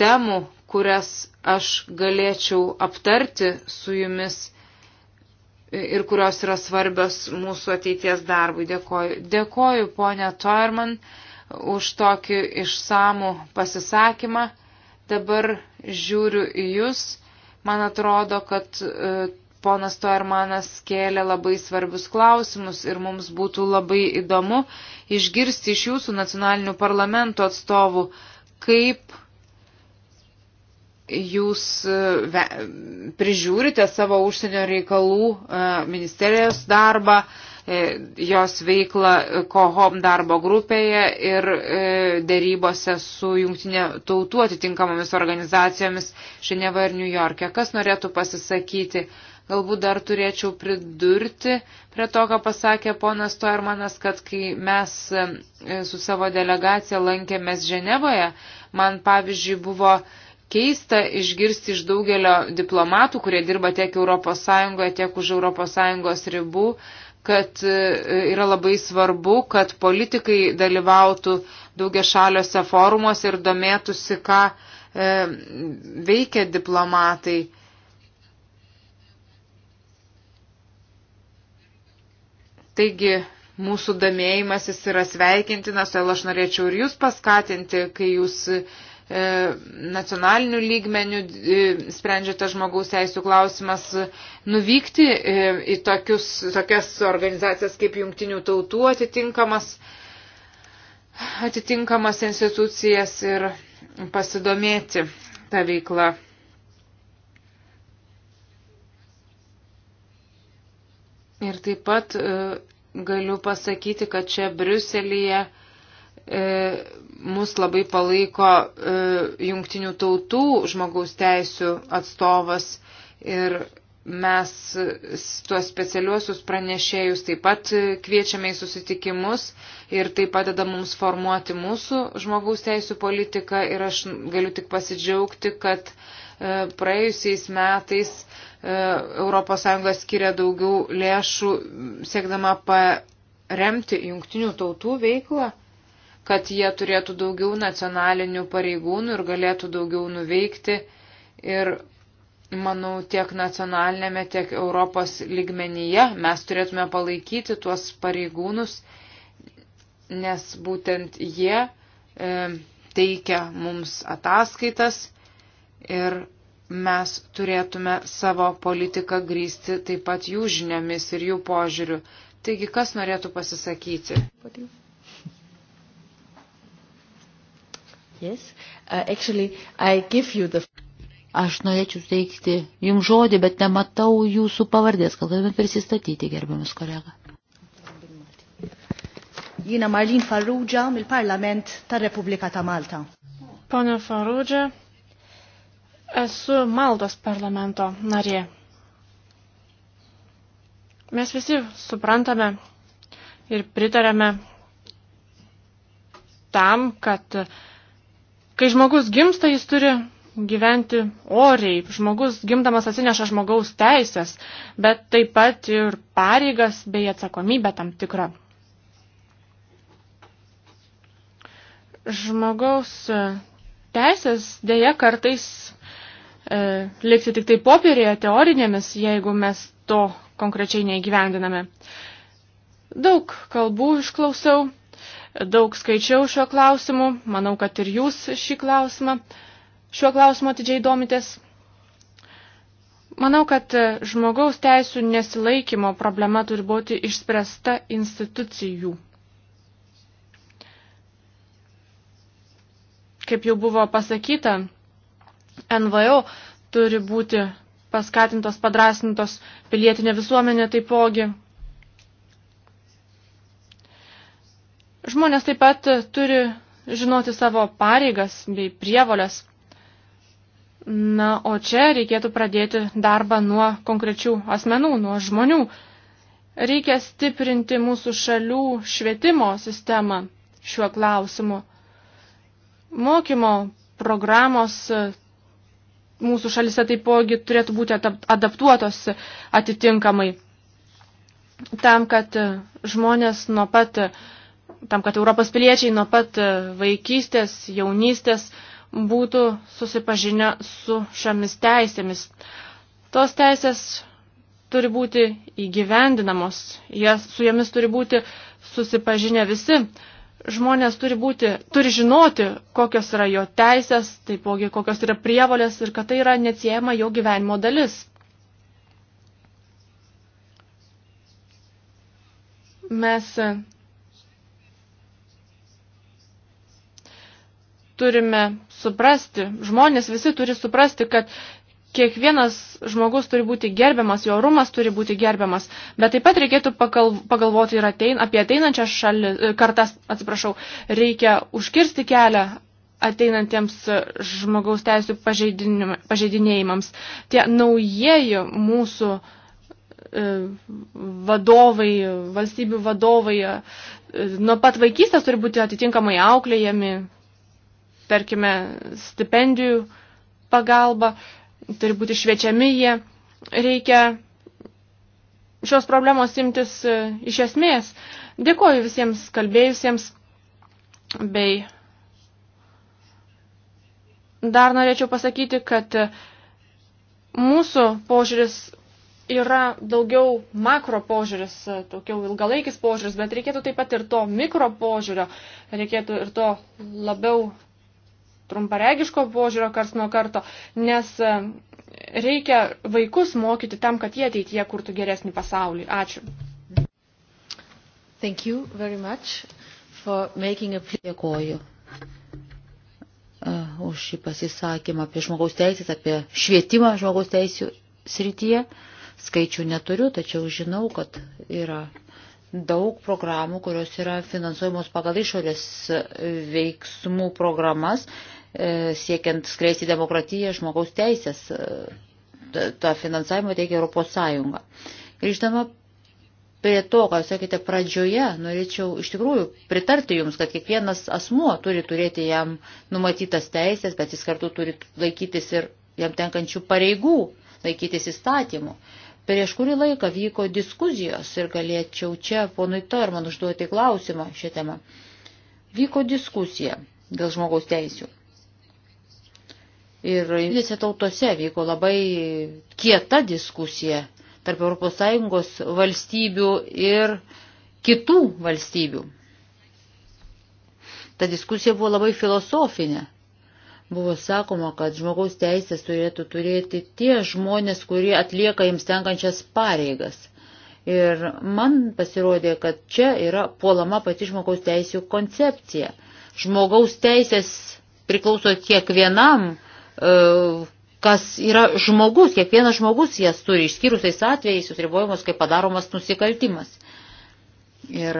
temų, kurias aš galėčiau aptarti su jumis ir kurios yra svarbios mūsų ateities darbui. Dėkoju. Dėkoju, ponė Toirman, už tokį išsamų pasisakymą. Dabar žiūriu į Jūs. Man atrodo, kad e, ponas Toirmanas kėlė labai svarbius klausimus ir mums būtų labai įdomu išgirsti iš Jūsų nacionalinių parlamentų atstovų, kaip jūs e, prižiūrite savo užsienio reikalų e, ministerijos darbą, e, jos veiklą KOHOM darbo grupėje ir dėrybose su jungtinė tautų atitinkamomis organizacijomis Ženeva ir New York'e. Kas norėtų pasisakyti? Galbūt dar turėčiau pridurti prie to, ką pasakė ponas Toermanas, kad kai mes su savo delegacija lankėmės Ženevoje, man pavyzdžiui buvo uh, keista išgirsti iš daugelio diplomatų, kurie dirba tiek ES, tiek už ES ribų, kad e, yra labai svarbu, kad politikai dalyvautų daugia šaliuose forumuose ir domėtųsi, ką e, veikia diplomatai. Taigi, mūsų domėjimasis yra sveikintinas, todėl aš norėčiau ir jūs paskatinti, kai jūs E, nacionalinių lygmenių e, sprendžiate žmogaus teisų klausimas, nuvykti e, į tokius, tokias organizacijas kaip jungtinių tautų atitinkamas, atitinkamas institucijas ir pasidomėti tą veiklą. Ir taip pat galiu pasakyti, kad čia Briuselėje E, mus labai palaiko e, jungtinių tautų žmogaus teisų atstovas ir mes tuos specialiuosius pranešėjus taip pat kviečiame į susitikimus ir tai padeda mums formuoti mūsų žmogaus teisų politiką ir aš galiu tik pasidžiaugti, kad e, praėjusiais metais ES skiria daugiau lėšų siekdama paremti jungtinių tautų veiklą kad jie turėtų daugiau nacionalinių pareigūnų ir galėtų daugiau nuveikti. Ir manau, tiek nacionalinėme, tiek Europos lygmenyje mes turėtume palaikyti tuos pareigūnus, nes būtent jie e, teikia mums ataskaitas ir mes turėtume savo politiką grįsti taip pat jų žiniomis ir jų požiūriu. Taigi, kas norėtų pasisakyti? Patiu. Yes. Uh, actually, I give you the... Aš norėčiau teikti jums žodį, bet nematau jūsų pavardės, kad galime prisistatyti, gerbiamas kolega. Jina Marlin Farrugia, mil parlament ta Republika ta Malta. Pone Farrugia, esu Maltos parlamento narė. Mes visi suprantame ir pritarėme tam, kad uh, Kai žmogus gimsta, jis turi gyventi oriai. Žmogus gimdamas atsineša žmogaus teisės, bet taip pat ir pareigas bei atsakomybę tam tikrą. Žmogaus e, teisės dėja kartais e, likti tik tai popierėje teorinėmis, jeigu mes to konkrečiai neįgyvendiname. Daug kalbų išklausiau daug skaičiau šiuo klausimu, manau, kad ir jūs šį klausimą, šiuo klausimu atidžiai domitės. Manau, kad žmogaus teisų nesilaikymo problema turi būti išspręsta institucijų. Kaip jau buvo pasakyta, NVO turi būti paskatintos, padrasintos pilietinė visuomenė taipogi Žmonės taip pat turi žinoti savo pareigas bei prievolės. Na, o čia reikėtų pradėti darbą nuo konkrečių asmenų, nuo žmonių. Reikia stiprinti mūsų šalių švietimo sistemą šiuo klausimu. Mokymo programos e, mūsų šalise taipogi turėtų būti adaptuotos atitinkamai tam, kad e, žmonės nuo pat tam, kad Europos piliečiai nuo pat e, vaikystės, jaunystės būtų susipažinę su šiomis teisėmis. Tos teisės turi būti įgyvendinamos, jas, su jomis turi būti susipažinę visi. Žmonės turi, būti, turi žinoti, kokios yra jo teisės, taipogi kokios yra prievalės ir kad tai yra neatsiejama jo gyvenimo dalis. Mes turime suprasti, žmonės visi turi suprasti, kad kiekvienas žmogus turi būti gerbiamas, jo rumas turi būti gerbiamas, bet taip pat reikėtų pagalvoti ir atein, apie ateinančias šali, e, kartas, atsiprašau, reikia užkirsti kelią ateinantiems žmogaus teisų pažeidinėjimams. Tie naujieji mūsų e, vadovai, valstybių vadovai e, nuo pat vaikystės turi būti atitinkamai auklėjami, tarkime, stipendijų pagalba, turi būti šviečiami jie. Reikia šios problemos imtis e, iš esmės. Dėkoju visiems kalbėjusiems bei dar norėčiau pasakyti, kad e, mūsų požiūris yra daugiau makro požiūris, e, tokiau ilgalaikis požiūris, bet reikėtų taip pat ir to mikro požiūrio, reikėtų ir to labiau trumparegiško požiūrio kars nuo karto, nes e, reikia vaikus mokyti tam, kad jie ateityje kurtų geresnį pasaulį. Ačiū. Thank you very much for making a plea. Dėkoju uh, už šį pasisakymą apie žmogaus teisės, apie švietimą žmogaus teisų srityje. Skaičių neturiu, tačiau žinau, kad yra daug programų, kurios yra finansuojamos pagal išorės veiksmų programas E, siekiant skleisti demokratiją, žmogaus teisės. E, ta finansavimą teikia Europos Sąjunga. Grįžtama prie to, ką sakėte pradžioje, norėčiau iš tikrųjų pritarti Jums, kad kiekvienas asmuo turi turėti jam numatytas teisės, bet jis kartu turi laikytis ir jam tenkančių pareigų, laikytis įstatymų. Prieš kurį laiką vyko diskusijos ir galėčiau čia ponui Torman užduoti klausimą šią temą. Vyko diskusija dėl žmogaus teisių. Ir jungtinėse tautose vyko labai kieta diskusija tarp ES valstybių ir kitų valstybių. Ta diskusija buvo labai filosofinė. Buvo sakoma, kad žmogaus teisės turėtų turėti tie žmonės, kurie atlieka jiems tenkančias pareigas. Ir man pasirodė, kad čia yra puolama pati žmogaus teisų koncepcija. Žmogaus teisės priklauso kiekvienam E, kas yra žmogus, kiekvienas žmogus jas turi, išskyrus tais atvejais, jūs ribojamos, kai padaromas nusikaltimas. Ir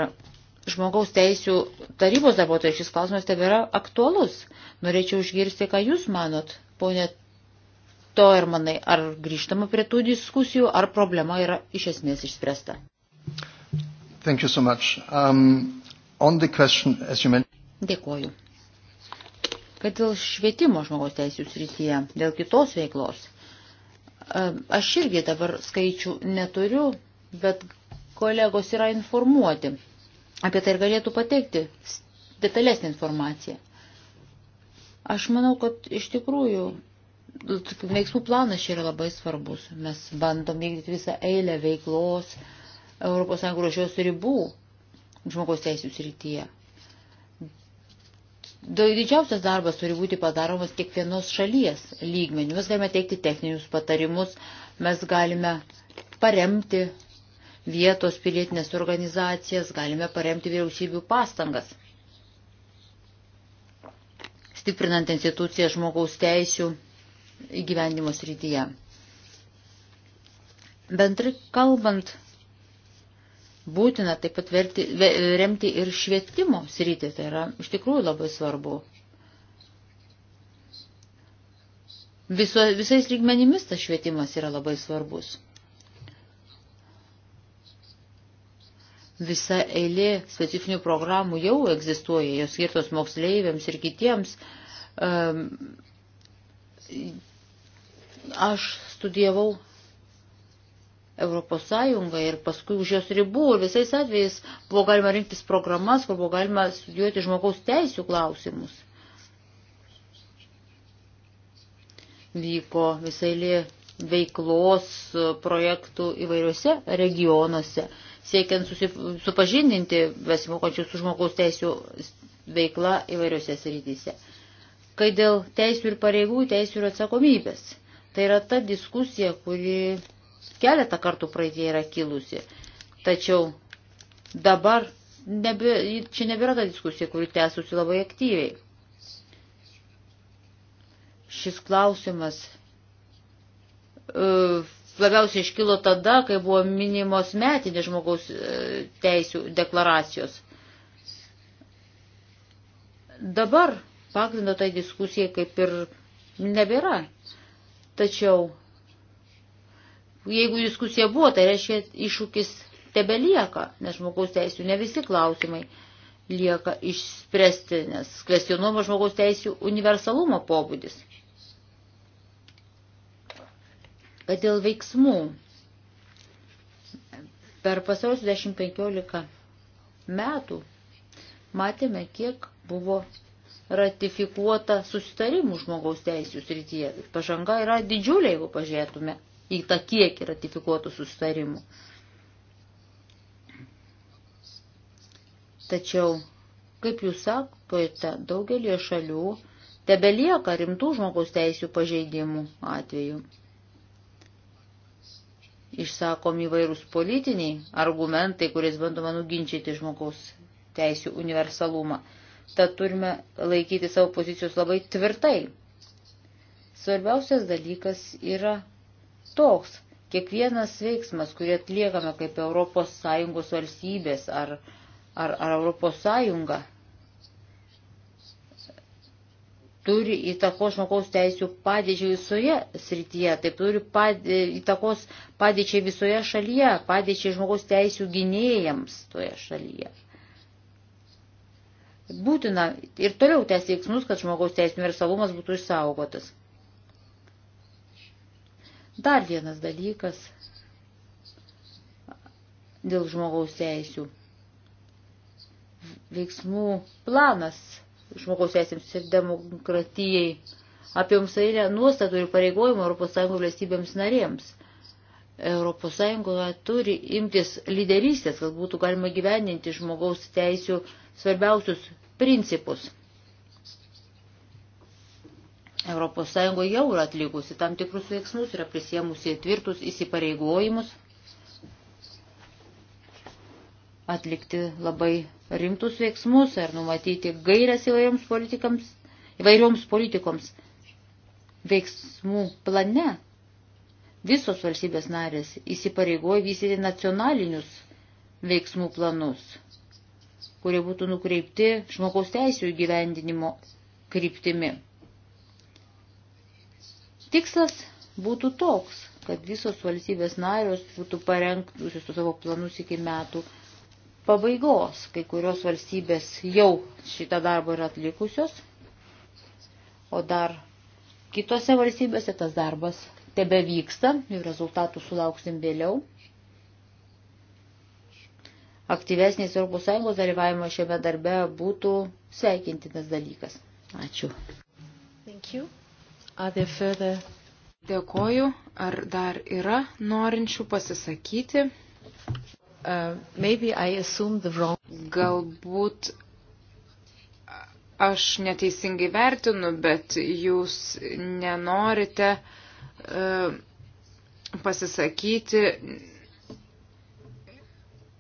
žmogaus teisų tarybos darbuotojai šis klausimas tebėra aktualus. Norėčiau išgirsti, ką jūs manot, ponė to ir manai, ar grįžtama prie tų diskusijų, ar problema yra iš esmės išspręsta. Thank you so much. Um, on the question, as you mentioned. Dėkuoju kad dėl švietimo žmogaus teisų srityje, dėl kitos veiklos. E, aš irgi dabar skaičių neturiu, bet kolegos yra informuoti. Apie tai ir galėtų pateikti detalesnį informaciją. Aš manau, kad iš tikrųjų veiksmų planas čia yra labai svarbus. Mes bandom vykdyti visą eilę veiklos ES ruošios ribų žmogaus teisų srityje. Didžiausias darbas turi būti padaromas kiekvienos šalies lygmenių. Mes galime teikti techninius patarimus, mes galime paremti vietos pilietinės organizacijas, galime paremti vyriausybių pastangas, stiprinant instituciją žmogaus teisių įgyvendimo srityje. Bendrai kalbant, Būtina taip pat verti, remti ir švietimo sritį, tai yra iš tikrųjų labai svarbu. Viso, visais lygmenimis tas švietimas yra labai svarbus. Visa eilė specifinių programų jau egzistuoja, jos skirtos moksleiviams ir kitiems. Um, aš studijavau Europos Sąjungą ir paskui už jos ribų ir visais atvejais buvo galima rinktis programas, kur buvo galima studijuoti žmogaus teisų klausimus. Vyko visai lė veiklos projektų įvairiuose regionuose, siekiant supažindinti besimokančius su žmogaus teisų veikla įvairiuose srityse. Kai dėl teisų ir pareigų, teisų ir atsakomybės. Tai yra ta diskusija, kuri keletą kartų praeitie yra kilusi. Tačiau dabar nebe, čia nebėra ta diskusija, kuri tęsusi labai aktyviai. Šis klausimas e, labiausiai iškilo tada, kai buvo minimos metinės žmogaus e, teisių deklaracijos. Dabar pagrindo tai diskusijai kaip ir nebėra. Tačiau Jeigu diskusija buvo, tai reiškia iššūkis tebelieka, nes žmogaus teisų ne visi klausimai lieka išspręsti, nes kvestionuojama žmogaus teisų universalumo pobūdis. Kad dėl veiksmų per pasaulius 10-15 metų matėme, kiek buvo ratifikuota susitarimų žmogaus teisų srityje. Pažanga yra didžiulė, jeigu pažiūrėtume į tą kiekį ratifikuotų sustarimų. Tačiau, kaip jūs sakote, daugelie šalių tebelieka rimtų žmogaus teisių pažeidimų atveju. Išsakom įvairūs politiniai argumentai, kuriais bandoma nuginčyti žmogaus teisių universalumą. Tad turime laikyti savo pozicijos labai tvirtai. Svarbiausias dalykas yra toks. Kiekvienas veiksmas, kurį atliekame kaip ES valstybės ar, ar, ar ES, turi įtakos žmogaus teisų padėčiai visoje srityje, taip turi padė, įtakos padėčiai visoje šalyje, padėčiai žmogaus teisų gynėjams toje šalyje. Būtina ir toliau tęsti veiksmus, kad žmogaus teisų universalumas būtų išsaugotas. Dar vienas dalykas dėl žmogaus teisių. Veiksmų planas žmogaus teisėms ir demokratijai apims eilę nuostatų ir pareigojimų ES valstybėms narėms. ES turi imtis lyderystės, kad būtų galima gyveninti žmogaus teisių svarbiausius principus. ES jau yra atlikusi tam tikrus veiksmus, yra prisėmusi tvirtus įsipareigojimus atlikti labai rimtus veiksmus ar numatyti gairias įvairioms politikams, įvairioms politikoms veiksmų plane. Visos valstybės narės įsipareigoja vystyti nacionalinius veiksmų planus, kurie būtų nukreipti žmogaus teisų įgyvendinimo kryptimi. Tikslas būtų toks, kad visos valstybės narios būtų parengtusios savo planus iki metų pabaigos. Kai kurios valstybės jau šitą darbą yra atlikusios, o dar kitose valstybėse tas darbas tebe vyksta ir rezultatų sulauksim vėliau. Aktyvesnis ES dalyvavimas šiame darbe būtų sveikintinas dalykas. Ačiū. Thank you. Further... Dėkoju. Ar dar yra norinčių pasisakyti? Uh, wrong... Galbūt aš neteisingai vertinu, bet jūs nenorite uh, pasisakyti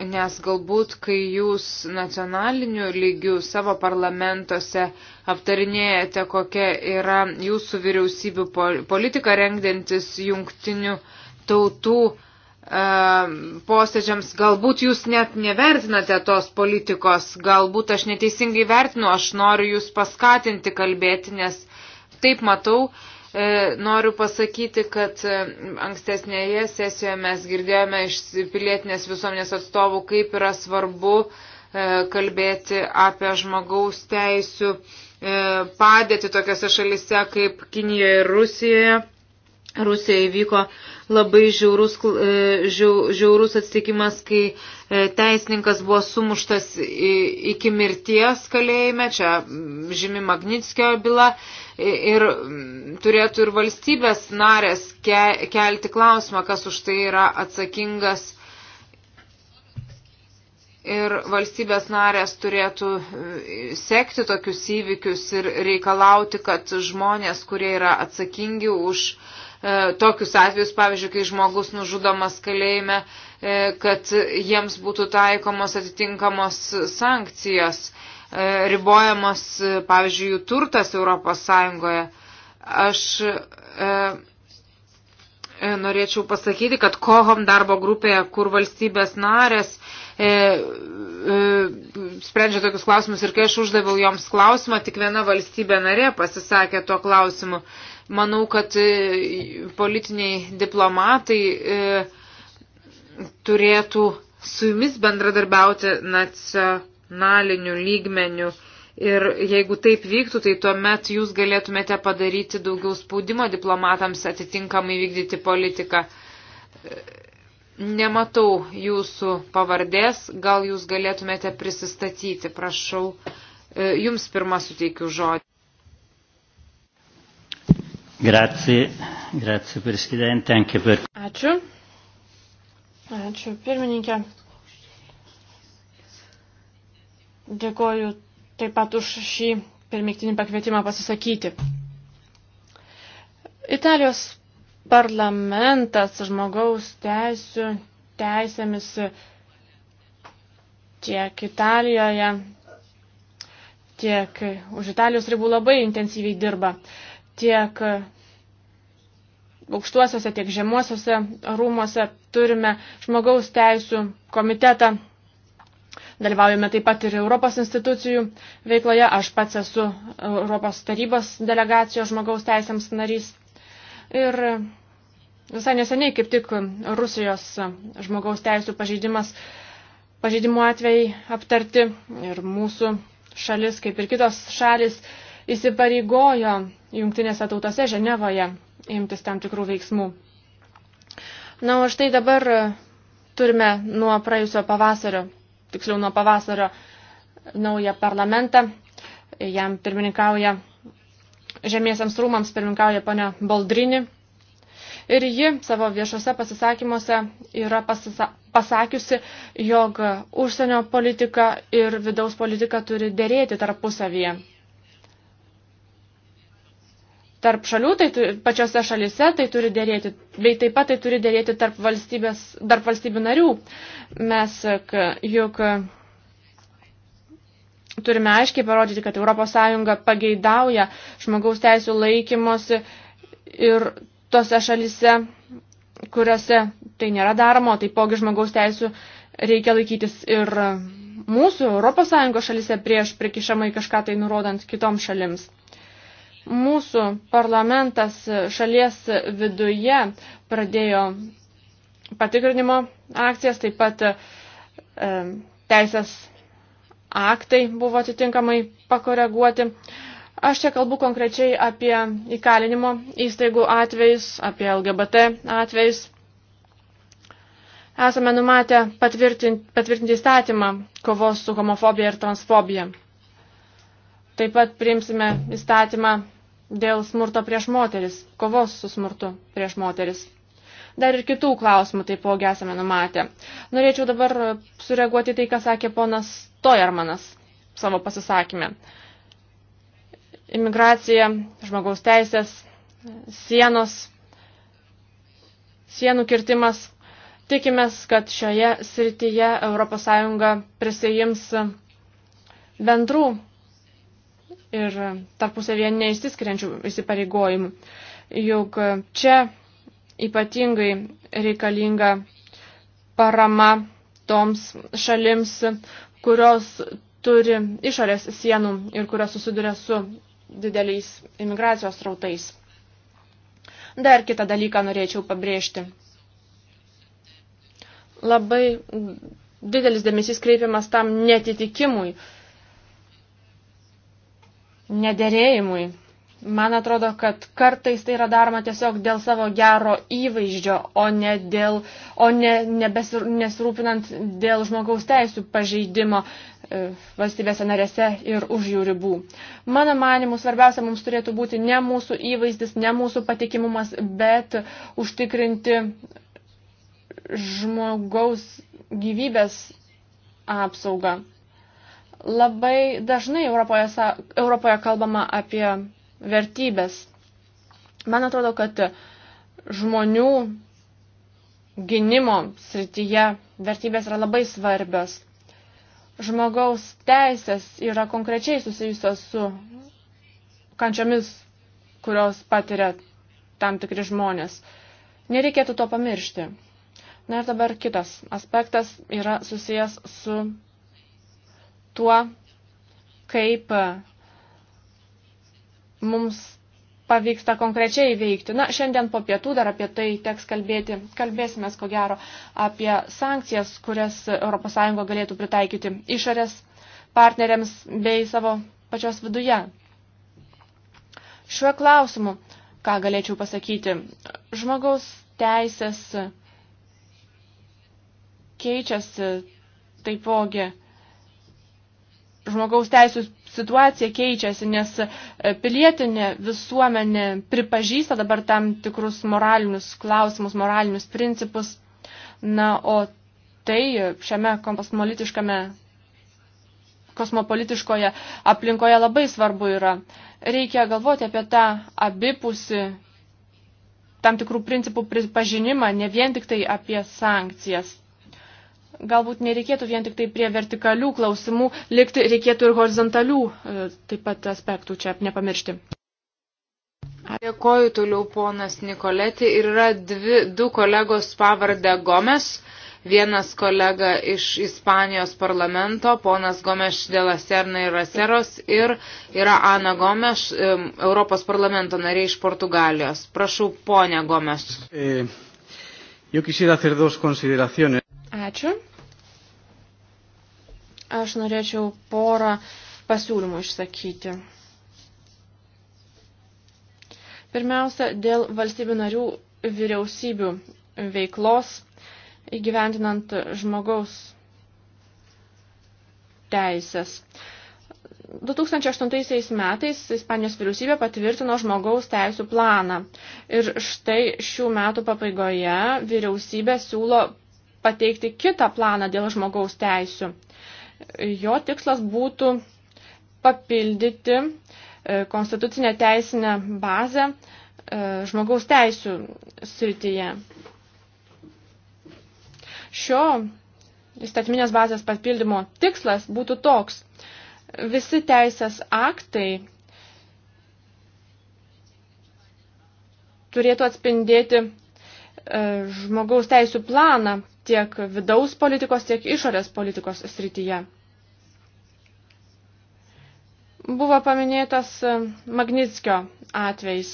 Nes galbūt, kai jūs nacionaliniu lygiu savo parlamentuose aptarinėjate, kokia yra jūsų vyriausybių politika rengdantis jungtinių tautų e, posėdžiams, galbūt jūs net nevertinate tos politikos, galbūt aš neteisingai vertinu, aš noriu jūs paskatinti kalbėti, nes taip matau, e, E, noriu pasakyti, kad e, ankstesnėje sesijoje mes girdėjome iš pilietinės visuomenės atstovų, kaip yra svarbu e, kalbėti apie žmogaus teisų padėti tokiose šalise kaip Kinijoje ir Rusijoje. Rusijoje vyko labai žiaurus, e, žiaurus atsitikimas, kai e, teisininkas buvo sumuštas iki mirties kalėjime, čia žymi Magnitskio byla, ir turėtų ir valstybės narės kelti klausimą, kas už tai yra atsakingas. Ir valstybės narės turėtų e, sekti tokius įvykius ir reikalauti, kad žmonės, kurie yra atsakingi už uh, E, tokius atvejus, pavyzdžiui, kai žmogus nužudomas kalėjime, e, kad jiems būtų taikomos atitinkamos sankcijos, e, ribojamos, pavyzdžiui, jų turtas Europos Sąjungoje. Aš norėčiau pasakyti, kad kohom darbo grupėje, kur valstybės narės e, e, sprendžia tokius klausimus ir kai aš uždaviau joms klausimą, tik viena valstybė narė pasisakė tuo klausimu. Manau, kad e, politiniai diplomatai e, turėtų su jumis bendradarbiauti nacionaliniu lygmeniu. Ir jeigu taip vyktų, tai tuomet jūs galėtumėte padaryti daugiau spaudimo diplomatams atitinkamai vykdyti politiką. Nematau jūsų pavardės, gal jūs galėtumėte prisistatyti, prašau. E, jums pirmą suteikiu žodį. Grazie, grazie Presidente, anche per... Ačiū. Ačiū, pirmininkė. Dėkoju taip pat už šį pirmiktinį pakvietimą pasisakyti. Italijos parlamentas žmogaus teisų teisėmis tiek Italijoje, tiek už Italijos ribų labai intensyviai dirba, tiek aukštuosiuose, tiek žemuosiuose rūmuose turime žmogaus teisų komitetą. Dalyvaujame taip pat ir Europos institucijų veikloje. Aš pats esu Europos tarybos delegacijos žmogaus teisėms narys. Ir visai neseniai kaip tik Rusijos žmogaus teisų pažeidimas, pažeidimų atvejai aptarti ir mūsų šalis, kaip ir kitos šalis, įsipareigojo jungtinėse tautose Ženevoje imtis tam tikrų veiksmų. Na, o štai dabar turime nuo praėjusio pavasario, tiksliau nuo pavasario, naują parlamentą. Jam pirmininkauja žemiesiams rūmams pirminkauja ponia Baldrini. Ir ji savo viešose pasisakymuose yra pasisa pasakiusi, jog užsienio politika ir vidaus politika turi dėrėti tarpusavyje. Tarp šalių, tai pačiose šalyse tai turi dėrėti, bei taip pat tai turi dėrėti tarp, tarp valstybių narių. Mes juk turime aiškiai parodyti, kad ES pageidauja žmogaus teisų laikymosi ir tose šalise, kuriuose tai nėra daroma, taipogi žmogaus teisų reikia laikytis ir mūsų ES šalise prieš prikišamai kažką tai nurodant kitoms šalims. Mūsų parlamentas šalies viduje pradėjo patikrinimo akcijas, taip pat e, teisės aktai buvo atitinkamai pakoreguoti. Aš čia kalbu konkrečiai apie įkalinimo įstaigų atvejais, apie LGBT atvejais. Esame numatę patvirtinti, patvirtinti įstatymą kovos su homofobija ir transfobija. Taip pat priimsime įstatymą dėl smurto prieš moteris, kovos su smurtu prieš moteris. Dar ir kitų klausimų taipogi esame numatę. Norėčiau dabar sureaguoti tai, ką sakė ponas Tojermanas savo pasisakymę. Imigracija, žmogaus teisės, sienos, sienų kirtimas. Tikimės, kad šioje srityje ES prisijims bendrų ir tarpusavien neįsiskiriančių įsipareigojimų. Juk čia ypatingai reikalinga parama toms šalims, kurios turi išorės sienų ir kurios susiduria su dideliais imigracijos rautais. Dar kitą dalyką norėčiau pabrėžti. Labai didelis dėmesys kreipiamas tam netitikimui, nederėjimui Man atrodo, kad kartais tai yra daroma tiesiog dėl savo gero įvaizdžio, o ne, dėl, o ne nebesir, nesirūpinant dėl žmogaus teisų pažeidimo e, valstybėse narėse ir už jų ribų. Mano manimu, svarbiausia mums turėtų būti ne mūsų įvaizdis, ne mūsų patikimumas, bet užtikrinti žmogaus gyvybės apsaugą. Labai dažnai Europoje, Europoje kalbama apie vertybės. Man atrodo, kad žmonių gynimo srityje vertybės yra labai svarbios. Žmogaus teisės yra konkrečiai susijusios su kančiomis, kurios patiria tam tikri žmonės. Nereikėtų to pamiršti. Na ir dabar kitas aspektas yra susijęs su tuo, kaip mums pavyksta konkrečiai įveikti. Na, šiandien po pietų dar apie tai teks kalbėti. Kalbėsime, ko gero, apie sankcijas, kurias ES galėtų pritaikyti išorės partneriams bei savo pačios viduje. Šiuo klausimu, ką galėčiau pasakyti, žmogaus teisės keičiasi taipogi žmogaus teisų situacija keičiasi, nes e, pilietinė visuomenė pripažįsta dabar tam tikrus moralinius klausimus, moralinius principus. Na, o tai šiame kosmopolitiškame kosmopolitiškoje aplinkoje labai svarbu yra. Reikia galvoti apie tą abipusi tam tikrų principų pripažinimą, ne vien tik tai apie sankcijas galbūt nereikėtų vien tik tai prie vertikalių klausimų likti, reikėtų ir horizontalių e, taip pat aspektų čia nepamiršti. Dėkoju toliau ponas Nikoleti ir yra dvi, du kolegos pavardę Gomes. Vienas kolega iš Ispanijos parlamento, ponas Gomes dėl Serna ir Aseros, ir yra Ana Gomes, e, Europos parlamento narė iš Portugalijos. Prašau, ponė Gomes. Eh, yo quisiera hacer dos consideraciones. Ačiū. Aš norėčiau porą pasiūlymų išsakyti. Pirmiausia, dėl valstybių narių vyriausybių veiklos įgyvendinant žmogaus teisės. 2008 metais Ispanijos vyriausybė patvirtino žmogaus teisų planą. Ir štai šių metų pabaigoje vyriausybė siūlo pateikti kitą planą dėl žmogaus teisių. Jo tikslas būtų papildyti e, konstitucinę teisinę bazę e, žmogaus teisių srityje. Šio įstatyminės bazės papildymo tikslas būtų toks. Visi teisės aktai turėtų atspindėti e, žmogaus teisų planą tiek vidaus politikos, tiek išorės politikos srityje. Buvo paminėtas Magnitskio atvejs.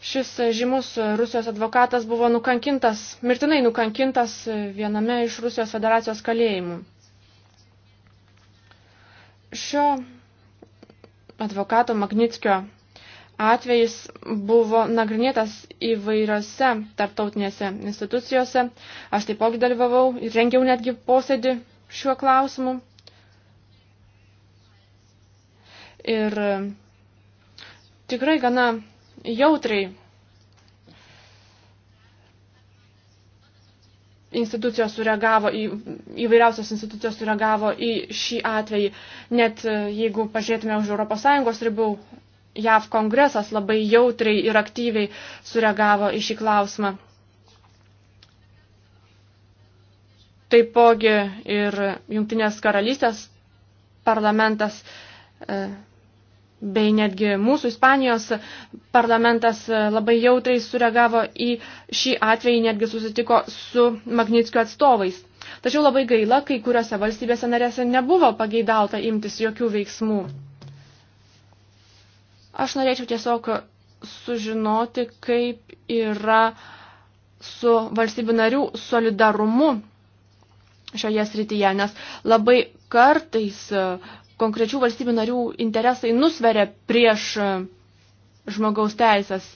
Šis žymus Rusijos advokatas buvo nukankintas, mirtinai nukankintas viename iš Rusijos federacijos kalėjimų. Šio advokato Magnitskio atvejis buvo nagrinėtas įvairiose tarptautinėse institucijose. Aš taipogi dalyvavau ir rengiau netgi posėdį šiuo klausimu. Ir tikrai gana jautriai institucijos sureagavo į, įvairiausios institucijos sureagavo į šį atvejį. Net jeigu pažiūrėtume už ES ribų, JAV kongresas labai jautriai ir aktyviai sureagavo į šį klausimą. Taipogi ir Jungtinės karalystės parlamentas e, bei netgi mūsų Ispanijos parlamentas e, labai jautriai sureagavo į šį atvejį, netgi susitiko su Magnitskio atstovais. Tačiau labai gaila, kai kuriuose valstybėse narėse nebuvo pageidauta imtis jokių veiksmų. Aš norėčiau tiesiog sužinoti, kaip yra su valstybių narių solidarumu šioje srityje, nes labai kartais e, konkrečių valstybių narių interesai nusveria prieš e, žmogaus teisės.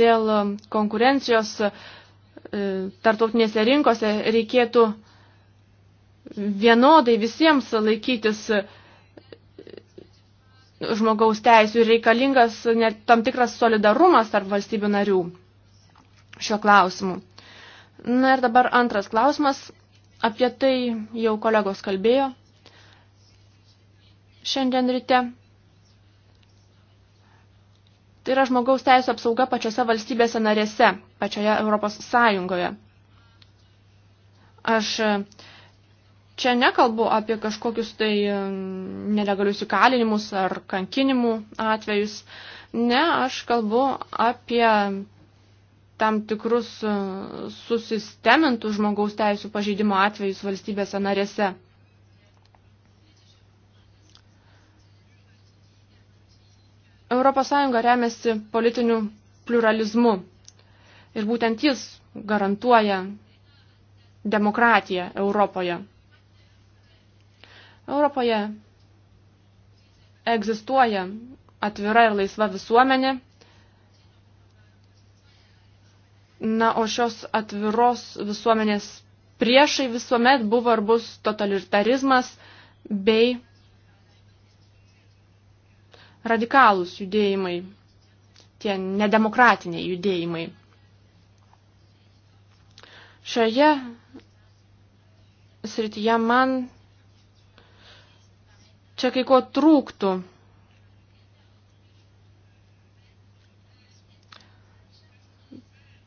Dėl konkurencijos E, tartautinėse rinkose reikėtų vienodai visiems laikytis e, žmogaus teisų ir reikalingas net tam tikras solidarumas tarp valstybių narių šiuo klausimu. Na ir dabar antras klausimas, apie tai jau kolegos kalbėjo šiandien ryte. Tai yra žmogaus teisų apsauga pačiose valstybėse narėse, pačioje Europos Sąjungoje. Aš e, čia nekalbu apie kažkokius tai e, nelegalius įkalinimus ar kankinimų atvejus. Ne, aš kalbu apie tam tikrus e, susistemintų žmogaus teisų pažeidimo atvejus valstybėse narėse. ES remiasi politiniu pluralizmu ir būtent jis garantuoja demokratiją Europoje. Europoje egzistuoja atvira ir laisva visuomenė. Na, o šios atviros visuomenės priešai visuomet buvo ir bus totalitarizmas bei radikalūs judėjimai, tie nedemokratiniai judėjimai. Šioje srityje man čia kai ko trūktų.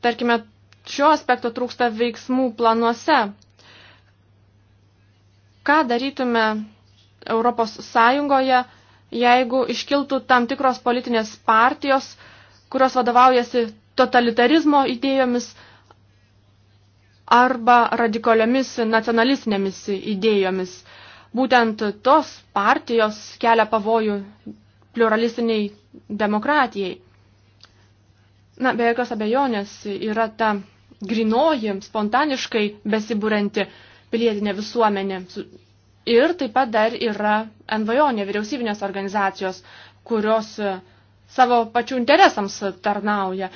Tarkime, šio aspekto trūksta veiksmų planuose. Ką darytume Europos Sąjungoje, jeigu iškiltų tam tikros politinės partijos, kurios vadovaujasi totalitarizmo idėjomis arba radikaliomis nacionalistinėmis idėjomis. Būtent tos partijos kelia pavojų pluralistiniai demokratijai. Na, be jokios abejonės yra ta grinoji, spontaniškai besibūrenti pilietinė visuomenė, Ir taip pat dar yra NVO nevyriausybinės organizacijos, kurios e, savo pačių interesams tarnauja.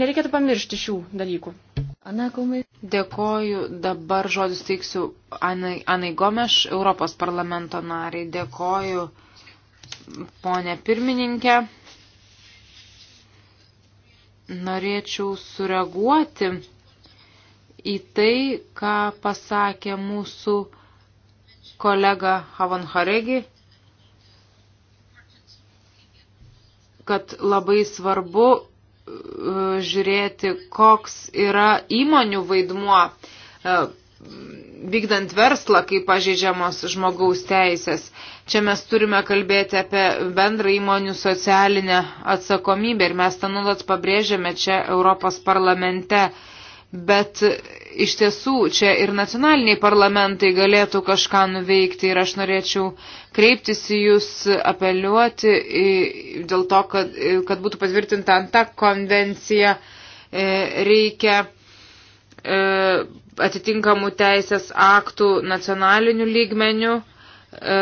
Nereikėtų pamiršti šių dalykų. Ana Gomeš. Dėkoju. Dabar žodis teiksiu Anai, Anai Gomeš, Europos parlamento nariai. Dėkoju, ponė pirmininkė. Norėčiau sureaguoti į tai, ką pasakė mūsų kolega Havon Haregi, kad labai svarbu e, žiūrėti, koks yra įmonių vaidmuo e, vykdant verslą, kaip pažeidžiamos žmogaus teisės. Čia mes turime kalbėti apie bendrą įmonių socialinę atsakomybę ir mes tą nulat pabrėžiame čia Europos parlamente. Bet iš tiesų čia ir nacionaliniai parlamentai galėtų kažką nuveikti ir aš norėčiau kreiptis į jūs, apeliuoti į, dėl to, kad, kad būtų patvirtinta anta konvencija, e, reikia e, atitinkamų teisės aktų nacionalinių lygmenių e,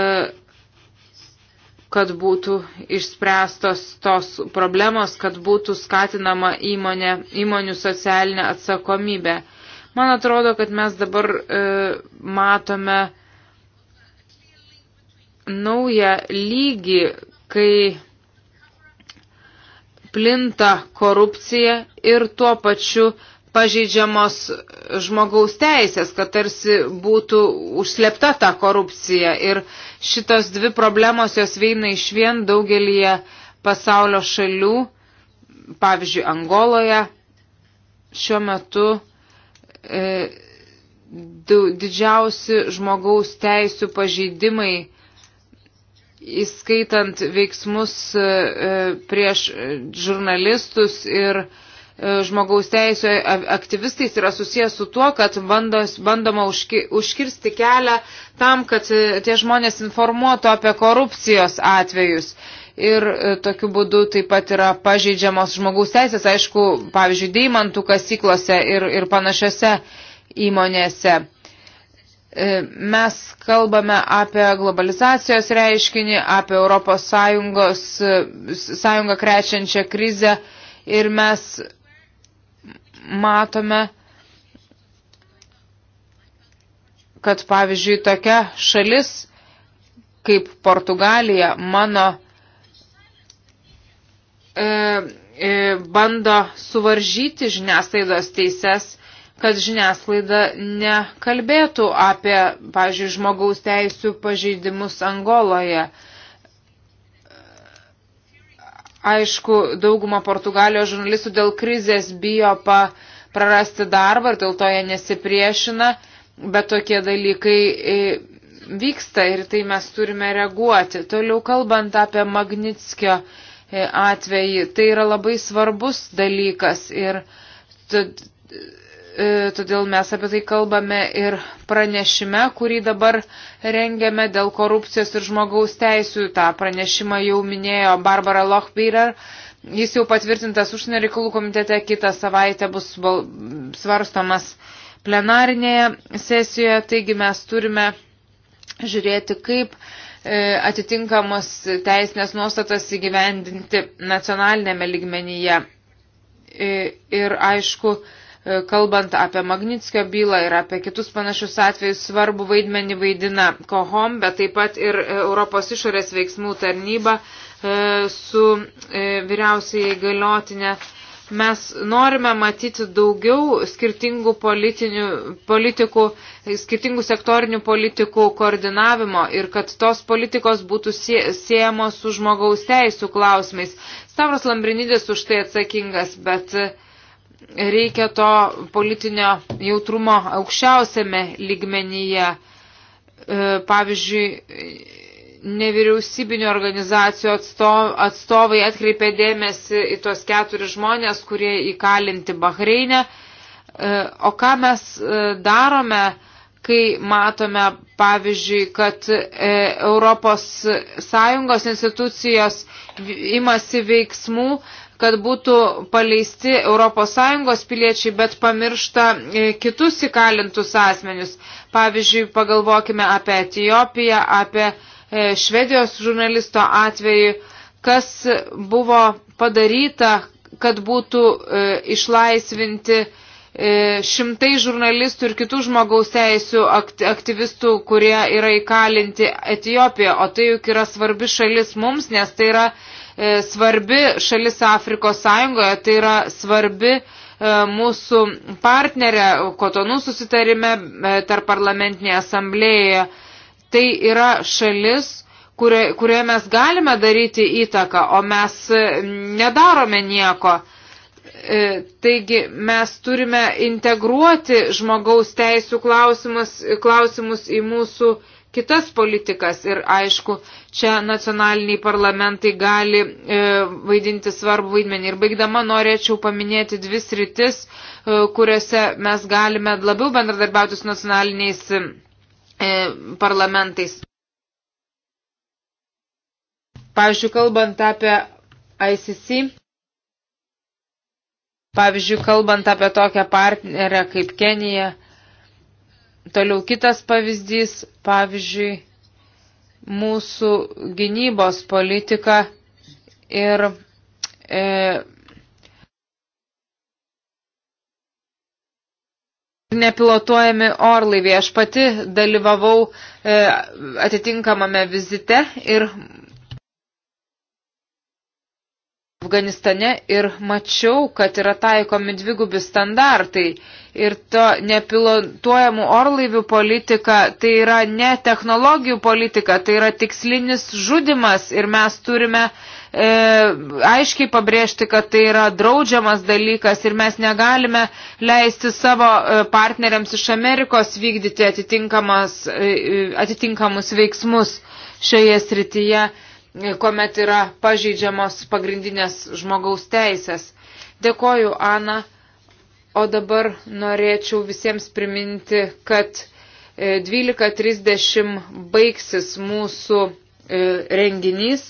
kad būtų išspręstos tos problemos, kad būtų skatinama įmonė, įmonių socialinė atsakomybė. Man atrodo, kad mes dabar e, matome naują lygį, kai plinta korupcija ir tuo pačiu pažeidžiamos žmogaus teisės, kad tarsi būtų užslepta ta korupcija. Ir šitos dvi problemos jos veina iš vien daugelįje pasaulio šalių, pavyzdžiui, Angoloje šiuo metu e, didžiausi žmogaus teisų pažeidimai, įskaitant veiksmus e, prieš žurnalistus ir e, E, žmogaus teisų e, aktyvistais yra susijęs su tuo, kad bandos, bandoma užki, užkirsti kelią tam, kad e, tie žmonės informuotų apie korupcijos atvejus. Ir tokiu būdu taip pat yra pažeidžiamos žmogaus teisės, aišku, pavyzdžiui, deimantų kasyklose ir, ir panašiose įmonėse. Mes kalbame apie globalizacijos reiškinį, apie Europos Sąjungos, sąjungą krečiančią krizę ir mes matome, kad pavyzdžiui tokia šalis kaip Portugalija mano e, e, bando suvaržyti žiniasklaidos teises, kad žiniasklaida nekalbėtų apie, pavyzdžiui, žmogaus teisų pažeidimus Angoloje. E, Aišku, dauguma Portugalijos žurnalistų dėl krizės bijo pa prarasti darbą ir dėl to jie nesipriešina, bet tokie dalykai e, vyksta ir tai mes turime reaguoti. Toliau kalbant apie Magnitskio e, atvejį, tai yra labai svarbus dalykas ir E, todėl mes apie tai kalbame ir pranešime, kurį dabar rengiame dėl korupcijos ir žmogaus teisų. Ta pranešimą jau minėjo Barbara Lochbierer. Jis jau patvirtintas užsienio reikalų komitete, kitą savaitę bus svarstomas plenarinėje sesijoje, taigi mes turime žiūrėti, kaip e, atitinkamos teisinės nuostatas įgyvendinti nacionalinėme ligmenyje. E, ir aišku, E, kalbant apie Magnitskio bylą ir apie kitus panašius atvejus, svarbu vaidmenį vaidina Kohom, bet taip pat ir Europos išorės veiksmų tarnyba e, su e, vyriausiai galiotinė. Mes norime matyti daugiau skirtingų politikų, skirtingų sektorinių politikų koordinavimo ir kad tos politikos būtų siejamos su žmogaus teisų klausimais. Stavros Lambrinidis už tai atsakingas, bet uh, reikia to politinio jautrumo aukščiausiame lygmenyje. E, pavyzdžiui, nevyriausybinio organizacijų atstovai atkreipė dėmesį į tuos keturis žmonės, kurie įkalinti Bahreinę. E, o ką mes e, darome, kai matome, pavyzdžiui, kad Europos Sąjungos institucijos imasi veiksmų, kad būtų paleisti ES piliečiai, bet pamiršta e, kitus įkalintus asmenius. Pavyzdžiui, pagalvokime apie Etijopiją, apie e, Švedijos žurnalisto atveju, kas buvo padaryta, kad būtų e, išlaisvinti šimtai žurnalistų ir kitų žmogaus teisų aktyvistų, kurie yra įkalinti Etijopijoje, o tai juk yra svarbi šalis mums, nes tai yra E, svarbi šalis Afrikos Sąjungoje, tai yra svarbi e, mūsų partnerė Kotonų susitarime e, tarp parlamentinėje asamblėje. Tai yra šalis, kurioje, kurioje mes galime daryti įtaką, o mes nedarome nieko. Taigi mes turime integruoti žmogaus teisų klausimus, klausimus į mūsų kitas politikas ir aišku, Čia nacionaliniai parlamentai gali e, vaidinti svarbų vaidmenį. Ir baigdama norėčiau paminėti dvi sritis, e, kuriuose mes galime labiau bendradarbiauti su nacionaliniais e, parlamentais. Pavyzdžiui, kalbant apie ICC, pavyzdžiui, kalbant apie tokią partnerę kaip Kenija, toliau kitas pavyzdys, pavyzdžiui, mūsų gynybos politiką ir e, nepilotuojami orlaiviai. Aš pati dalyvavau e, atitinkamame vizite ir Afganistane ir mačiau, kad yra taikomi dvigubi standartai ir to nepilotuojamų orlaivių politika tai yra ne technologijų politika, tai yra tikslinis žudimas ir mes turime e, aiškiai pabrėžti, kad tai yra draudžiamas dalykas ir mes negalime leisti savo e, partneriams iš Amerikos vykdyti e, e, atitinkamus veiksmus šioje srityje kuomet yra pažeidžiamos pagrindinės žmogaus teisės. Dėkoju, Ana, o dabar norėčiau visiems priminti, kad 12.30 e, baigsis mūsų e, renginys.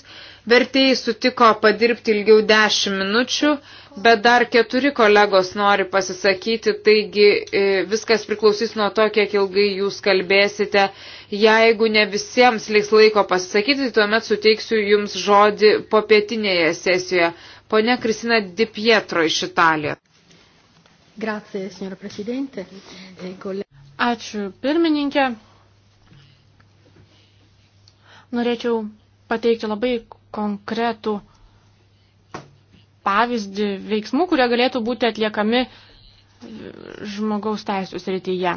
Vertėjai sutiko padirbti ilgiau 10 minučių, bet dar keturi kolegos nori pasisakyti, taigi e, viskas priklausys nuo to, kiek ilgai jūs kalbėsite. Jeigu ne visiems liks laiko pasisakyti, tai tuomet suteiksiu jums žodį popietinėje sesijoje. Pone Kristina Di Pietro iš Italijos. Grazie, signora Presidente. Eh, Ačiū, pirmininkė. Norėčiau pateikti labai konkretų pavyzdį veiksmų, kurie galėtų būti atliekami žmogaus teisų srityje.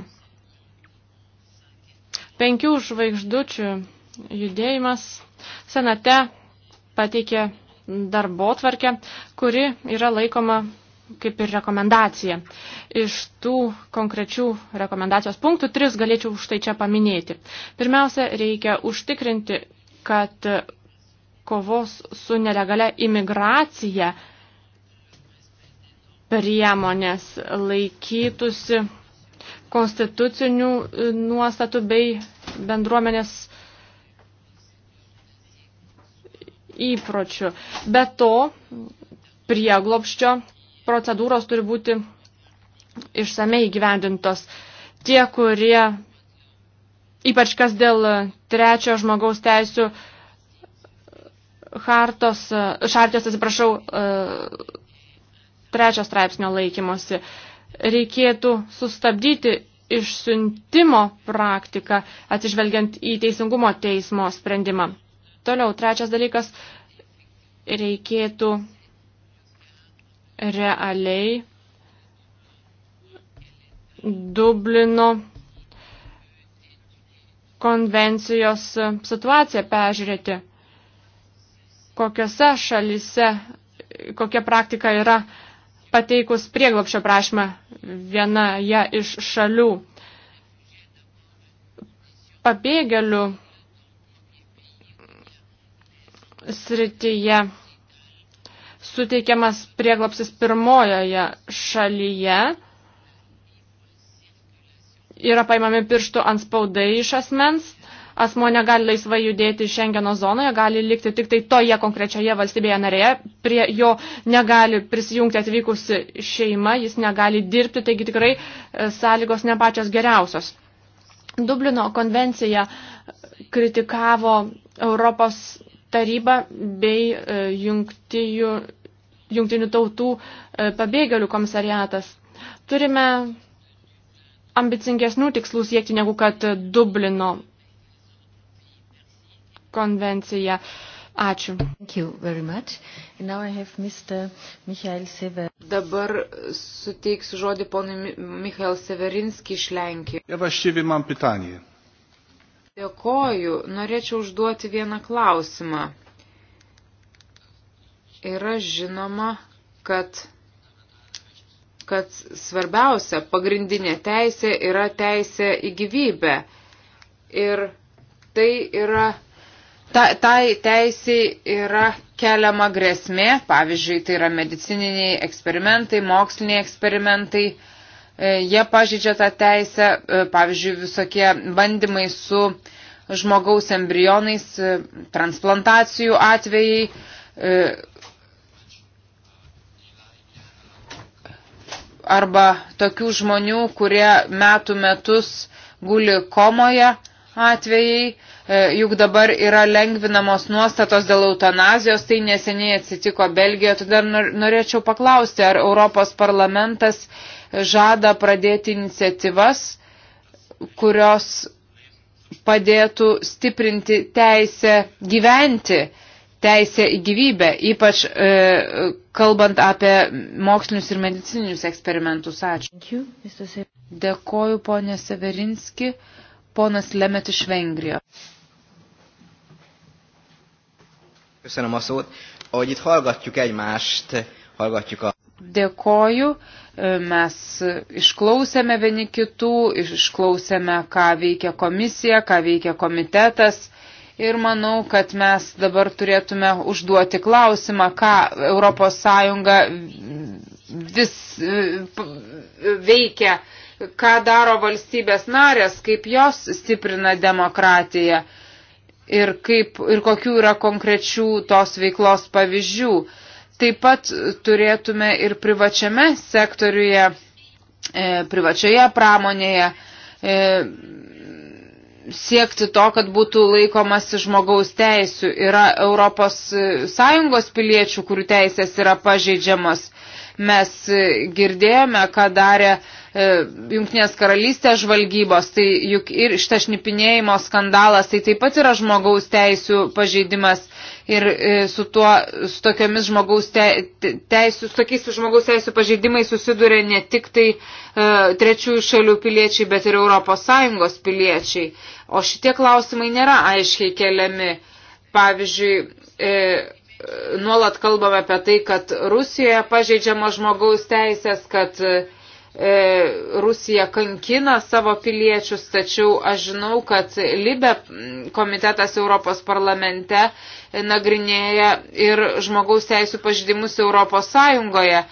Penkių žvaigždučių judėjimas senate pateikė darbo tvarkę, kuri yra laikoma kaip ir rekomendacija. Iš tų konkrečių rekomendacijos punktų tris galėčiau štai čia paminėti. Pirmiausia, reikia užtikrinti, kad kovos su nelegalia imigracija priemonės laikytųsi konstitucinių e, nuostatų bei bendruomenės įpročių. Be to, prieglopščio procedūros turi būti išsamei gyvendintos. Tie, kurie, ypač kas dėl trečio žmogaus teisų hartos, šartijos, atsiprašau, e, trečio straipsnio laikymosi. Reikėtų sustabdyti išsiuntimo praktiką, atsižvelgiant į teisingumo teismo sprendimą. Toliau, trečias dalykas, reikėtų realiai Dublino konvencijos situaciją pežiūrėti kokiose šalise, kokia praktika yra pateikus prieglopšio prašymą vienoje iš šalių. Pabėgėlių srityje suteikiamas prieglopsis pirmojoje šalyje. Yra paimami pirštų ant spaudai iš asmens asmo negali laisvai judėti Šengeno zonoje, gali likti tik tai toje konkrečioje valstybėje narėje, prie jo negali prisijungti atvykus šeima, jis negali dirbti, taigi tikrai e, sąlygos ne pačios geriausios. Dublino konvencija kritikavo Europos tarybą bei e, jungtijų, jungtinių tautų e, pabėgėlių komisariatas. Turime ambicingesnių tikslų siekti negu kad Dublino konvenciją. Ačiū. Dabar suteiksiu žodį ponui Michael Severinski iš Lenkijos. Ja właściwie mam pytanie. Dėkoju. Norėčiau užduoti vieną klausimą. Yra žinoma, kad kad svarbiausia pagrindinė teisė yra teisė į gyvybę. Ir tai yra ta, tai teisiai yra keliama grėsmė, pavyzdžiui, tai yra medicininiai eksperimentai, moksliniai eksperimentai, e, jie pažydžia tą teisę, e, pavyzdžiui, visokie bandymai su žmogaus embrionais, e, transplantacijų atvejai. Arba tokių žmonių, kurie metų metus guli komoje atvejai E, juk dabar yra lengvinamos nuostatos dėl eutanazijos, tai neseniai atsitiko Belgijoje, todėl norėčiau paklausti, ar Europos parlamentas žada pradėti iniciatyvas, kurios padėtų stiprinti teisę gyventi, teisę į gyvybę, ypač e, kalbant apie mokslinius ir medicininius eksperimentus. Ačiū. Dėkoju, ponė Severinski ponas Lemet iš Vengrijos. Köszönöm a szót. Ahogy itt hallgatjuk egymást, hallgatjuk a... Dėkoju, mes išklausėme vieni kitų, išklausėme, ką veikia komisija, ką veikia komitetas ir manau, kad mes dabar turėtume užduoti klausimą, ką ES vis e, e, veikia, ką daro valstybės narės, kaip jos stiprina demokratiją ir, kaip, ir kokių yra konkrečių tos veiklos pavyzdžių. Taip pat turėtume ir privačiame sektoriuje, e, privačioje pramonėje e, siekti to, kad būtų laikomasi žmogaus teisių. Yra Europos Sąjungos piliečių, kurių teisės yra pažeidžiamas. Mes e, girdėjome, ką darė e, Junktinės karalystės žvalgybos, tai juk ir šitas šnipinėjimo skandalas, tai taip pat yra žmogaus teisų pažeidimas ir e, su, tuo, su tokiomis žmogaus teisų, su tokiais žmogaus teisų pažeidimais susiduria ne tik tai e, trečiųjų šalių piliečiai, bet ir ES piliečiai. O šitie klausimai nėra aiškiai keliami. Pavyzdžiui, e, nuolat kalbame apie tai, kad Rusijoje pažeidžiama žmogaus teisės, kad e, Rusija kankina savo piliečius, tačiau aš žinau, kad Libe komitetas Europos parlamente nagrinėja ir žmogaus teisų pažydimus Europos Sąjungoje.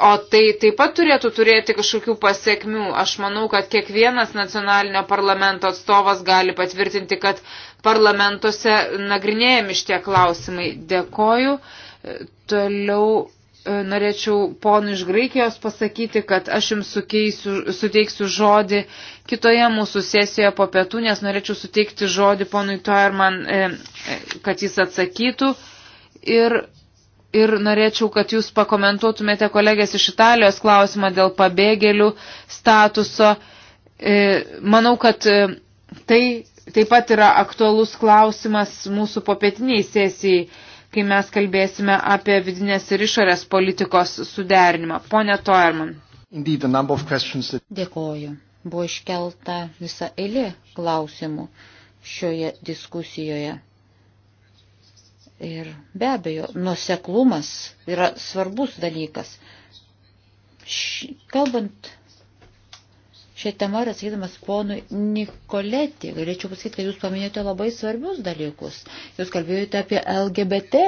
O tai taip pat turėtų turėti kažkokių pasiekmių. Aš manau, kad kiekvienas nacionalinio parlamento atstovas gali patvirtinti, kad parlamentuose nagrinėjami šitie klausimai. Dėkoju. Toliau e, norėčiau ponui iš Graikijos pasakyti, kad aš jums sukeisiu, suteiksiu žodį kitoje mūsų sesijoje po pietų, nes norėčiau suteikti žodį ponui Toerman, e, e, kad jis atsakytų. Ir, ir norėčiau, kad jūs pakomentuotumėte kolegės iš Italijos klausimą dėl pabėgėlių statuso. Manau, kad tai taip pat yra aktualus klausimas mūsų popietiniai sesijai, kai mes kalbėsime apie vidinės ir išorės politikos suderinimą. Pone Toerman. Dėkoju. Buvo iškelta visa eilė klausimų šioje diskusijoje. Ir be abejo, nuseklumas yra svarbus dalykas. Š, kalbant šią temą ir atsakydamas ponui Nikoletį, galėčiau pasakyti, kad jūs paminėjote labai svarbius dalykus. Jūs kalbėjote apie LGBT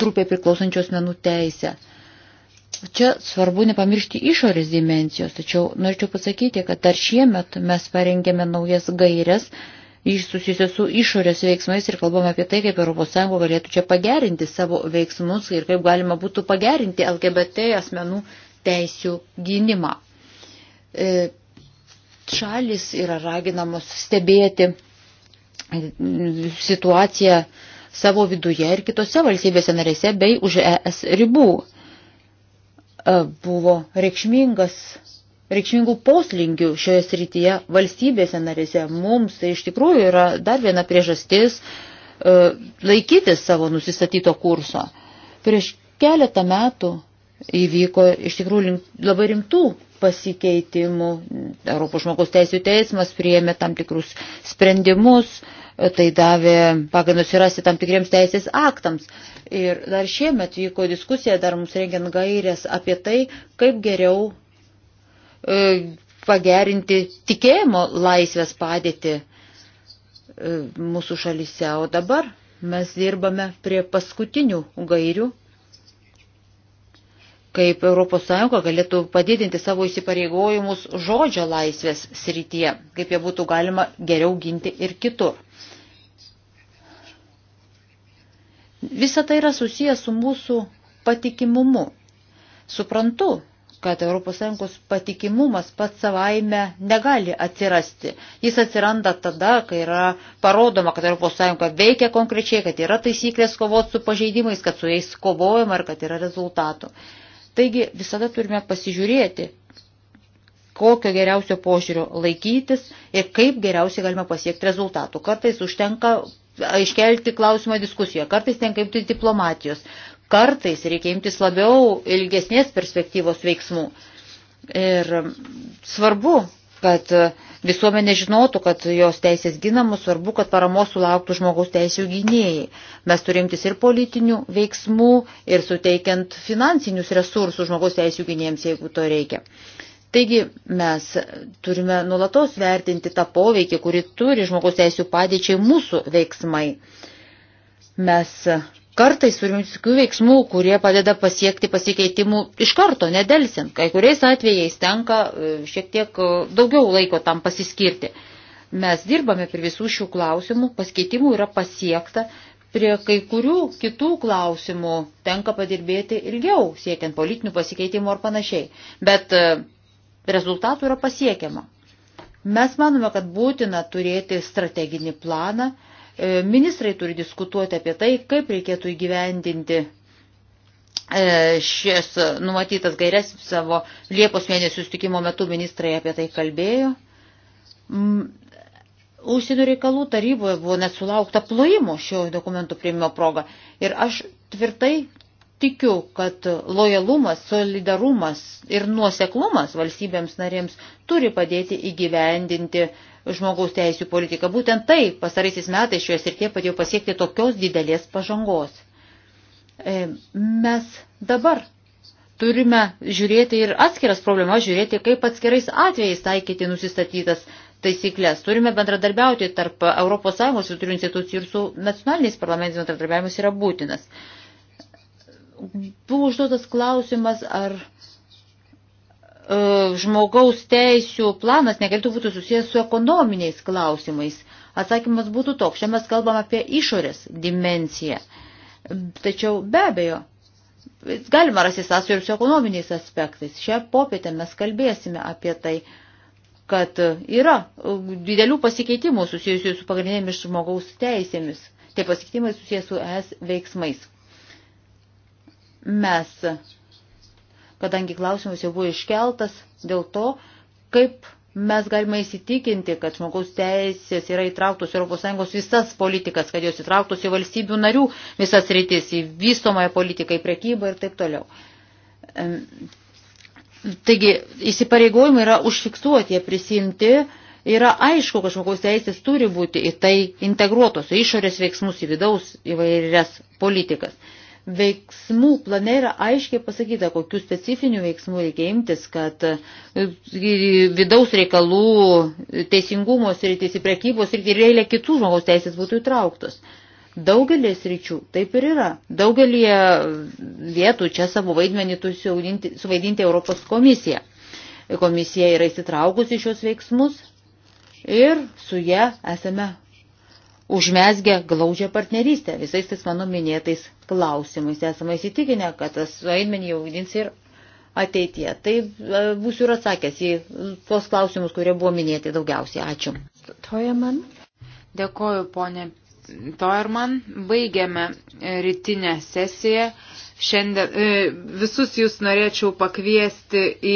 grupė priklausančios menų teisę. Čia svarbu nepamiršti išorės dimensijos, tačiau norėčiau pasakyti, kad dar šiemet mes parengėme naujas gairias susijusios su išorės veiksmais ir kalbame apie tai, kaip ES galėtų čia pagerinti savo veiksmus ir kaip galima būtų pagerinti LGBT asmenų teisių gynimą. E, šalis yra raginamos stebėti situaciją savo viduje ir kitose valstybėse narėse bei už ES ribų. E, buvo reikšmingas, reikšmingų poslingių šioje srityje valstybėse narėse. Mums tai iš tikrųjų yra dar viena priežastis e, laikytis savo nusistatyto kurso. Prieš keletą metų įvyko iš tikrųjų labai rimtų pasikeitimų. Europos žmogaus teisų teismas priėmė tam tikrus sprendimus, tai davė pagrindus įrasti tam tikriems teisės aktams. Ir dar šiemet vyko diskusija, dar mums rengiant gairės apie tai, kaip geriau e, pagerinti tikėjimo laisvės padėti e, mūsų šalyse. O dabar mes dirbame prie paskutinių gairių kaip ES galėtų padidinti savo įsipareigojimus žodžio laisvės srityje, kaip jie būtų galima geriau ginti ir kitur. Visa tai yra susijęs su mūsų patikimumu. Suprantu, kad ES patikimumas pats savaime negali atsirasti. Jis atsiranda tada, kai yra parodoma, kad ES veikia konkrečiai, kad yra taisyklės kovoti su pažeidimais, kad su jais kovojama ir kad yra rezultatų. Taigi visada turime pasižiūrėti, kokio geriausio požiūrio laikytis ir kaip geriausiai galima pasiekti rezultatų. Kartais užtenka iškelti klausimą diskusijoje, kartais tenka imtis diplomatijos, kartais reikia imtis labiau ilgesnės perspektyvos veiksmų. Ir svarbu kad e, visuomenė žinotų, kad jos teisės ginamos, svarbu, kad paramos sulauktų žmogaus teisų gynėjai. Mes turimtis ir politinių veiksmų, ir suteikiant finansinius resursus žmogaus teisų gynėjams, jeigu to reikia. Taigi mes turime nulatos vertinti tą poveikį, kurį turi žmogaus teisų padėčiai mūsų veiksmai. Mes Kartais turime tokių veiksmų, kurie padeda pasiekti pasikeitimų iš karto, nedelsint. Kai kuriais atvejais tenka e, šiek tiek e, daugiau laiko tam pasiskirti. Mes dirbame prie visų šių klausimų, pasikeitimų yra pasiekta, prie kai kurių kitų klausimų tenka padirbėti ilgiau, siekiant politinių pasikeitimų ar panašiai. Bet e, rezultatų yra pasiekiama. Mes manome, kad būtina turėti strateginį planą, E, ministrai turi diskutuoti apie tai, kaip reikėtų įgyvendinti e, šias numatytas gairias savo Liepos mėnesių sustikimo metu ministrai apie tai kalbėjo. Mm, užsienio reikalų taryboje buvo net sulaukta plojimo šio dokumento prieimimo proga. Ir aš tvirtai tikiu, kad lojalumas, solidarumas ir nuoseklumas valstybėms narėms turi padėti įgyvendinti uh, žmogaus teisų politiką. Būtent tai pasaraisiais metais šioje srityje padėjo pasiekti tokios didelės pažangos. E, mes dabar turime žiūrėti ir atskiras problemas, žiūrėti, kaip atskirais atvejais taikyti nusistatytas taisyklės. Turime bendradarbiauti tarp ES ir institucijų ir su nacionaliniais parlamentais bendradarbiavimas yra būtinas. Buvo užduotas klausimas, ar E, žmogaus teisių planas negalėtų būti susijęs su ekonominiais klausimais. Atsakymas būtų toks, čia mes kalbam apie išorės dimenciją. Tačiau be abejo, galima rasti sąsajų ir su ekonominiais aspektais. Šią popietę mes kalbėsime apie tai, kad yra didelių pasikeitimų susijusių su pagrindinėmis žmogaus teisėmis. Tie pasikeitimai susijęs su es veiksmais. Mes kadangi klausimas jau buvo iškeltas dėl to, kaip mes galime įsitikinti, kad žmogaus teisės yra įtrauktos ES visas politikas, kad jos įtrauktos į valstybių narių visas rytis, į vystomąją politiką, į prekybą ir taip toliau. Taigi, įsipareigojimai yra užfiksuoti, jie prisimti, yra aišku, kad žmogaus teisės turi būti į tai integruotos, į išorės veiksmus, į vidaus įvairias politikas veiksmų plane yra aiškiai pasakyta, kokiu specifiniu veiksmu reikia imtis, kad e, vidaus reikalų teisingumo sritis, prekybos ir eilė kitų žmogaus teisės būtų įtrauktos. Daugelį sričių taip ir yra. Daugelį vietų čia savo vaidmenį turi suvaidinti Europos komisija. Komisija yra įsitraukusi šios veiksmus ir su jie esame užmesgę glaudžią partnerystę visais tais mano minėtais klausimais. Esame įsitikinę, kad tas vaidmenį jau vaidins ir ateitie. Tai e, būsiu ir atsakęs į tuos klausimus, kurie buvo minėti daugiausiai. Ačiū. Tojerman. Dėkoju, ponė Tojerman. Baigiame e, rytinę sesiją. Šiandien e, visus jūs norėčiau pakviesti į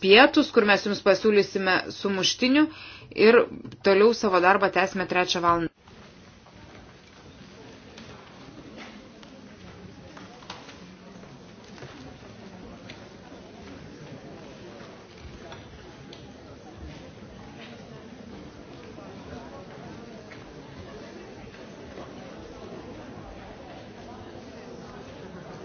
pietus, kur mes jums pasiūlysime sumuštinių ir toliau savo darbą tęsime trečią valandą.